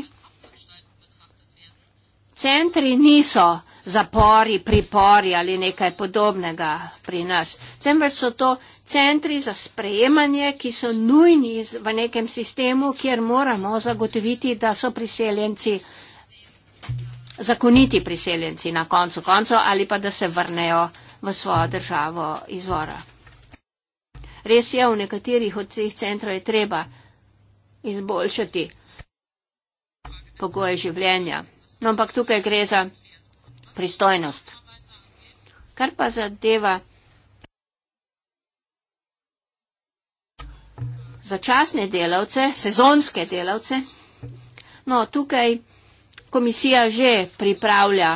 centri niso zapori, pripori ali nekaj podobnega pri nas, temveč so to centri za sprejemanje, ki so nujni v nekem sistemu, kjer moramo zagotoviti, da so priseljenci zakoniti priseljenci na koncu konca ali pa da se vrnejo v svojo državo izvora. Res je, v nekaterih od teh centrov je treba izboljšati pogoje življenja. No, ampak tukaj gre za pristojnost. Kar pa zadeva začasne delavce, sezonske delavce, no, tukaj komisija že pripravlja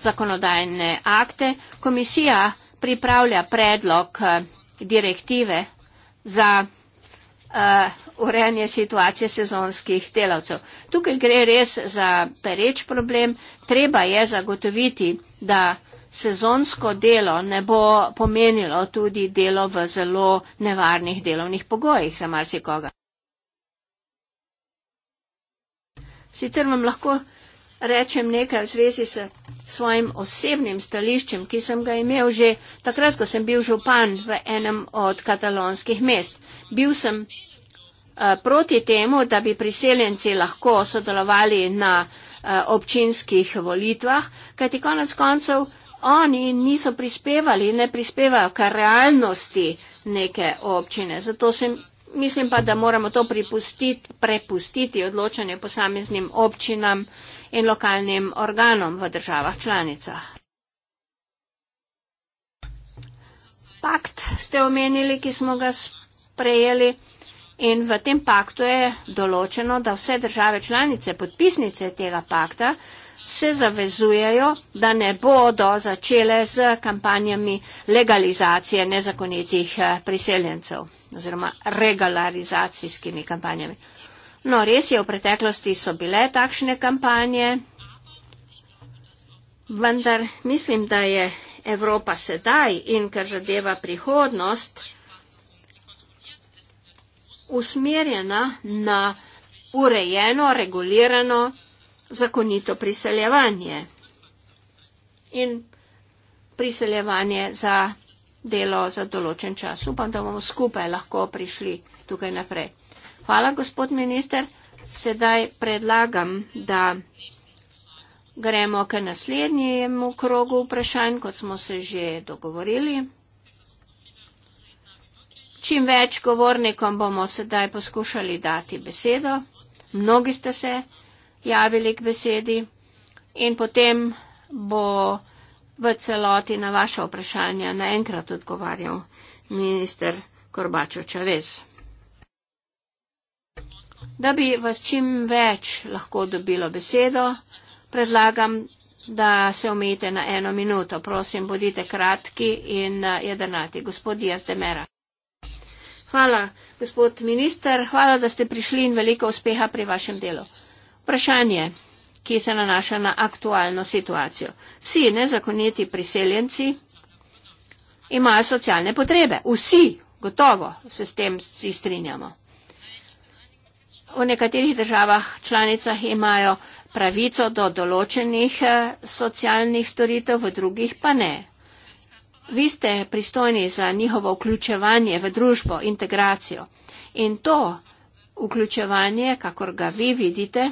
zakonodajne akte. Komisija pripravlja predlog eh, direktive za uh, urejanje situacije sezonskih delavcev. Tukaj gre res za pereč problem. Treba je zagotoviti, da sezonsko delo ne bo pomenilo tudi delo v zelo nevarnih delovnih pogojih za marsikoga. Sicer vam lahko rečem nekaj v zvezi s svojim osebnim stališčem, ki sem ga imel že takrat, ko sem bil župan v enem od katalonskih mest. Bil sem Eh, proti temu, da bi priseljenci lahko sodelovali na eh, občinskih volitvah, kajti konec koncev oni niso prispevali, ne prispevajo k realnosti neke občine. Zato sem, mislim pa, da moramo to pripustiti, prepustiti odločanje posameznim občinam in lokalnim organom v državah članicah. Pakt ste omenili, ki smo ga sprejeli. In v tem paktu je določeno, da vse države članice, podpisnice tega pakta, se zavezujejo, da ne bodo začele z kampanjami legalizacije nezakonitih eh, priseljencev oziroma regularizacijskimi kampanjami. No, res je, v preteklosti so bile takšne kampanje, vendar mislim, da je Evropa sedaj in kar zadeva prihodnost, usmerjena na urejeno, regulirano, zakonito priseljevanje in priseljevanje za delo za določen čas. Upam, da bomo skupaj lahko prišli tukaj naprej. Hvala, gospod minister. Sedaj predlagam, da gremo k naslednjemu krogu vprašanj, kot smo se že dogovorili. Čim več govornikom bomo sedaj poskušali dati besedo. Mnogi ste se javili k besedi in potem bo v celoti na vaše vprašanje naenkrat odgovarjal minister Korbačo Čavez. Da bi vas čim več lahko dobilo besedo, predlagam, da se omejite na eno minuto. Prosim, bodite kratki in eh, jedrnati. Gospod Jazdemera. Hvala, gospod minister. Hvala, da ste prišli in veliko uspeha pri vašem delu. Vprašanje, ki se nanaša na aktualno situacijo. Vsi nezakoniti priseljenci imajo socialne potrebe. Vsi, gotovo, se s tem si strinjamo. V nekaterih državah članicah imajo pravico do določenih eh, socialnih storitev, v drugih pa ne. Vi ste pristojni za njihovo vključevanje v družbo, integracijo. In to vključevanje, kakor ga vi vidite,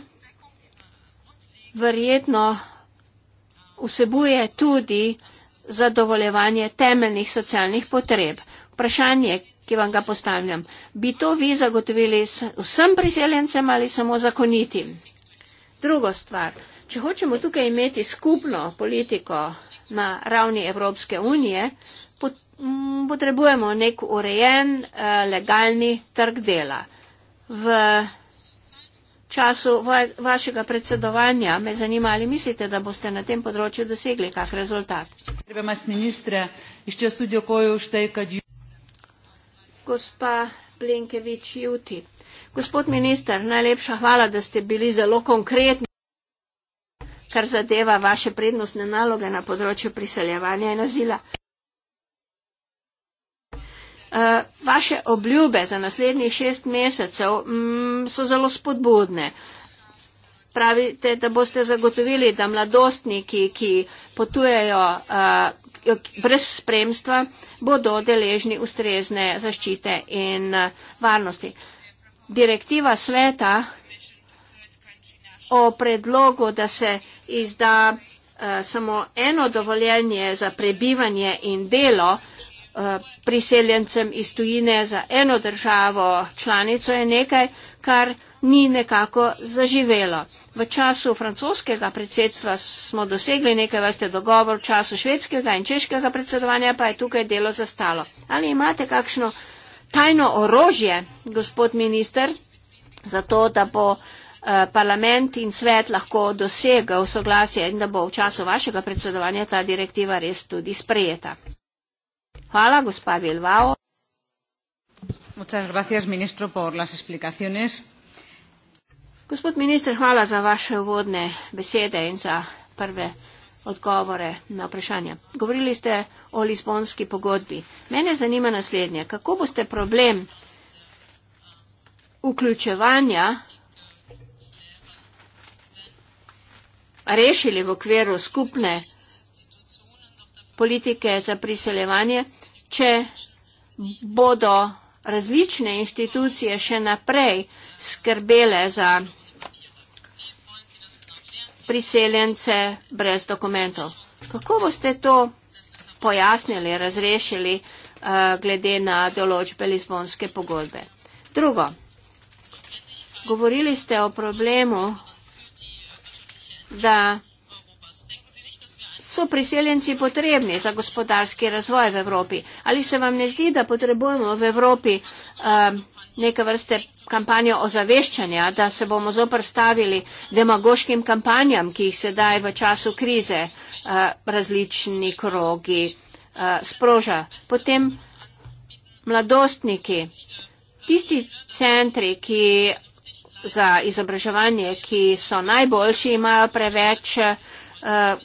verjetno vsebuje tudi zadovoljevanje temeljnih socialnih potreb. Vprašanje, ki vam ga postavljam, bi to vi zagotovili vsem priseljencem ali samo zakonitim? Drugo stvar, če hočemo tukaj imeti skupno politiko na ravni Evropske unije, potrebujemo nek urejen eh, legalni trg dela. V času vašega predsedovanja me zanima, ali mislite, da boste na tem področju dosegli kak rezultat. Gospa Plenkevič Juti. Gospod minister, najlepša hvala, da ste bili zelo konkretni kar zadeva vaše prednostne naloge na področju priseljevanja in azila. Eh, vaše obljube za naslednjih šest mesecev mm, so zelo spodbudne. Pravite, da boste zagotovili, da mladostniki, ki potujejo uh, brez spremstva, bodo deležni ustrezne zaščite in uh, varnosti. Direktiva sveta o predlogu, da se izda eh, samo eno dovoljenje za prebivanje in delo eh, priseljencem iz tujine za eno državo članico je nekaj, kar ni nekako zaživelo. V času francoskega predsedstva smo dosegli nekaj vrste dogovor, v času švedskega in češkega predsedovanja pa je tukaj delo zastalo. Ali imate kakšno tajno orožje, gospod minister, za to, da bo uh, Eh, parlament in svet lahko dosegel soglasje in da bo v času vašega predsedovanja ta direktiva res tudi sprejeta. Hvala, gospa Bilvao. Gospod minister, hvala za vaše uvodne besede in za prve odgovore na vprašanje. Govorili ste o Lizbonski pogodbi. Mene zanima naslednje. Kako boste problem vključevanja rešili v okviru skupne politike za priseljevanje, če bodo različne inštitucije še naprej skrbele za priseljence brez dokumentov. Kako boste to pojasnili, razrešili eh, glede na določbe Lizbonske pogodbe? Drugo, govorili ste o problemu da so priseljenci potrebni za gospodarski razvoj v Evropi. Ali se vam ne zdi, da potrebujemo v Evropi um, neke vrste kampanjo ozaveščanja, da se bomo zoprstavili demagoškim kampanjam, ki jih sedaj v času krize uh, različni krogi uh, sproža. Potem mladostniki, tisti centri, ki za izobraževanje, ki so najboljši, imajo preveč eh,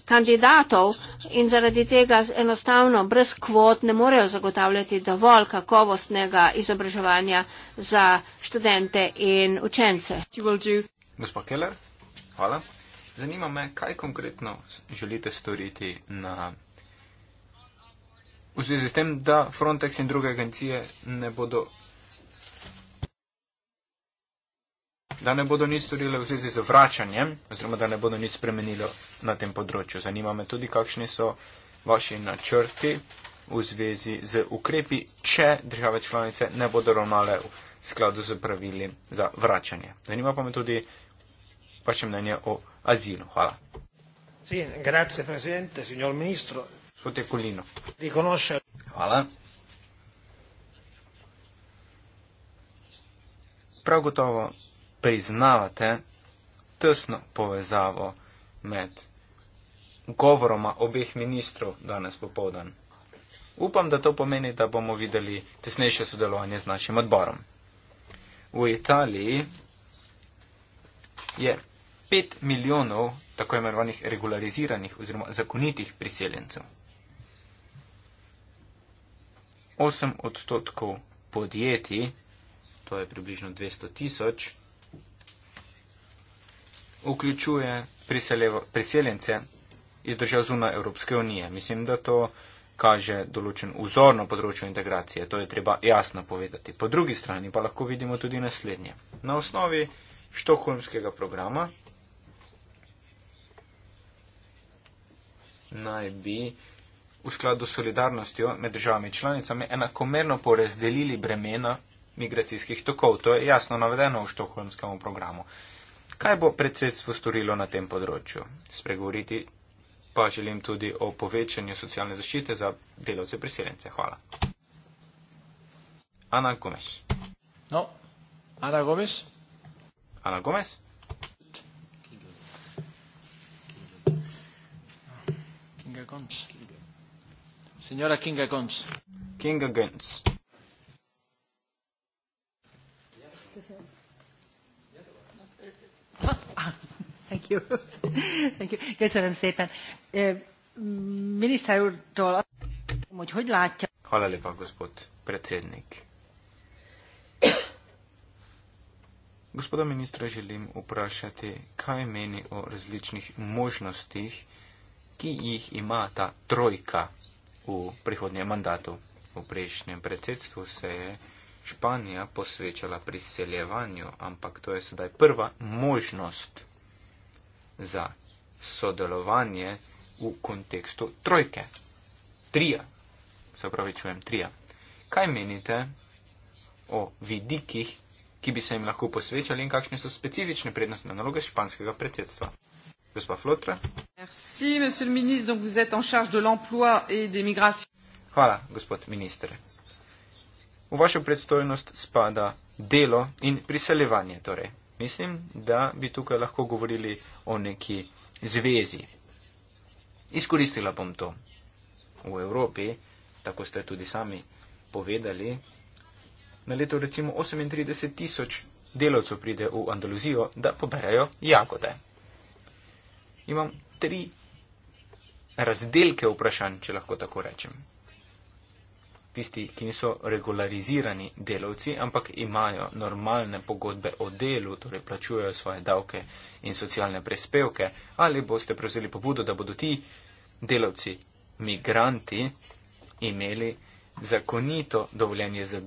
kandidatov in zaradi tega enostavno brez kvot ne morejo zagotavljati dovolj kakovostnega izobraževanja za študente in učence. Gospa Keller, hvala. Zanima me, kaj konkretno želite storiti na v zvezi s tem, da Frontex in druge agencije ne bodo da ne bodo nič storile v zvezi z vračanjem, oziroma da ne bodo nič spremenile na tem področju. Zanima me tudi, kakšni so vaši načrti v zvezi z ukrepi, če države članice ne bodo ravnale v skladu z pravili za vračanje. Zanima pa me tudi vaše mnenje o azilu. Hvala. Sì, grazie Presidente, signor Ministro. Sfotte Collino. Riconosce. Hvala. Prav gotovo priznavate tesno povezavo med govoroma obeh ministrov danes popovdan. Upam, da to pomeni, da bomo videli tesnejše sodelovanje z našim odborom. V Italiji je 5 milijonov tako imenovanih regulariziranih oziroma zakonitih priseljencev. 8 odstotkov podjetij, to je približno 200 tisoč, vključuje priseljevo, priseljence iz držav zuna Evropske unije. Mislim, da to kaže določen vzor na področju integracije. To je treba jasno povedati. Po drugi strani pa lahko vidimo tudi naslednje. Na osnovi Štokholmskega programa naj bi v skladu s solidarnostjo med državami članicami enakomerno porazdelili bremena migracijskih tokov. To je jasno navedeno v Štokholmskem programu. Kaj bo predsedstvo storilo na tem področju? Spregovoriti pa želim tudi o povečanju socialne zaščite za delavce priseljence. Hvala. Ana Gomes. No, Ana Gomes. Ana Gomes. Kinga Gomes. Signora Kinga Gomes. Kinga Gomes. Thank you. Thank you. Köszönöm szépen. Miniszter úrtól azt mondom, hogy hogy látja... Halali gospod, predsednik. Gospoda ministra želim vprašati, kaj meni o različnih možnostih, ki jih ima ta trojka v prihodnjem mandatu. V prejšnjem predsedstvu se je Španija posvečala priseljevanju, ampak to je sedaj prva možnost za sodelovanje v kontekstu trojke. Trija. Se pravi, čujem trija. Kaj menite o vidikih, ki bi se jim lahko posvečali in kakšne so specifične prednosti na naloge španskega predsedstva? Gospa Flotra. Merci, monsieur le ministre, donc vous êtes en charge de l'emploi et des migrations. Hvala, gospod minister. V vašo predstojnost spada delo in priseljevanje, torej. Mislim, da bi tukaj lahko govorili o neki zvezi. Izkoristila bom to. V Evropi, tako ste tudi sami povedali, na leto recimo 38 tisoč delavcev pride v Andaluzijo, da poberajo jagode. Imam tri razdelke vprašanj, če lahko tako rečem tisti, ki niso regularizirani delavci, ampak imajo normalne pogodbe o delu, torej plačujejo svoje davke in socialne prispevke, ali boste prevzeli pobudo, da bodo ti delavci, migranti, imeli zakonito dovoljenje za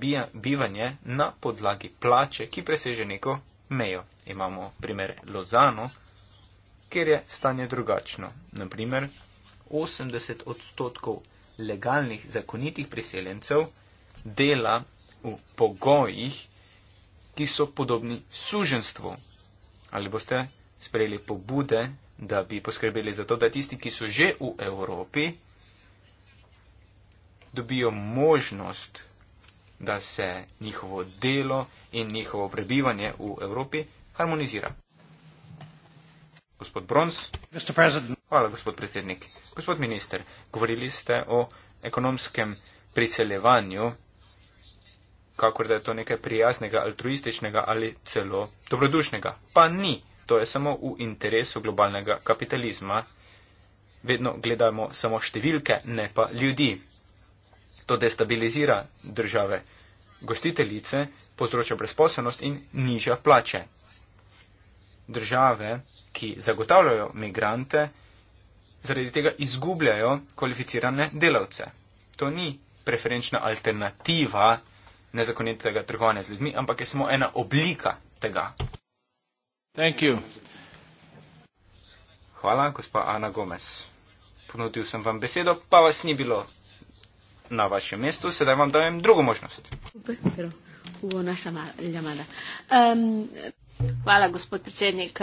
bivanje na podlagi plače, ki preseže neko mejo. Imamo primer Lozano, kjer je stanje drugačno. Naprimer, 80 odstotkov legalnih, zakonitih priseljencev dela v pogojih, ki so podobni suženstvu. Ali boste sprejeli pobude, da bi poskrbeli za to, da tisti, ki so že v Evropi, dobijo možnost, da se njihovo delo in njihovo prebivanje v Evropi harmonizira. Gospod Brons. Hvala, gospod predsednik. Gospod minister, govorili ste o ekonomskem priseljevanju, kakor da je to nekaj prijaznega, altruističnega ali celo dobrodušnega. Pa ni, to je samo v interesu globalnega kapitalizma. Vedno gledamo samo številke, ne pa ljudi. To destabilizira države gostiteljice, povzroča brezposobnost in niža plače. Države, ki zagotavljajo migrante, zaradi tega izgubljajo kvalificirane delavce. To ni preferenčna alternativa nezakonitega trgovanja z ljudmi, ampak je samo ena oblika tega. Thank you. Hvala, gospa Ana Gomez. Ponudil sem vam besedo, pa vas ni bilo na vašem mestu. Sedaj vam dajem drugo možnost. Hvala, gospod predsednik.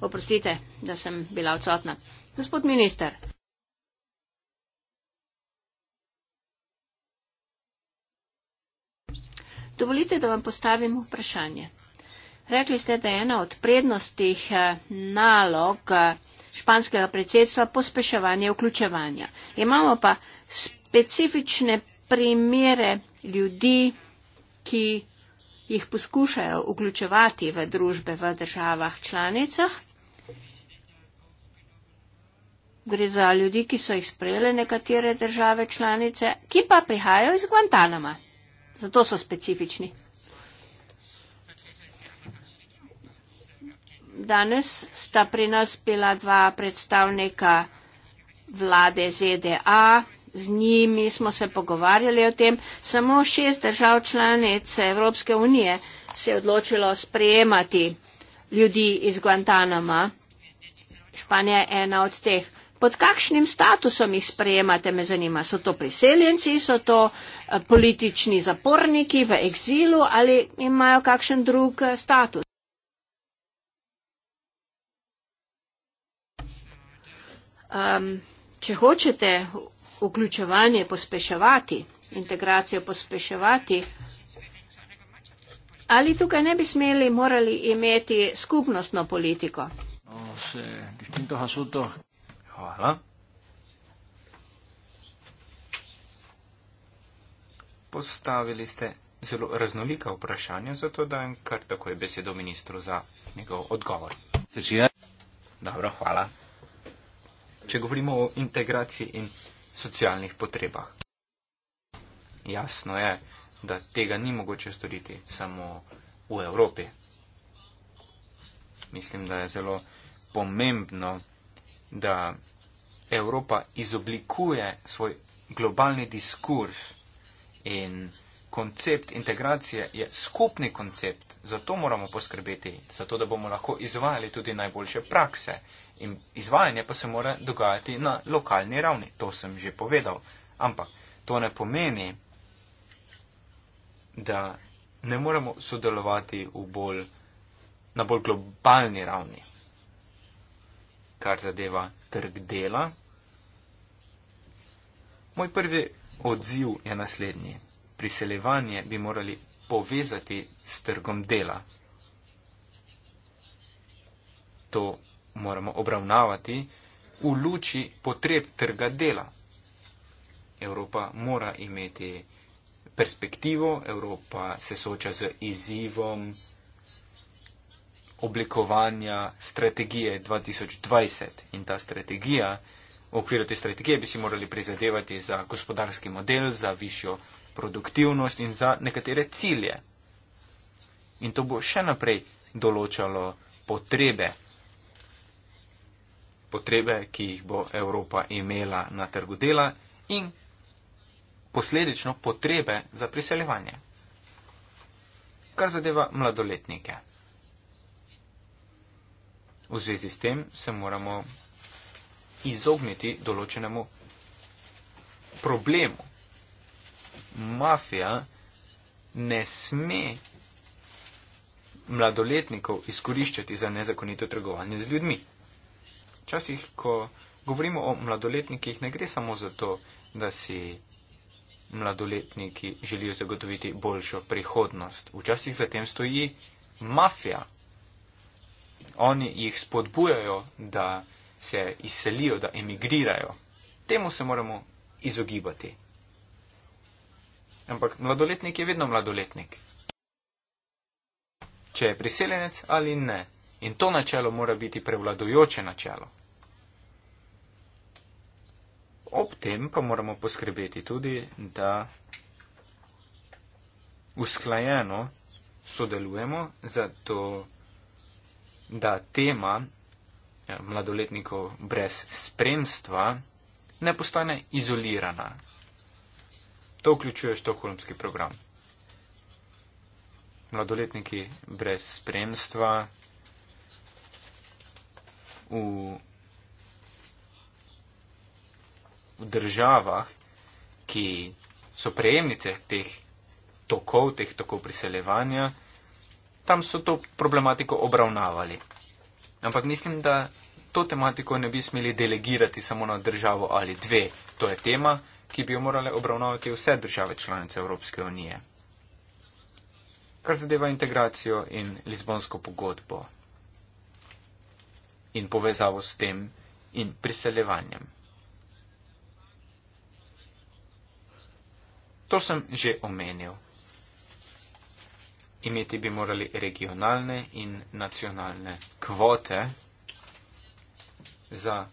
Oprostite, da sem bila odsotna. Gospod minister. Dovolite, da vam postavim vprašanje. Rekli ste, da je ena od prednostih eh, nalog eh, španskega predsedstva pospeševanje vključevanja. Imamo pa specifične primere ljudi, ki jih poskušajo vključevati v družbe v državah članicah, gre za ljudi, ki so jih sprejele nekatere države članice, ki pa prihajajo iz Guantanama. Zato so specifični. Danes sta pri nas bila dva predstavnika vlade ZDA, z njimi smo se pogovarjali o tem. Samo šest držav članic Evropske unije se je odločilo sprejemati ljudi iz Guantanama. Španija je ena od teh pod kakšnim statusom jih sprejemate, me zanima, so to priseljenci, so to eh, politični zaporniki v eksilu ali imajo kakšen drug eh, status? Um, če hočete vključevanje pospeševati, integracijo pospeševati, ali tukaj ne bi smeli morali imeti skupnostno politiko? No, Hvala. Postavili ste zelo raznolika vprašanja, zato dajem kar takoj besedo ministru za njegov odgovor. Dobro, hvala. Če govorimo o integraciji in socialnih potrebah, jasno je, da tega ni mogoče storiti samo v Evropi. Mislim, da je zelo pomembno da Evropa izoblikuje svoj globalni diskurs in koncept integracije je skupni koncept. Zato moramo poskrbeti, zato da bomo lahko izvajali tudi najboljše prakse. In izvajanje pa se mora dogajati na lokalni ravni. To sem že povedal. Ampak to ne pomeni, da ne moremo sodelovati bolj, na bolj globalni ravni kar zadeva trg dela. Moj prvi odziv je naslednji. Priseljevanje bi morali povezati s trgom dela. To moramo obravnavati v luči potreb trga dela. Evropa mora imeti perspektivo, Evropa se sooča z izzivom, oblikovanja strategije 2020. In ta strategija, v okviru te strategije bi si morali prizadevati za gospodarski model, za višjo produktivnost in za nekatere cilje. In to bo še naprej določalo potrebe, potrebe, ki jih bo Evropa imela na trgu dela in posledično potrebe za priseljevanje. Kar zadeva mladoletnike. V zvezi s tem se moramo izogniti določenemu problemu. Mafija ne sme mladoletnikov izkoriščati za nezakonito trgovanje z ljudmi. Včasih, ko govorimo o mladoletnikih, ne gre samo za to, da si mladoletniki želijo zagotoviti boljšo prihodnost. Včasih za tem stoji mafija oni jih spodbujajo, da se izselijo, da emigrirajo. Temu se moramo izogibati. Ampak mladoletnik je vedno mladoletnik. Če je priseljenec ali ne. In to načelo mora biti prevladojoče načelo. Ob tem pa moramo poskrbeti tudi, da usklajeno sodelujemo za to da tema ja, mladoletnikov brez spremstva ne postane izolirana. To vključuje štokholmski program. Mladoletniki brez spremstva v, v državah, ki so prejemnice teh tokov, teh tokov priseljevanja, tam so to problematiko obravnavali. Ampak mislim, da to tematiko ne bi smeli delegirati samo na državo ali dve. To je tema, ki bi jo morale obravnavati vse države članice Evropske unije. Kar zadeva integracijo in Lizbonsko pogodbo in povezavo s tem in priseljevanjem. To sem že omenil imeti bi morali regionalne in nacionalne kvote za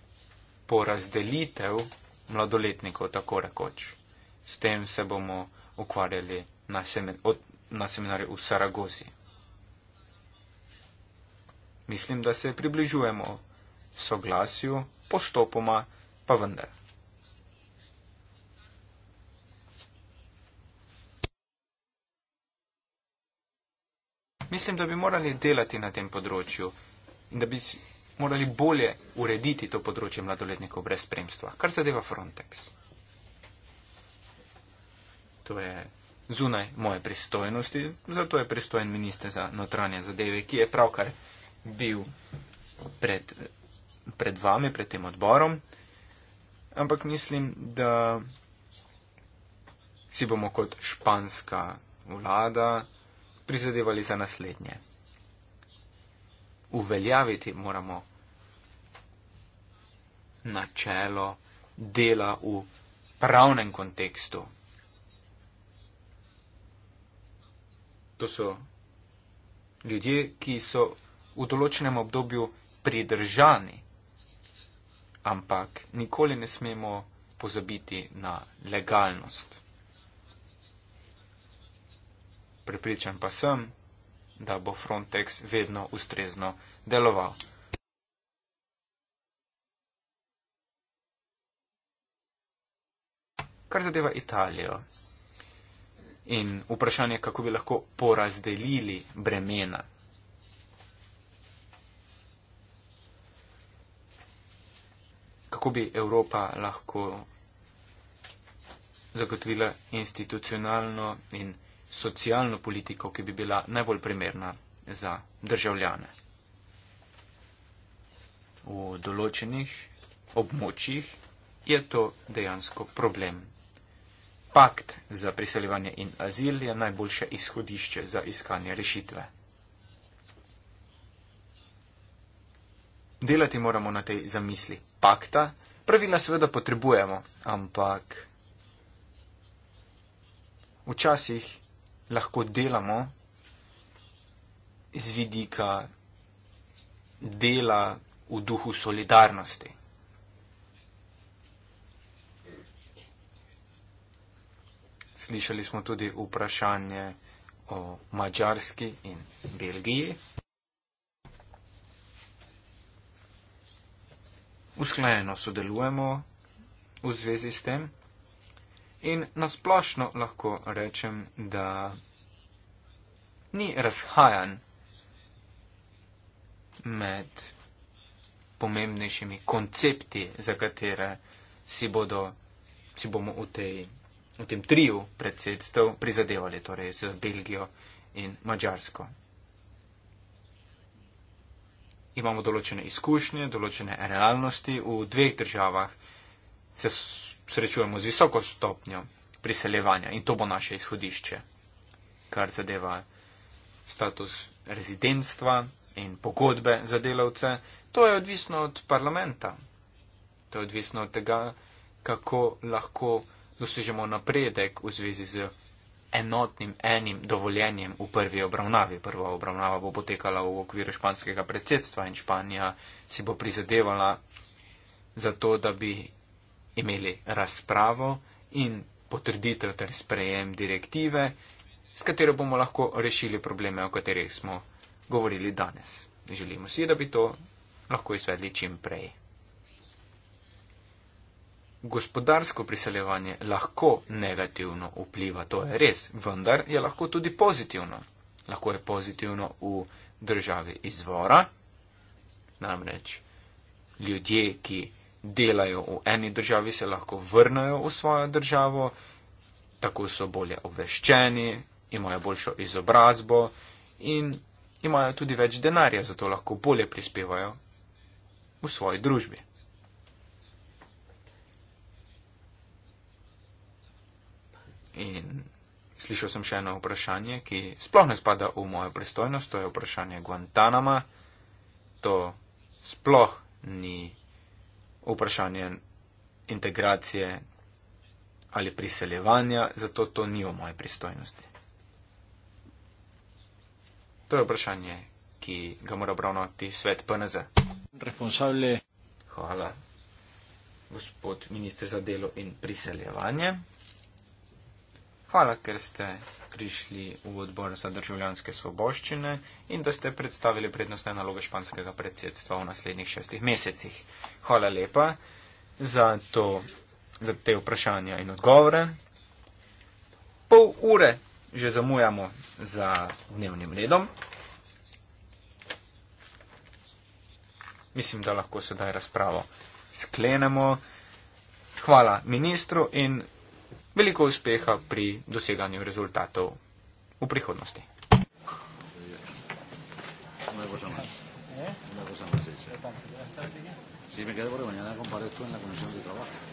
porazdelitev mladoletnikov, tako rekoč. S tem se bomo ukvarjali na, semen, od, na seminarju v Saragozi. Mislim, da se približujemo soglasju postopoma, pa vendar. Mislim, da bi morali delati na tem področju in da bi morali bolje urediti to področje mladoletnikov brez spremstva, kar zadeva Frontex. To je zunaj moje pristojnosti, zato je pristojen minister za notranje zadeve, ki je pravkar bil pred, pred vami, pred tem odborom. Ampak mislim, da si bomo kot španska vlada prizadevali za naslednje. Uveljaviti moramo načelo dela v pravnem kontekstu. To so ljudje, ki so v določenem obdobju pridržani, ampak nikoli ne smemo pozabiti na legalnost. Pripričan pa sem, da bo Frontex vedno ustrezno deloval. Kar zadeva Italijo in vprašanje, kako bi lahko porazdelili bremena. Kako bi Evropa lahko zagotovila institucionalno in socialno politiko, ki bi bila najbolj primerna za državljane. V določenih območjih je to dejansko problem. Pakt za priseljevanje in azil je najboljše izhodišče za iskanje rešitve. Delati moramo na tej zamisli pakta. Pravila seveda potrebujemo, ampak včasih lahko delamo z vidika dela v duhu solidarnosti. Slišali smo tudi vprašanje o Mačarski in Belgiji. Usklajeno sodelujemo v zvezi s tem. In nasplošno lahko rečem, da ni razhajan med pomembnejšimi koncepti, za katere si, bodo, si bomo v, tej, v tem triju predsedstv prizadevali, torej z Belgijo in Mačarsko. Imamo določene izkušnje, določene realnosti v dveh državah. Se srečujemo z visoko stopnjo priseljevanja in to bo naše izhodišče, kar zadeva status rezidentstva in pogodbe za delavce. To je odvisno od parlamenta. To je odvisno od tega, kako lahko dosežemo napredek v zvezi z enotnim enim dovoljenjem v prvi obravnavi. Prva obravnava bo potekala v okviru španskega predsedstva in Španija si bo prizadevala za to, da bi imeli razpravo in potrditev ter sprejem direktive, s katero bomo lahko rešili probleme, o katerih smo govorili danes. Želimo si, da bi to lahko izvedli čim prej. Gospodarsko priseljevanje lahko negativno vpliva, to je res, vendar je lahko tudi pozitivno. Lahko je pozitivno v državi izvora, namreč ljudje, ki delajo v eni državi, se lahko vrnajo v svojo državo, tako so bolje obveščeni, imajo boljšo izobrazbo in imajo tudi več denarja, zato lahko bolje prispevajo v svoji družbi. In slišal sem še eno vprašanje, ki sploh ne spada v mojo pristojnost, to je vprašanje Guantanama. To sploh ni vprašanje integracije ali priseljevanja, zato to ni v moje pristojnosti. To je vprašanje, ki ga mora obravnavati svet PNZ. Hvala, gospod ministr za delo in priseljevanje. Hvala, ker ste prišli v odbor za državljanske svoboščine in da ste predstavili prednostne naloge španskega predsedstva v naslednjih šestih mesecih. Hvala lepa za, to, za te vprašanja in odgovore. Pol ure že zamujamo za dnevnim redom. Mislim, da lahko sedaj razpravo sklenemo. Hvala ministru in veliko uspeha pri doseganju rezultatov v prihodnosti. Si me quedo por la mañana, comparezco en la comisión de trabajo.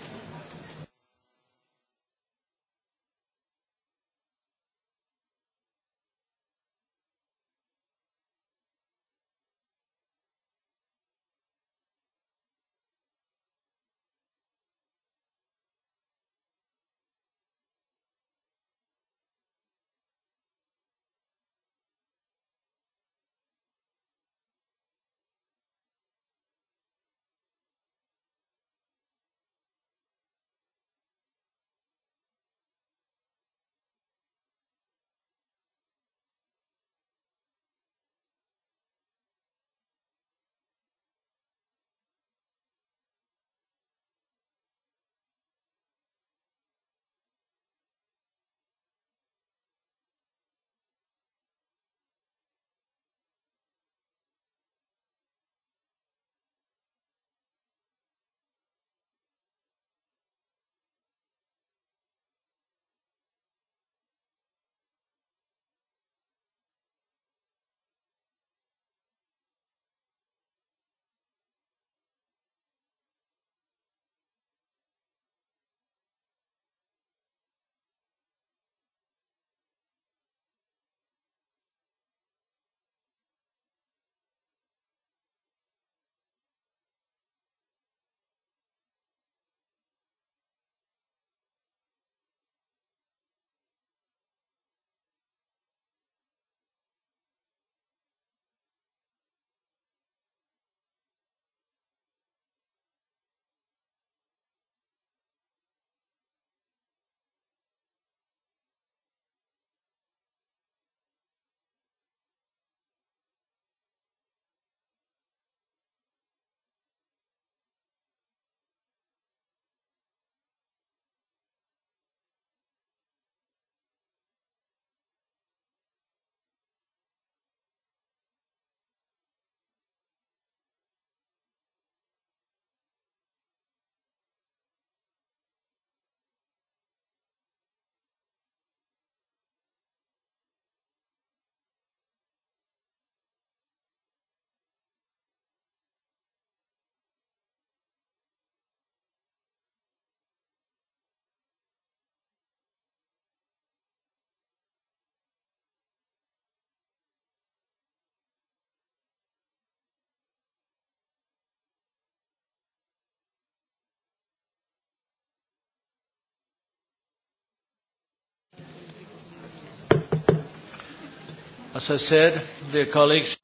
As I said, dear colleagues,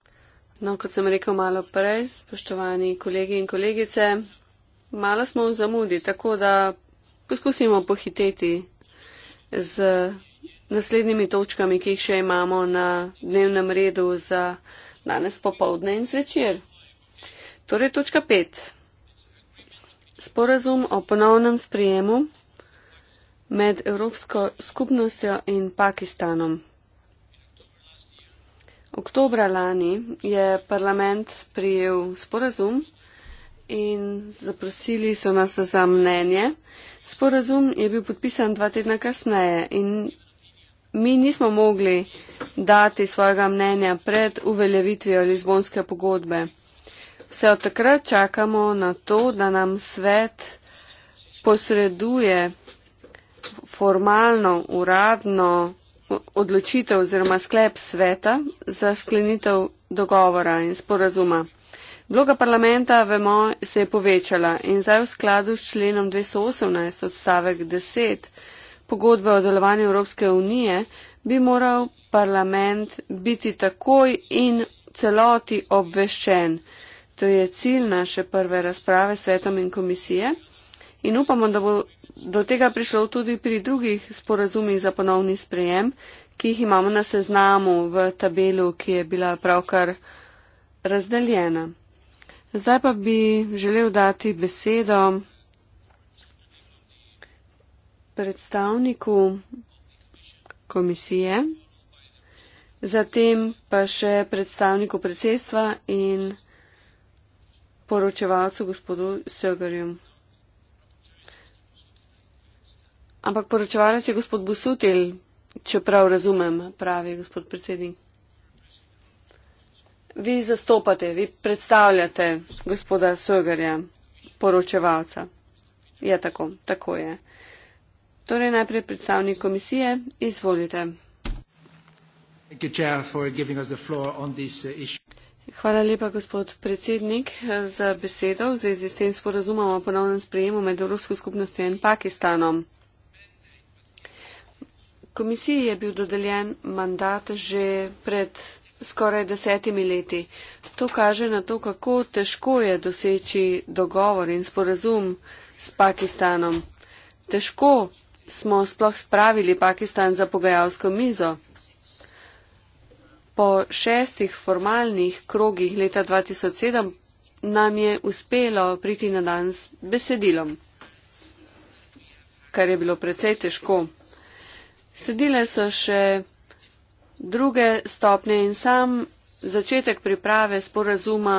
no, kot sem rekel malo prej, spoštovani kolegi in kolegice, malo smo v zamudi, tako da poskusimo pohiteti z naslednjimi točkami, ki jih še imamo na dnevnem redu za danes popovdne in zvečer. Torej, točka pet. Sporazum o ponovnem sprijemu med Evropsko skupnostjo in Pakistanom. Oktobra lani je parlament prijel sporazum in zaprosili so nas za mnenje. Sporazum je bil podpisan dva tedna kasneje in mi nismo mogli dati svojega mnenja pred uveljavitvijo Lizbonske pogodbe. Vse od takrat čakamo na to, da nam svet posreduje formalno, uradno odločitev oziroma sklep sveta za sklenitev dogovora in sporazuma. Vloga parlamenta, vemo, se je povečala in zdaj v skladu s členom 218 odstavek 10 pogodbe o delovanju Evropske unije bi moral parlament biti takoj in celoti obveščen. To je cilj naše prve razprave s svetom in komisije in upamo, da bo do tega prišlo tudi pri drugih sporazumih za ponovni sprejem, ki jih imamo na seznamu v tabelu, ki je bila pravkar razdeljena. Zdaj pa bi želel dati besedo predstavniku komisije, zatem pa še predstavniku predsedstva in poročevalcu gospodu Sögerju. Ampak poročevalec je gospod Busutil, čeprav razumem, pravi gospod predsednik. Vi zastopate, vi predstavljate gospoda Sogarja, poročevalca. Je tako, tako je. Torej najprej predstavnik komisije, izvolite. Uh, Hvala lepa, gospod predsednik, za besedo v zvezi s tem sporazumom o ponovnem sprejemu med Evropsko skupnostjo in Pakistanom. Komisiji je bil dodeljen mandat že pred skoraj desetimi leti. To kaže na to, kako težko je doseči dogovor in sporazum s Pakistanom. Težko smo sploh spravili Pakistan za pogajalsko mizo. Po šestih formalnih krogih leta 2007 nam je uspelo priti na dan s besedilom, kar je bilo precej težko. Sledile so še druge stopnje in sam začetek priprave sporazuma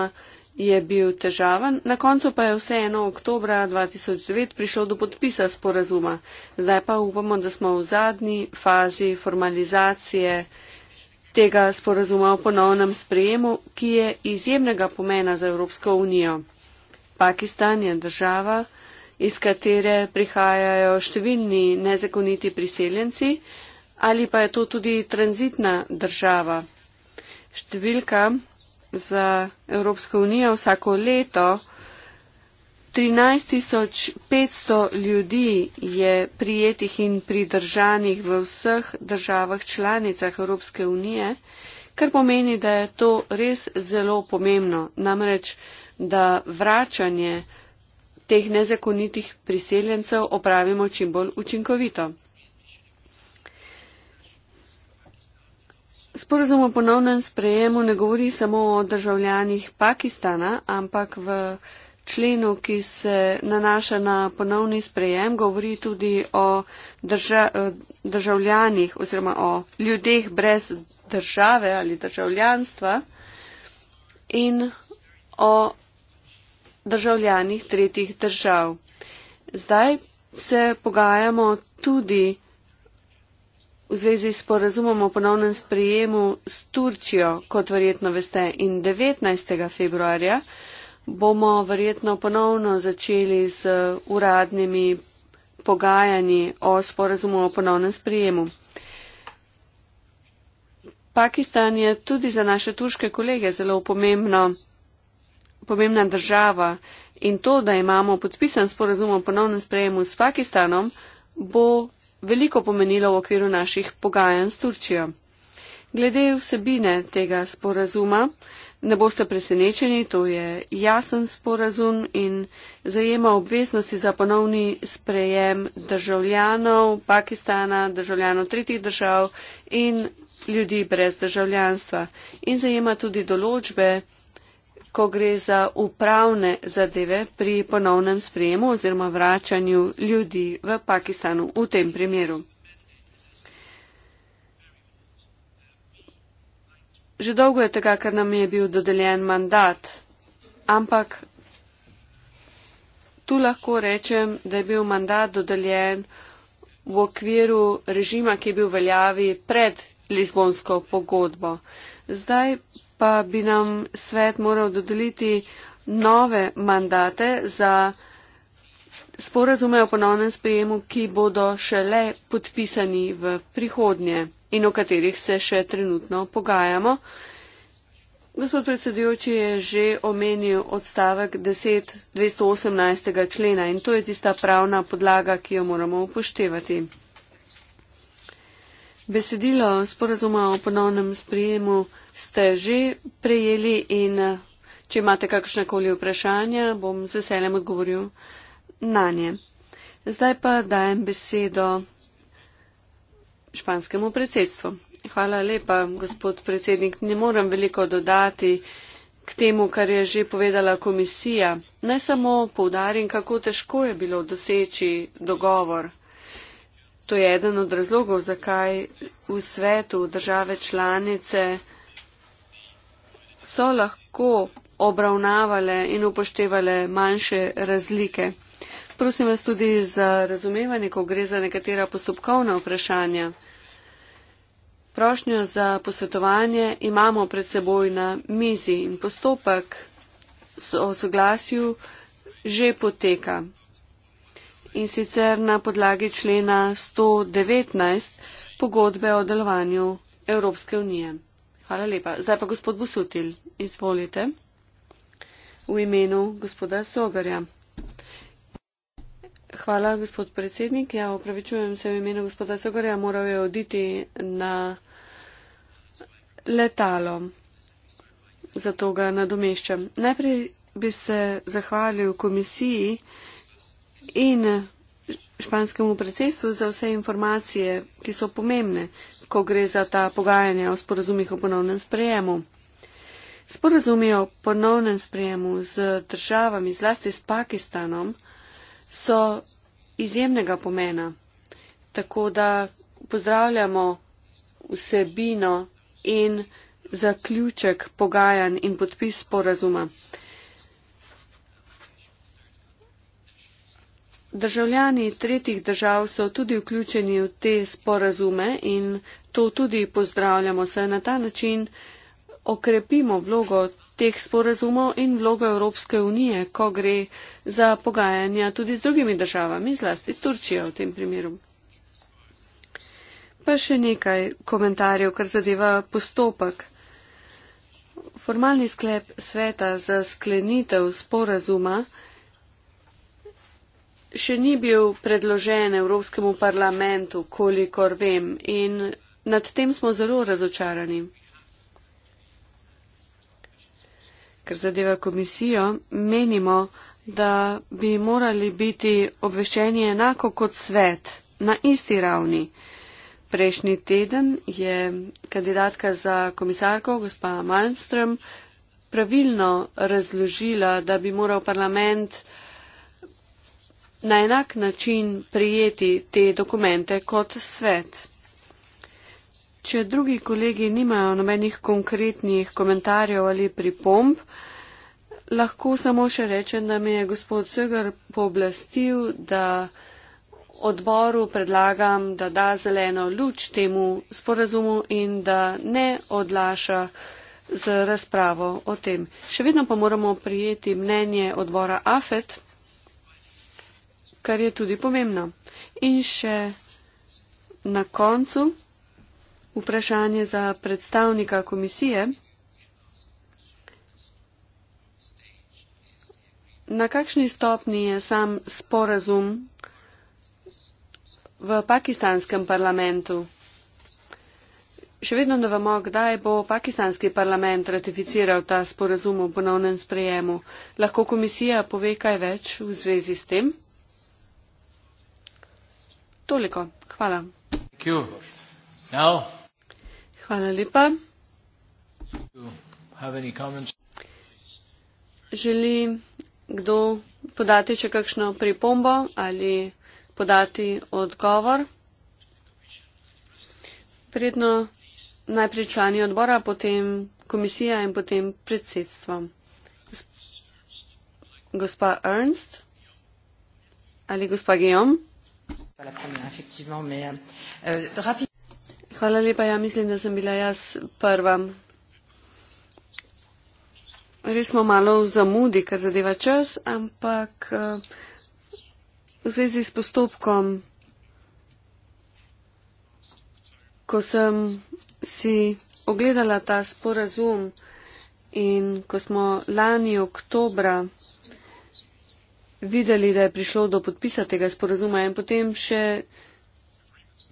je bil težaven. Na koncu pa je vseeno oktobra 2009 prišlo do podpisa sporazuma. Zdaj pa upamo, da smo v zadnji fazi formalizacije tega sporazuma o ponovnem sprejemu, ki je izjemnega pomena za Evropsko unijo. Pakistan je država, iz katere prihajajo številni nezakoniti priseljenci, ali pa je to tudi tranzitna država. Številka za Evropsko unijo vsako leto 13.500 ljudi je prijetih in pridržanih v vseh državah članicah Evropske unije, kar pomeni, da je to res zelo pomembno. Namreč, da vračanje teh nezakonitih priseljencev opravimo čim bolj učinkovito. Sporazum o ponovnem sprejemu ne govori samo o državljanih Pakistana, ampak v členu, ki se nanaša na ponovni sprejem, govori tudi o drža eh, državljanih oziroma o ljudeh brez države ali državljanstva in o državljani tretjih držav. Zdaj se pogajamo tudi v zvezi s porazumom o ponovnem sprijemu s Turčijo, kot verjetno veste, in 19. februarja bomo verjetno ponovno začeli z uradnimi pogajanji o sporazumu o ponovnem sprijemu. Pakistan je tudi za naše turške kolege zelo pomembno pomembna država in to, da imamo podpisan sporazum o ponovnem sprejemu s Pakistanom, bo veliko pomenilo v okviru naših pogajanj s Turčijo. Glede vsebine tega sporazuma ne boste presenečeni, to je jasen sporazum in zajema obveznosti za ponovni sprejem državljanov Pakistana, državljanov tretjih držav in ljudi brez državljanstva in zajema tudi določbe, ko gre za upravne zadeve pri ponovnem sprejemu oziroma vračanju ljudi v Pakistanu v tem primeru. Že dolgo je tega, ker nam je bil dodeljen mandat, ampak tu lahko rečem, da je bil mandat dodeljen v okviru režima, ki je bil veljavi pred Lizbonsko pogodbo. Zdaj pa bi nam svet moral dodeliti nove mandate za sporazume o ponovnem sprejemu, ki bodo šele podpisani v prihodnje in o katerih se še trenutno pogajamo. Gospod predsedujoči je že omenil odstavek 10. 218. člena in to je tista pravna podlaga, ki jo moramo upoštevati. Besedilo sporazuma o ponovnem sprijemu ste že prejeli in eh, če imate kakršnakoli vprašanja, bom z veseljem odgovoril na nje. Zdaj pa dajem besedo španskemu predsedstvu. Hvala lepa, gospod predsednik. Ne moram veliko dodati k temu, kar je že povedala komisija. Naj samo povdarim, kako težko je bilo doseči dogovor. To je eden od razlogov, zakaj v svetu države članice so lahko obravnavale in upoštevale manjše razlike. Prosim vas tudi za razumevanje, ko gre za nekatera postopkovna vprašanja. Prošnjo za posvetovanje imamo pred seboj na mizi in postopek o soglasju že poteka in sicer na podlagi člena 119 pogodbe o delovanju Evropske unije. Hvala lepa. Zdaj pa gospod Busutil, izvolite v imenu gospoda Sogarja. Hvala, gospod predsednik. Ja, opravičujem se v imenu gospoda Sogarja, moral je oditi na letalo. Zato ga nadomeščam. Najprej bi se zahvalil komisiji, in španskemu predsedstvu za vse informacije, ki so pomembne, ko gre za ta pogajanja o sporazumih o ponovnem sprejemu. Sporazumi o ponovnem sprejemu z državami, zlasti s Pakistanom, so izjemnega pomena, tako da pozdravljamo vsebino in zaključek pogajanj in podpis sporazuma. Državljani tretjih držav so tudi vključeni v te sporazume in to tudi pozdravljamo, saj na ta način okrepimo vlogo teh sporazumov in vlogo Evropske unije, ko gre za pogajanja tudi z drugimi državami, zlasti s Turčijo v tem primeru. Pa še nekaj komentarjev, kar zadeva postopek. Formalni sklep sveta za sklenitev sporazuma še ni bil predložen Evropskemu parlamentu, kolikor vem, in nad tem smo zelo razočarani. Ker zadeva komisijo, menimo, da bi morali biti obveščeni enako kot svet, na isti ravni. Prejšnji teden je kandidatka za komisarko, gospa Malmström, pravilno razložila, da bi moral parlament na enak način prijeti te dokumente kot svet. Če drugi kolegi nimajo nobenih konkretnih komentarjev ali pripomb, lahko samo še rečem, da me je gospod Segr pooblastil, da odboru predlagam, da da zeleno luč temu sporazumu in da ne odlaša z razpravo o tem. Še vedno pa moramo prijeti mnenje odbora AFET kar je tudi pomembno. In še na koncu vprašanje za predstavnika komisije. Na kakšni stopni je sam sporazum v pakistanskem parlamentu? Še vedno ne vemo, kdaj bo pakistanski parlament ratificiral ta sporazum o ponovnem sprejemu. Lahko komisija pove kaj več v zvezi s tem? Toliko. Hvala. Hvala lepa. Želi kdo podati še kakšno pripombo ali podati odgovor? Prijetno najprej člani odbora, potem komisija in potem predsedstvo. Gospa Ernst ali gospa Guillaume? Euh, euh, Hvala lepa, ja mislim, da sem bila jaz prva. Res smo malo v zamudi, kar zadeva čas, ampak eh, v zvezi s postopkom, ko sem si ogledala ta sporazum in ko smo lani oktobra videli, da je prišlo do podpisa tega sporozuma in potem še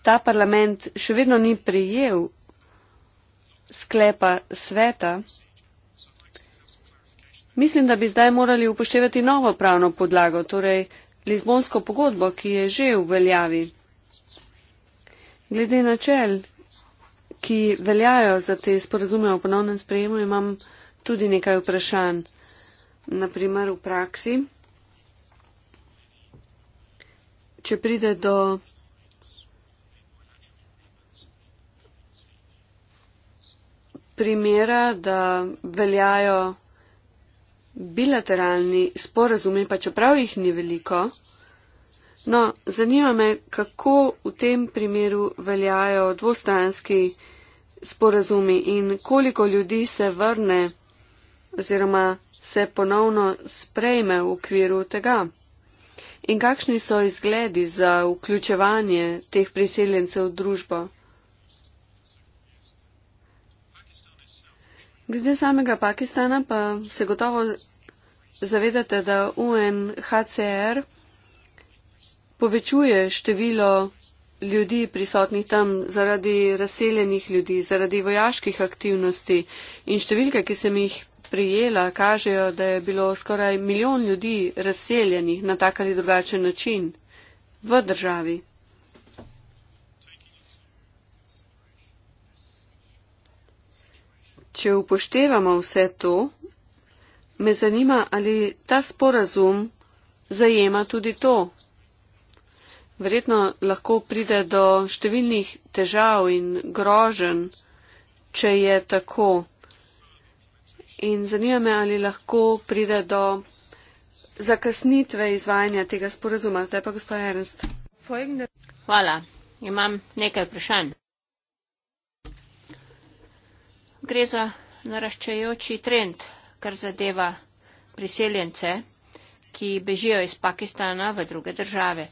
ta parlament še vedno ni prijel sklepa sveta, mislim, da bi zdaj morali upoštevati novo pravno podlago, torej Lizbonsko pogodbo, ki je že v veljavi. Glede načel, ki veljajo za te sporozume o ponovnem sprejemu, imam tudi nekaj vprašanj. Naprimer, v praksi. če pride do primera, da veljajo bilateralni sporazumi, pa čeprav jih ni veliko. No, zanima me, kako v tem primeru veljajo dvostranski sporazumi in koliko ljudi se vrne oziroma se ponovno sprejme v okviru tega. In kakšni so izgledi za vključevanje teh priseljencev v družbo? Glede samega Pakistana pa se gotovo zavedate, da UNHCR povečuje število ljudi prisotnih tam zaradi razseljenih ljudi, zaradi vojaških aktivnosti in številke, ki sem jih prijela, kažejo, da je bilo skoraj milijon ljudi razseljenih na tak ali drugačen način v državi. Če upoštevamo vse to, me zanima, ali ta sporazum zajema tudi to. Verjetno lahko pride do številnih težav in grožen, če je tako. In zanima me, ali lahko pride do zakasnitve izvajanja tega sporazuma. Zdaj pa gospod Ernst. Hvala. Imam nekaj vprašanj. Gre za naraščajoči trend, kar zadeva priseljence, ki bežijo iz Pakistana v druge države.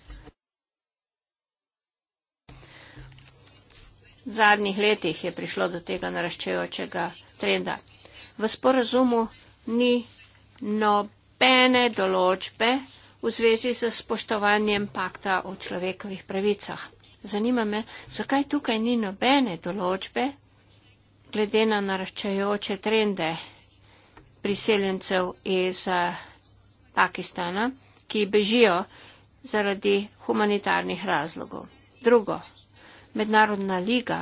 V zadnjih letih je prišlo do tega naraščajočega trenda v sporazumu ni nobene določbe v zvezi s spoštovanjem pakta o človekovih pravicah. Zanima me, zakaj tukaj ni nobene določbe glede na naraščajoče trende priseljencev iz eh, Pakistana, ki bežijo zaradi humanitarnih razlogov. Drugo, Mednarodna liga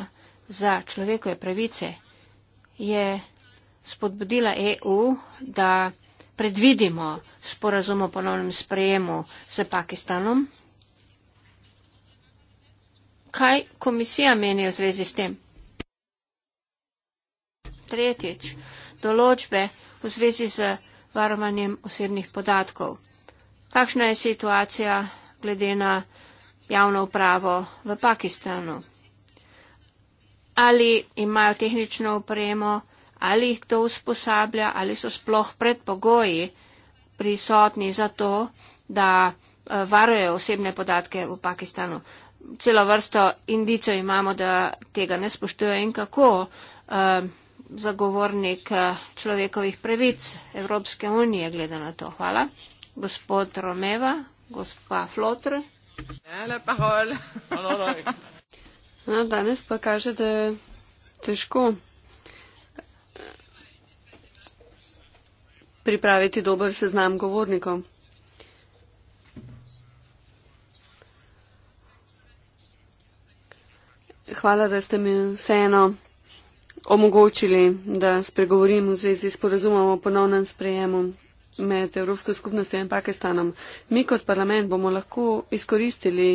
za človekove pravice je spodbudila EU, da predvidimo sporazum o ponovnem sprejemu s Pakistanom? Kaj komisija meni v zvezi s tem? Tretjič, določbe v zvezi z varovanjem osebnih podatkov. Kakšna je situacija glede na javno upravo v Pakistanu? Ali imajo tehnično upremo? ali jih kdo usposablja, ali so sploh predpogoji prisotni za to, da eh, varujejo osebne podatke v Pakistanu. Celo vrsto indicov imamo, da tega ne spoštujejo in kako eh, zagovornik eh, človekovih pravic Evropske unije glede na to. Hvala. Gospod Romeva, gospa Flotr. Ja, no, danes pa kaže, da je težko pripraviti dober seznam govornikov. Hvala, da ste mi vseeno omogočili, da spregovorim v zvezi s porazumom o ponovnem sprejemu med Evropsko skupnostjo in Pakistanom. Mi kot parlament bomo lahko izkoristili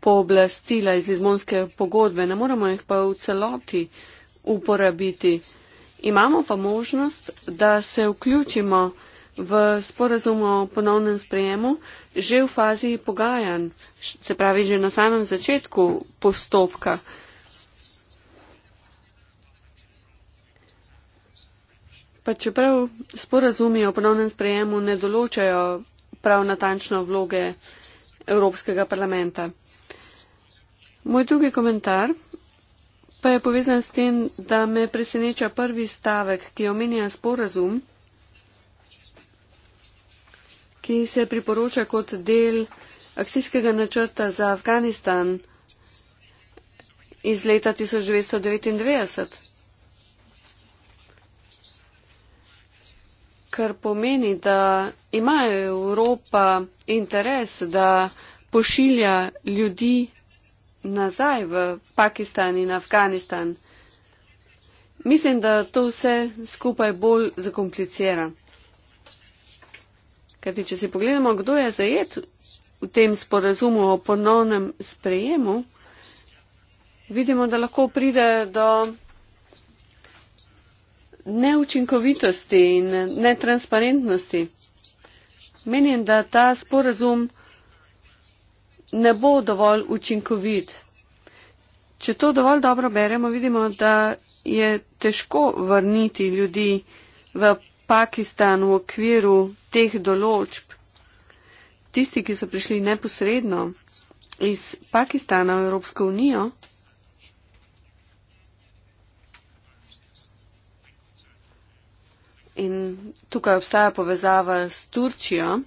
pooblastila iz izmonske pogodbe, ne moramo jih pa v celoti uporabiti. Imamo pa možnost, da se vključimo v sporazum o ponovnem sprejemu že v fazi pogajanj, se pravi že na samem začetku postopka. Pa čeprav sporazumi o ponovnem sprejemu ne določajo prav natančno vloge Evropskega parlamenta. Moj drugi komentar pa je povezan s tem, da me preseneča prvi stavek, ki omenja sporazum, ki se priporoča kot del akcijskega načrta za Afganistan iz leta 1999. kar pomeni, da ima Evropa interes, da pošilja ljudi nazaj v Pakistan in Afganistan. Mislim, da to vse skupaj bolj zakomplicira. Ker če si pogledamo, kdo je zajet v tem sporazumu o ponovnem sprejemu, vidimo, da lahko pride do neučinkovitosti in netransparentnosti. Menim, da ta sporazum ne bo dovolj učinkovit. Če to dovolj dobro beremo, vidimo, da je težko vrniti ljudi v Pakistan v okviru teh določb. Tisti, ki so prišli neposredno iz Pakistana v Evropsko unijo, in tukaj obstaja povezava s Turčijo,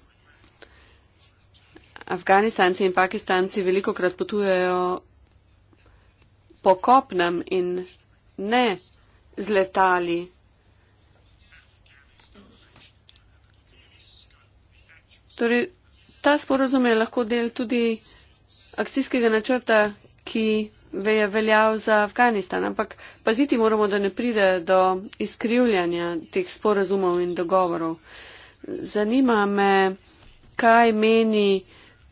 Afganistanci in Pakistanci veliko krat potujejo po kopnem in ne z letali. Torej, ta sporozum je lahko del tudi akcijskega načrta, ki je veljal za Afganistan, ampak paziti moramo, da ne pride do izkrivljanja teh sporozumov in dogovorov. Zanima me, kaj meni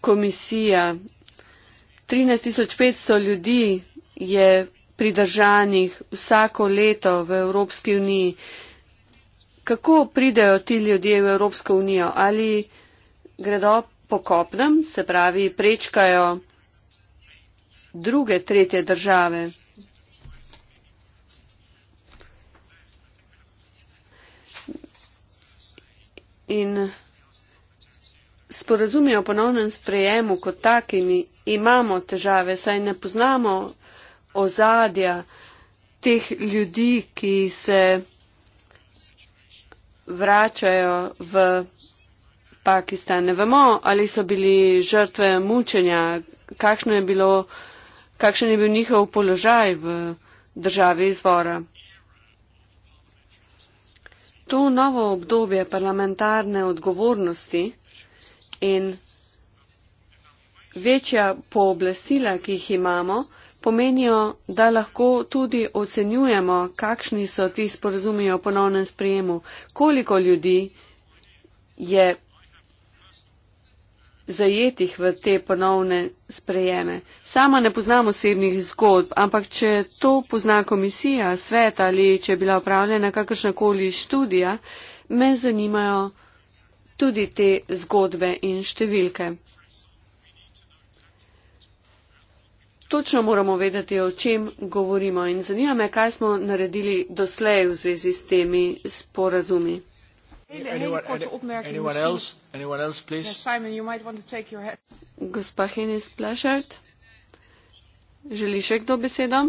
komisija. 13.500 ljudi je pridržanih vsako leto v Evropski uniji. Kako pridejo ti ljudje v Evropsko unijo? Ali gredo po kopnem, se pravi, prečkajo druge, tretje države? In sporazumi o ponovnem sprejemu kot takimi imamo težave, saj ne poznamo ozadja teh ljudi, ki se vračajo v Pakistan. Ne vemo, ali so bili žrtve mučenja, kakšno je bilo, kakšen je bil njihov položaj v državi izvora. To novo obdobje parlamentarne odgovornosti in večja pooblastila, ki jih imamo, pomenijo, da lahko tudi ocenjujemo, kakšni so ti sporazumi o ponovnem sprejemu, koliko ljudi je zajetih v te ponovne sprejeme. Sama ne poznam osebnih zgodb, ampak če to pozna komisija, svet ali če je bila upravljena kakršnakoli študija, me zanimajo tudi te zgodbe in številke. Točno moramo vedeti, o čem govorimo in zanima me, kaj smo naredili doslej v zvezi s temi sporazumi. Ja, Gospa Henis Plešert, želi še kdo besedo?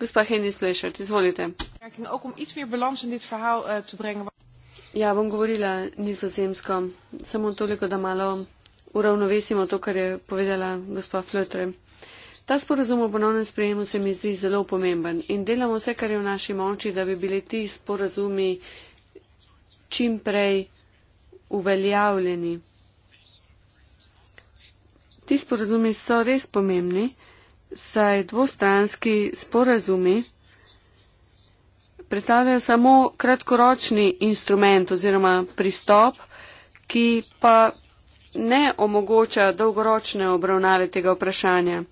Gospa Henis Plešert, izvolite. Ja, Ja, bom govorila nizozemsko. Samo toliko, da malo uravnovesimo to, kar je povedala gospa Flötre. Ta sporozum o ponovnem sprejemu se mi zdi zelo pomemben in delamo vse, kar je v naši moči, da bi bili ti sporozumi čim prej uveljavljeni. Ti sporozumi so res pomembni, saj dvostranski sporozumi predstavlja samo kratkoročni instrument oziroma pristop, ki pa ne omogoča dolgoročne obravnave tega vprašanja.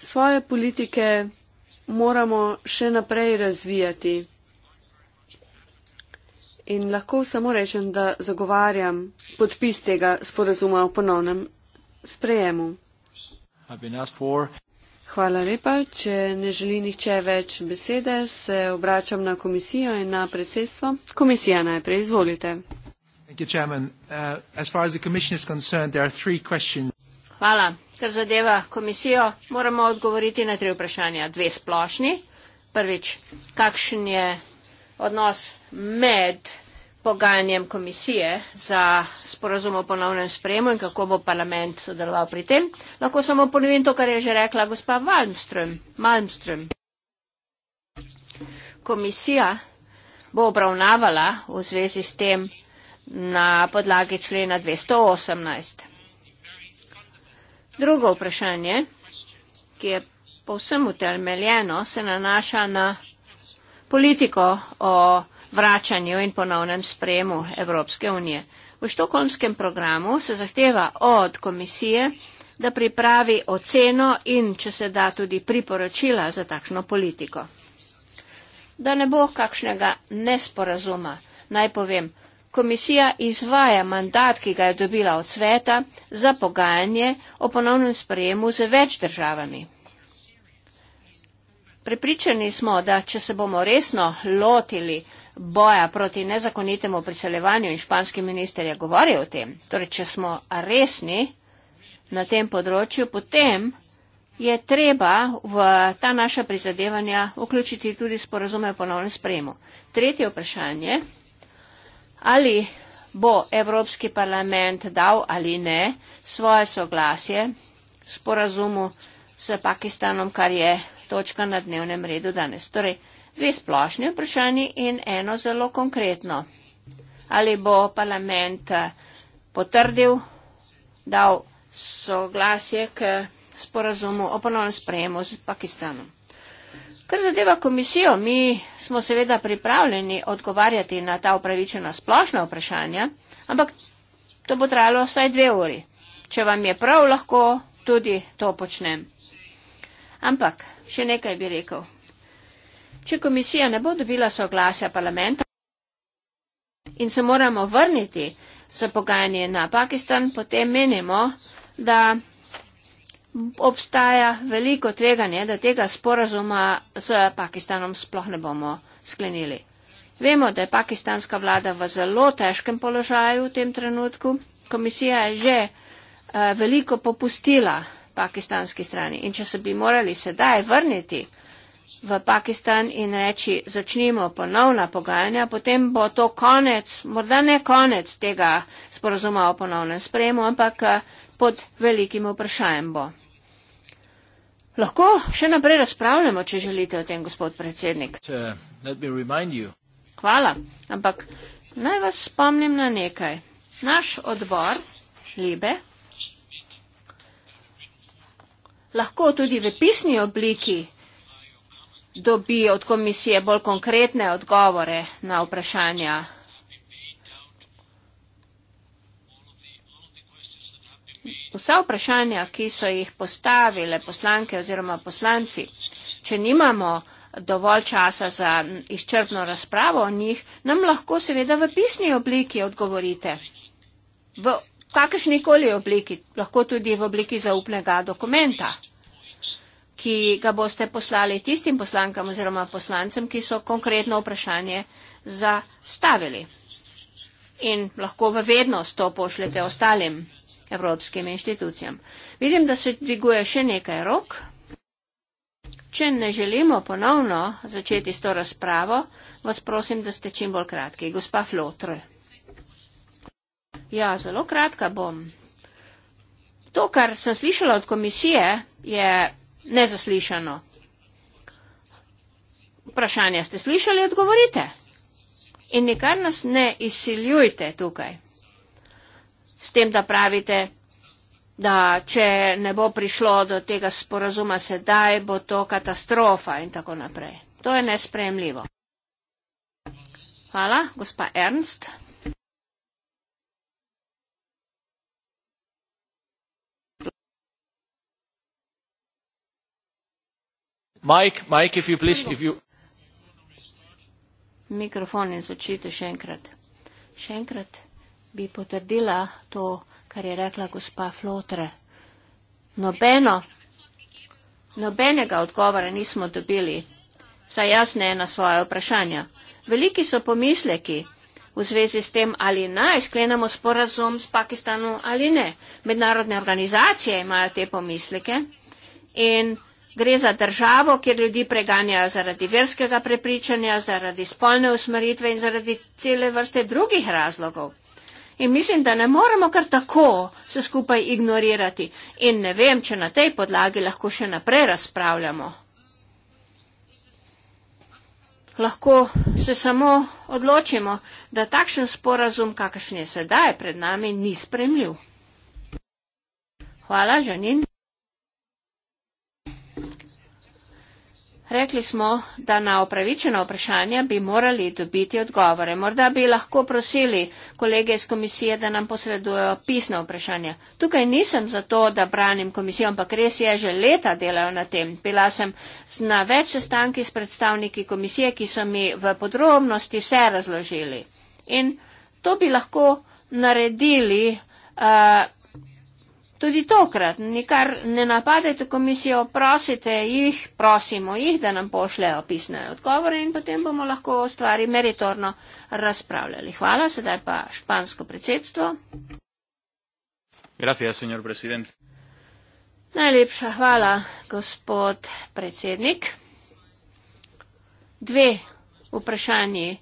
Svoje politike moramo še naprej razvijati. In lahko samo rečem, da zagovarjam podpis tega sporazuma o ponovnem sprejemu. Hvala lepa. Če ne želi nihče več besede, se obračam na komisijo in na predsedstvo. Komisija najprej izvolite. Uh, Hvala. Kar zadeva komisijo, moramo odgovoriti na tri vprašanja. Dve splošni. Prvič, kakšen je odnos med pogajanjem komisije za sporazum o ponovnem spremu in kako bo parlament sodeloval pri tem, lahko samo ponovim to, kar je že rekla gospa Malmström. Malmström. Komisija bo obravnavala v zvezi s tem na podlagi člena 218. Drugo vprašanje, ki je povsem utemeljeno, se nanaša na politiko o vračanju in ponovnem spremu Evropske unije. V štokholmskem programu se zahteva od komisije, da pripravi oceno in, če se da, tudi priporočila za takšno politiko. Da ne bo kakšnega nesporazuma, naj povem, komisija izvaja mandat, ki ga je dobila od sveta, za pogajanje o ponovnem sprejemu z več državami. Prepričani smo, da če se bomo resno lotili boja proti nezakonitemu priseljevanju in španski minister je govoril o tem. Torej, če smo resni na tem področju, potem je treba v ta naša prizadevanja vključiti tudi sporozume o ponovnem sprejemu. Tretje vprašanje, ali bo Evropski parlament dal ali ne svoje soglasje sporozumu s Pakistanom, kar je točka na dnevnem redu danes. Torej, Dve splošni vprašanji in eno zelo konkretno. Ali bo parlament eh, potrdil, dal soglasje k sporazumu o ponovnem sprejemu z Pakistanom? Kar zadeva komisijo, mi smo seveda pripravljeni odgovarjati na ta upravičena splošna vprašanja, ampak to bo trajalo vsaj dve uri. Če vam je prav, lahko tudi to počnem. Ampak še nekaj bi rekel. Če komisija ne bo dobila soglasja parlamenta in se moramo vrniti za pogajanje na Pakistan, potem menimo, da obstaja veliko tveganje, da tega sporazuma z Pakistanom sploh ne bomo sklenili. Vemo, da je pakistanska vlada v zelo težkem položaju v tem trenutku. Komisija je že uh, veliko popustila pakistanski strani. In če se bi morali sedaj vrniti, v Pakistan in reči, začnimo ponovna pogajanja, potem bo to konec, morda ne konec tega sporozuma o ponovnem sprejemu, ampak eh, pod velikim vprašajem bo. Lahko še naprej razpravljamo, če želite o tem, gospod predsednik. Hvala, ampak naj vas spomnim na nekaj. Naš odbor, Libe, lahko tudi v pisni obliki dobi od komisije bolj konkretne odgovore na vprašanja. Vsa vprašanja, ki so jih postavile poslanke oziroma poslanci, če nimamo dovolj časa za izčrpno razpravo o njih, nam lahko seveda v pisni obliki odgovorite. V kakršnikoli obliki, lahko tudi v obliki zaupnega dokumenta ki ga boste poslali tistim poslankam oziroma poslancem, ki so konkretno vprašanje zastavili. In lahko v vednost to pošljete ostalim evropskim inštitucijam. Vidim, da se dviguje še nekaj rok. Če ne želimo ponovno začeti s to razpravo, vas prosim, da ste čim bolj kratki. Gospa Flotr. Ja, zelo kratka bom. To, kar sem slišala od komisije, je nezaslišano. Vprašanja ste slišali, odgovorite. In nikar nas ne izsiljujte tukaj. S tem, da pravite, da če ne bo prišlo do tega sporazuma sedaj, bo to katastrofa in tako naprej. To je nespremljivo. Hvala, gospa Ernst. Mike, Mike, if you please, if you... Mikrofon in začite še enkrat. Še enkrat bi potrdila to, kar je rekla gospa Flotre. Nobeno, nobenega odgovora nismo dobili, saj jasne je na svoje vprašanja. Veliki so pomisleki v zvezi s tem, ali naj sklenemo sporazum s Pakistanom ali ne. Mednarodne organizacije imajo te pomisleke in Gre za državo, kjer ljudi preganjajo zaradi verskega prepričanja, zaradi spolne usmeritve in zaradi cele vrste drugih razlogov. In mislim, da ne moremo kar tako se skupaj ignorirati. In ne vem, če na tej podlagi lahko še naprej razpravljamo. Lahko se samo odločimo, da takšen sporazum, kakršen je sedaj pred nami, ni spremljiv. Hvala, Žanin. Rekli smo, da na opravičeno vprašanje bi morali dobiti odgovore. Morda bi lahko prosili kolege iz komisije, da nam posredujejo pisna vprašanja. Tukaj nisem zato, da branim komisijo, ampak res je, že leta delajo na tem. Bila sem na več sestanki s predstavniki komisije, ki so mi v podrobnosti vse razložili. In to bi lahko naredili. Uh, Tudi tokrat nikar ne napadete komisijo, prosite jih, prosimo jih, da nam pošljajo pisne odgovore in potem bomo lahko o stvari meritorno razpravljali. Hvala, sedaj pa špansko predsedstvo. Gracias, senor president. Najlepša hvala, gospod predsednik. Dve vprašanji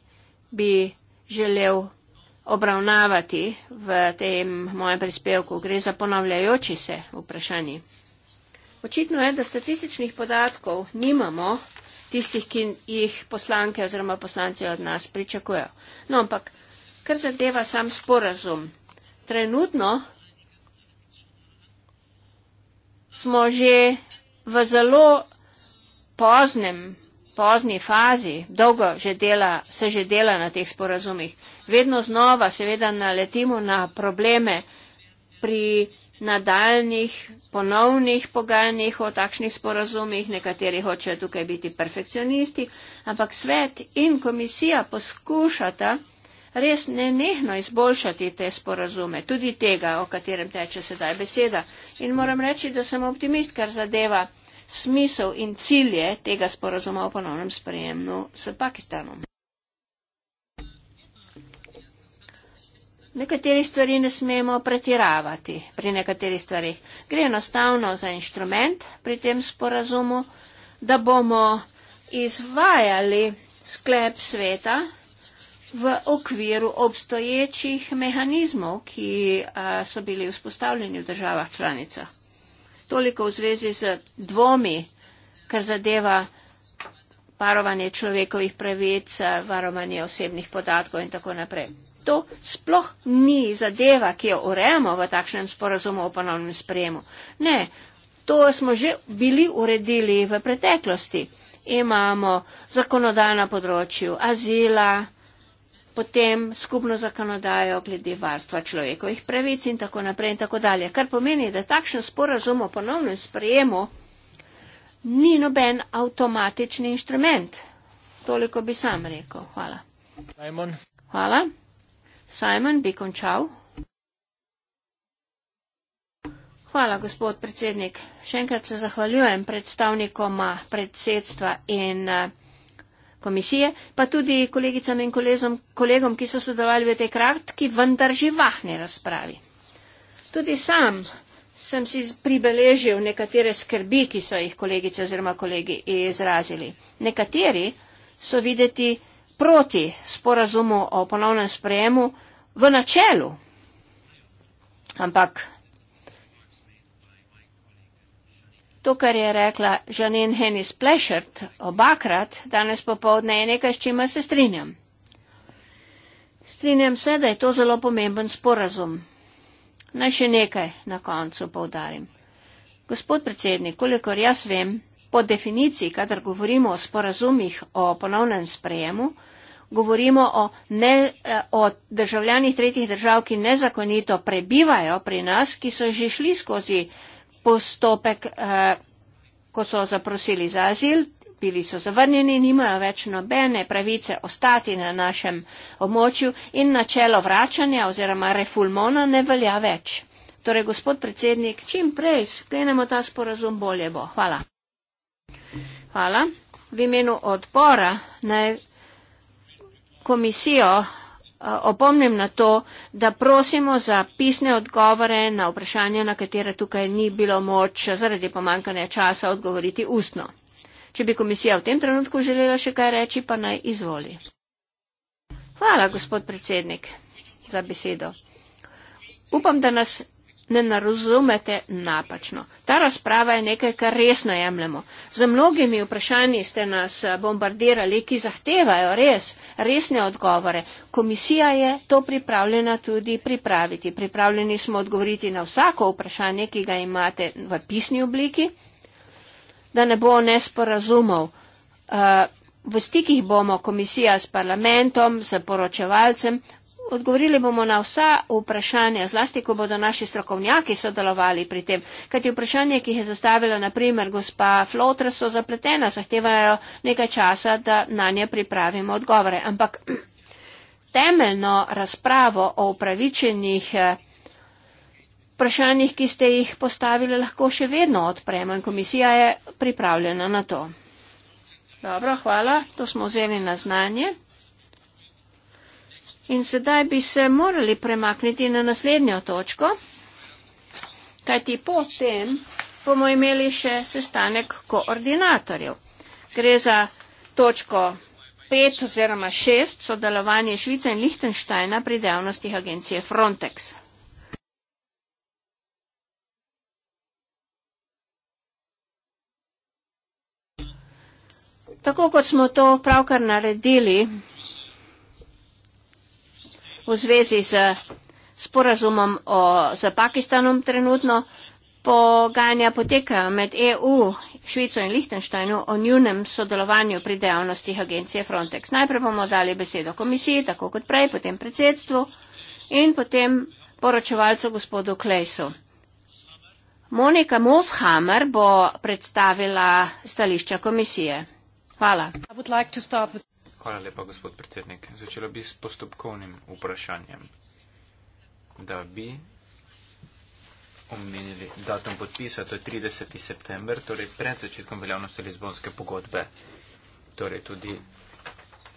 bi želel obravnavati v tem mojem prispevku. Gre za ponavljajoči se vprašanji. Očitno je, da statističnih podatkov nimamo tistih, ki jih poslanke oziroma poslanci od nas pričakujejo. No, ampak kar zadeva sam sporazum. Trenutno smo že v zelo poznem pozni fazi, dolgo že dela, se že dela na teh sporazumih. Vedno znova seveda naletimo na probleme pri nadaljnih ponovnih pogajanjih o takšnih sporazumih. Nekateri hočejo tukaj biti perfekcionisti, ampak svet in komisija poskušata res nenehno izboljšati te sporazume, tudi tega, o katerem teče sedaj beseda. In moram reči, da sem optimist, kar zadeva smisel in cilje tega sporazuma o ponovnem sprejemnu s Pakistanom. Nekateri stvari ne smemo pretiravati pri nekaterih stvarih. Gre enostavno za inštrument pri tem sporazumu, da bomo izvajali sklep sveta v okviru obstoječih mehanizmov, ki a, so bili vzpostavljeni v državah članicah. Toliko v zvezi z dvomi, kar zadeva varovanje človekovih pravic, varovanje osebnih podatkov in tako naprej. To sploh ni zadeva, ki jo urejamo v takšnem sporazumu o ponovnem sprejemu. Ne, to smo že bili uredili v preteklosti. Imamo zakonodajno področju azila, potem skupno zakonodajo glede varstva človekovih pravic in tako naprej in tako dalje. Kar pomeni, da takšen sporazum o ponovnem sprejemu ni noben avtomatični inštrument. Toliko bi sam rekel. Hvala. Simon. Hvala. Simon bi končal. Hvala, gospod predsednik. Še enkrat se zahvaljujem predstavnikoma predsedstva in. Uh, komisije, pa tudi kolegicam in kolezom, kolegom, ki so sodelovali v tej kratki, vendar živahni razpravi. Tudi sam sem si pribeležil nekatere skrbi, ki so jih kolegice oziroma kolegi izrazili. Nekateri so videti proti sporazumu o ponovnem sprejemu v načelu. Ampak To, kar je rekla Žanin Henis Plešert obakrat danes popovdne, je nekaj, s čima se strinjam. Strinjam se, da je to zelo pomemben sporazum. Naj še nekaj na koncu povdarim. Gospod predsednik, kolikor jaz vem, po definiciji, kadar govorimo o sporazumih o ponovnem sprejemu, govorimo o, ne, o državljanih tretjih držav, ki nezakonito prebivajo pri nas, ki so že šli skozi postopek, eh, ko so zaprosili za azil, bili so zavrnjeni, nimajo več nobene pravice ostati na našem območju in načelo vračanja oziroma refulmona ne velja več. Torej, gospod predsednik, čim prej sklenemo ta sporazum, bolje bo. Hvala. Hvala. V imenu odbora naj komisijo Eh, opomnim na to, da prosimo za pisne odgovore na vprašanja, na katere tukaj ni bilo moč zaradi pomankanja časa odgovoriti ustno. Če bi komisija v tem trenutku želela še kaj reči, pa naj izvoli. Hvala, gospod predsednik, za besedo. Upam, da nas ne narazumete napačno. Ta razprava je nekaj, kar resno jemljemo. Z mnogimi vprašanji ste nas eh, bombardirali, ki zahtevajo res, resne odgovore. Komisija je to pripravljena tudi pripraviti. Pripravljeni smo odgovoriti na vsako vprašanje, ki ga imate v pisni obliki, da ne bo nesporazumov. Eh, v stikih bomo komisija s parlamentom, s poročevalcem, odgovorili bomo na vsa vprašanja, zlasti, ko bodo naši strokovnjaki sodelovali pri tem. Kajti vprašanje, ki jih je zastavila naprimer gospa Flotra, so zapletena, zahtevajo nekaj časa, da na nje pripravimo odgovore. Ampak temeljno razpravo o upravičenih eh, vprašanjih, ki ste jih postavili, lahko še vedno odpremo in komisija je pripravljena na to. Dobro, hvala. To smo vzeli na znanje. In sedaj bi se morali premakniti na naslednjo točko, kajti potem bomo imeli še sestanek koordinatorjev. Gre za točko 5 oziroma 6 sodelovanje Švice in Lihtenštajna pri dejavnostih agencije Frontex. Tako kot smo to pravkar naredili, v zvezi z sporazumom o, z Pakistanom trenutno. Poganja potekajo med EU, Švico in Lihtenštajnu o njunem sodelovanju pri dejavnostih agencije Frontex. Najprej bomo dali besedo komisiji, tako kot prej, potem predsedstvu in potem poročevalcu gospodu Klejsu. Monika Moshammer bo predstavila stališča komisije. Hvala. Hvala lepa, gospod predsednik. Začela bi s postopkovnim vprašanjem, da bi omenili datum podpisa, to je 30. september, torej pred začetkom veljavnosti Lizbonske pogodbe. Torej tudi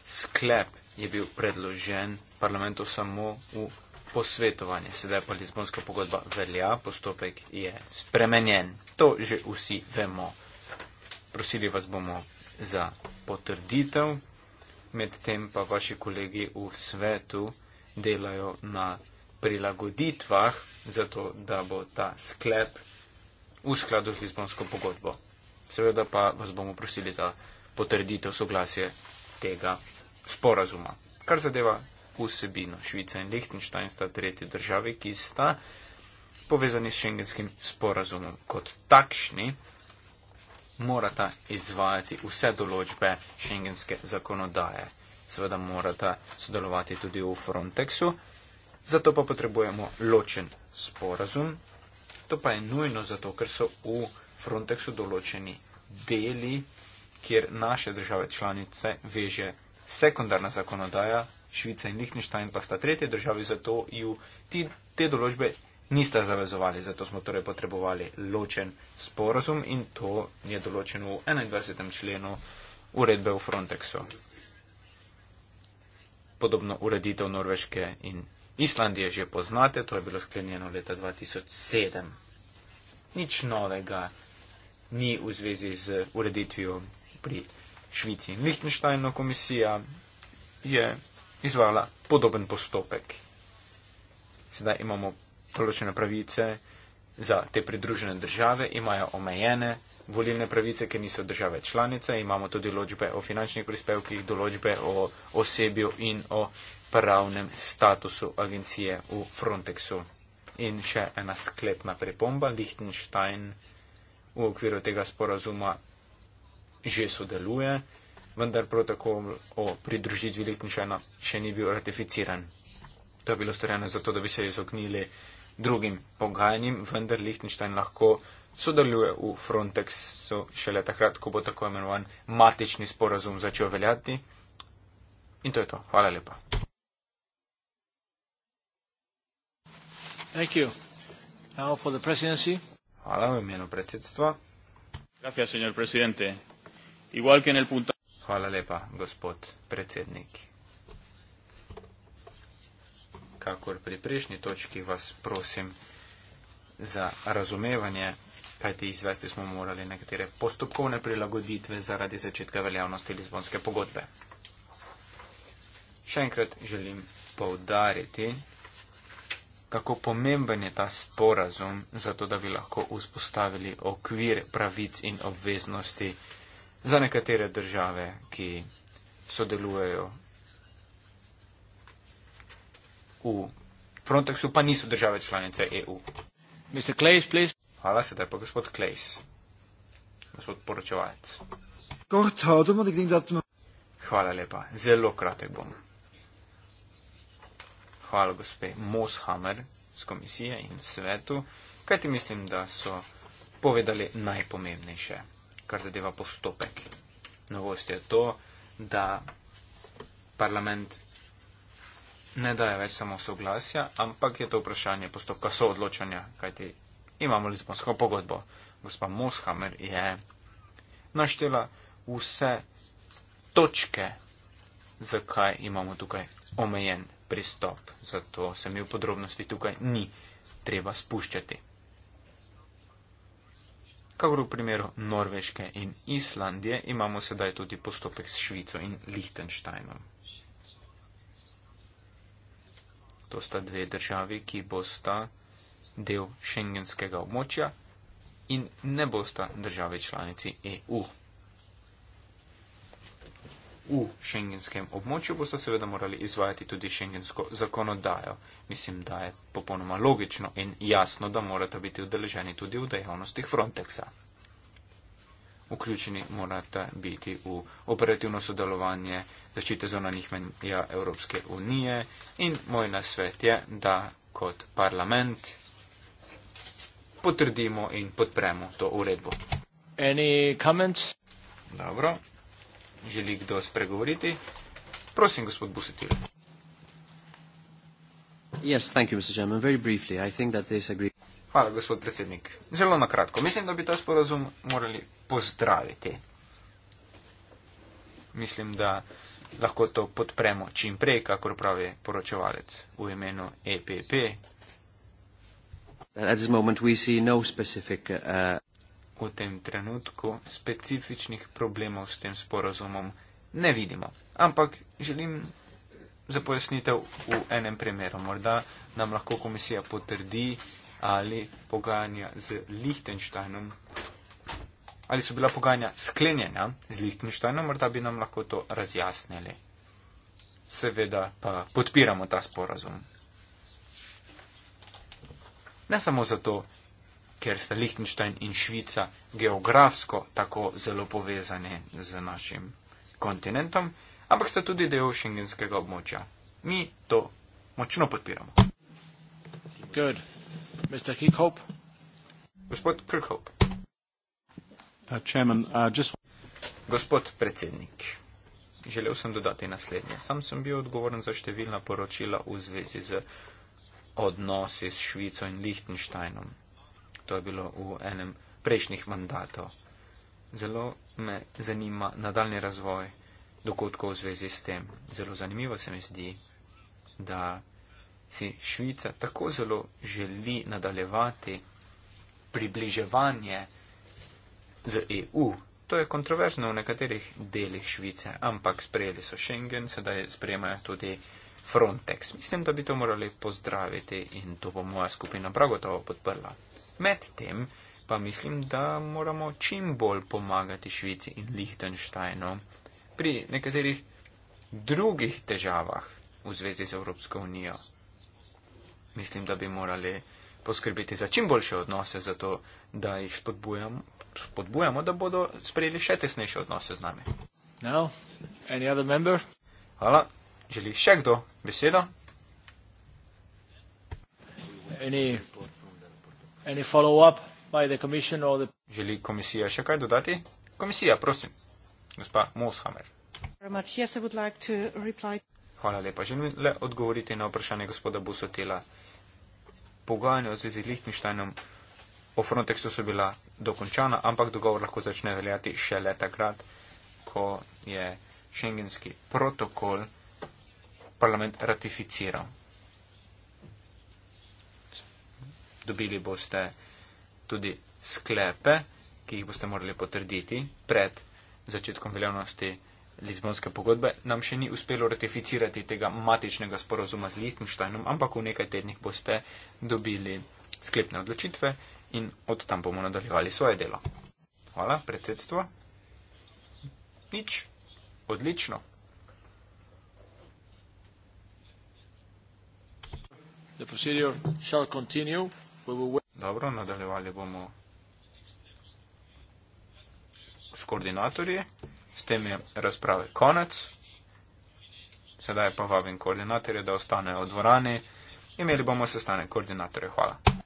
sklep je bil predložen parlamentu samo v posvetovanje. Sedaj pa Lizbonska pogodba velja, postopek je spremenjen. To že vsi vemo. Prosili vas bomo za potrditev medtem pa vaši kolegi v svetu delajo na prilagoditvah, zato da bo ta sklep v skladu z Lizbonsko pogodbo. Seveda pa vas bomo prosili za potrditev soglasje tega sporazuma. Kar zadeva vsebino, Švica in Lichtenstein sta tretji državi, ki sta povezani s šengenskim sporazumom kot takšni morata izvajati vse določbe šengenske zakonodaje. Seveda morata sodelovati tudi v Frontexu, zato pa potrebujemo ločen sporazum. To pa je nujno zato, ker so v Frontexu določeni deli, kjer naše države članice veže sekundarna zakonodaja, Švica in Lihtenštajn pa sta tretje države, zato ju ti, te določbe nista zavezovali, zato smo torej potrebovali ločen sporozum in to je določeno v 21. členu uredbe v Frontexu. Podobno ureditev Norveške in Islandije že poznate, to je bilo sklenjeno leta 2007. Nič novega ni v zvezi z ureditvijo pri Švici. Lichtensteinova komisija je izvala podoben postopek. Zdaj imamo določene pravice za te pridružene države, imajo omejene volilne pravice, ker niso države članice, imamo tudi ločbe o finančnih prispevkih, določbe o osebju in o pravnem statusu agencije v Frontexu. In še ena sklepna pripomba, Liechtenstein v okviru tega sporazuma že sodeluje, vendar protokol o pridružitvi Liechtensteina še ni bil ratificiran. To je bilo storjeno zato, da bi se izognili drugim pogajanjem, vendar Lichtenstein lahko sodeluje v Frontexu šele takrat, ko bo tako imenovan matični sporazum začel veljati. In to je to. Hvala lepa. Thank you. Now for the presidency. Hvala v imenu predsedstva. Gracias, señor presidente. Igual que en el punto. Hvala lepa, gospod predsednik kakor pri prejšnji točki, vas prosim za razumevanje, kajti izvesti smo morali nekatere postopkovne prilagoditve zaradi začetka veljavnosti Lizbonske pogodbe. Še enkrat želim povdariti, kako pomemben je ta sporazum, zato da bi lahko vzpostavili okvir pravic in obveznosti za nekatere države, ki sodelujejo v Frontexu, pa niso države članice EU. Mr. Klejs, please. Hvala se, da je pa gospod Klejs, gospod poročevalec. Eh, Hvala lepa, zelo kratek bom. Hvala gospe Moshammer z komisije in svetu, kajti mislim, da so povedali najpomembnejše, kar zadeva postopek. Novost je to, da parlament ne daje več samo soglasja, ampak je to vprašanje postopka soodločanja, kajti imamo Lizbonsko pogodbo. Gospa Moshammer je naštela vse točke, zakaj imamo tukaj omejen pristop. Zato se mi v podrobnosti tukaj ni treba spuščati. Kakor v primeru Norveške in Islandije imamo sedaj tudi postopek s Švico in Lihtenštajnom. to sta dve državi, ki bosta del šengenskega območja in ne bosta države članici EU. V šengenskem območju bosta seveda morali izvajati tudi šengensko zakonodajo. Mislim, da je popolnoma logično in jasno, da morata biti udeleženi tudi v dejavnostih Frontexa vključeni morata biti v operativno sodelovanje zaščite zonanih menja Evropske unije in moj nasvet je, da kot parlament potrdimo in podpremo to uredbo. Any comments? Dobro. Želi kdo spregovoriti? Prosim, gospod Busetil. Yes, thank you, Mr. Chairman. Very briefly, I think that this agreement. Hvala, gospod predsednik. Zelo na kratko. Mislim, da bi ta sporazum morali pozdraviti. Mislim, da lahko to podpremo čim prej, kakor pravi poročevalec v imenu EPP. No specific, uh... V tem trenutku specifičnih problemov s tem sporazumom ne vidimo. Ampak želim za pojasnitev v enem primeru. Morda nam lahko komisija potrdi, ali pogajanja z Lichtensteinom. Ali so bila pogajanja sklenjena z Lichtensteinom, morda bi nam lahko to razjasnili. Seveda pa podpiramo ta sporazum. Ne samo zato, ker sta Lichtenstein in Švica geografsko tako zelo povezani z našim kontinentom, ampak sta tudi del šengenskega območja. Mi to močno podpiramo. Good. Mr. Kirkhope. Gospod Kirkhope. Uh, Chairman, uh, just... Gospod predsednik, želel sem dodati naslednje. Sam sem bil odgovoren za številna poročila v zvezi z odnosi s Švico in Lichtensteinom. To je bilo v enem prejšnjih mandatov. Zelo me zanima nadaljni razvoj dogodkov v zvezi s tem. Zelo zanimivo se mi zdi, da si Švica tako zelo želi nadaljevati približevanje z EU. To je kontroverzno v nekaterih delih Švice, ampak sprejeli so Schengen, sedaj sprejemajo tudi Frontex. Mislim, da bi to morali pozdraviti in to bo moja skupina prav gotovo podprla. Medtem pa mislim, da moramo čim bolj pomagati Švici in Liechtensteinu pri nekaterih drugih težavah v zvezi z Evropsko unijo mislim, da bi morali poskrbeti za čim boljše odnose, zato da jih spodbujamo, spodbujamo da bodo sprejeli še tesnejše odnose z nami. Now, Hvala. Želi še kdo besedo? Any, any the... Želi komisija še kaj dodati? Komisija, prosim. Gospa Moshammer. Yes, like Hvala lepa. Želim le odgovoriti na vprašanje gospoda Busotela pogajanja v zvezi z Lihtensteinom o Frontexu so bila dokončana, ampak dogovor lahko začne veljati še leta krat, ko je šengenski protokol parlament ratificiral. Dobili boste tudi sklepe, ki jih boste morali potrditi pred začetkom veljavnosti. Lizbonske pogodbe, nam še ni uspelo ratificirati tega matičnega sporozuma z Lichtensteinom, ampak v nekaj tednih boste dobili sklepne odločitve in od tam bomo nadaljevali svoje delo. Hvala, predsedstvo. Nič, odlično. Dobro, nadaljevali bomo s koordinatorji. S tem je razprave konec. Sedaj pa vabim koordinatorje, da ostanejo v dvorani. Imeli bomo sestanek koordinatorje. Hvala.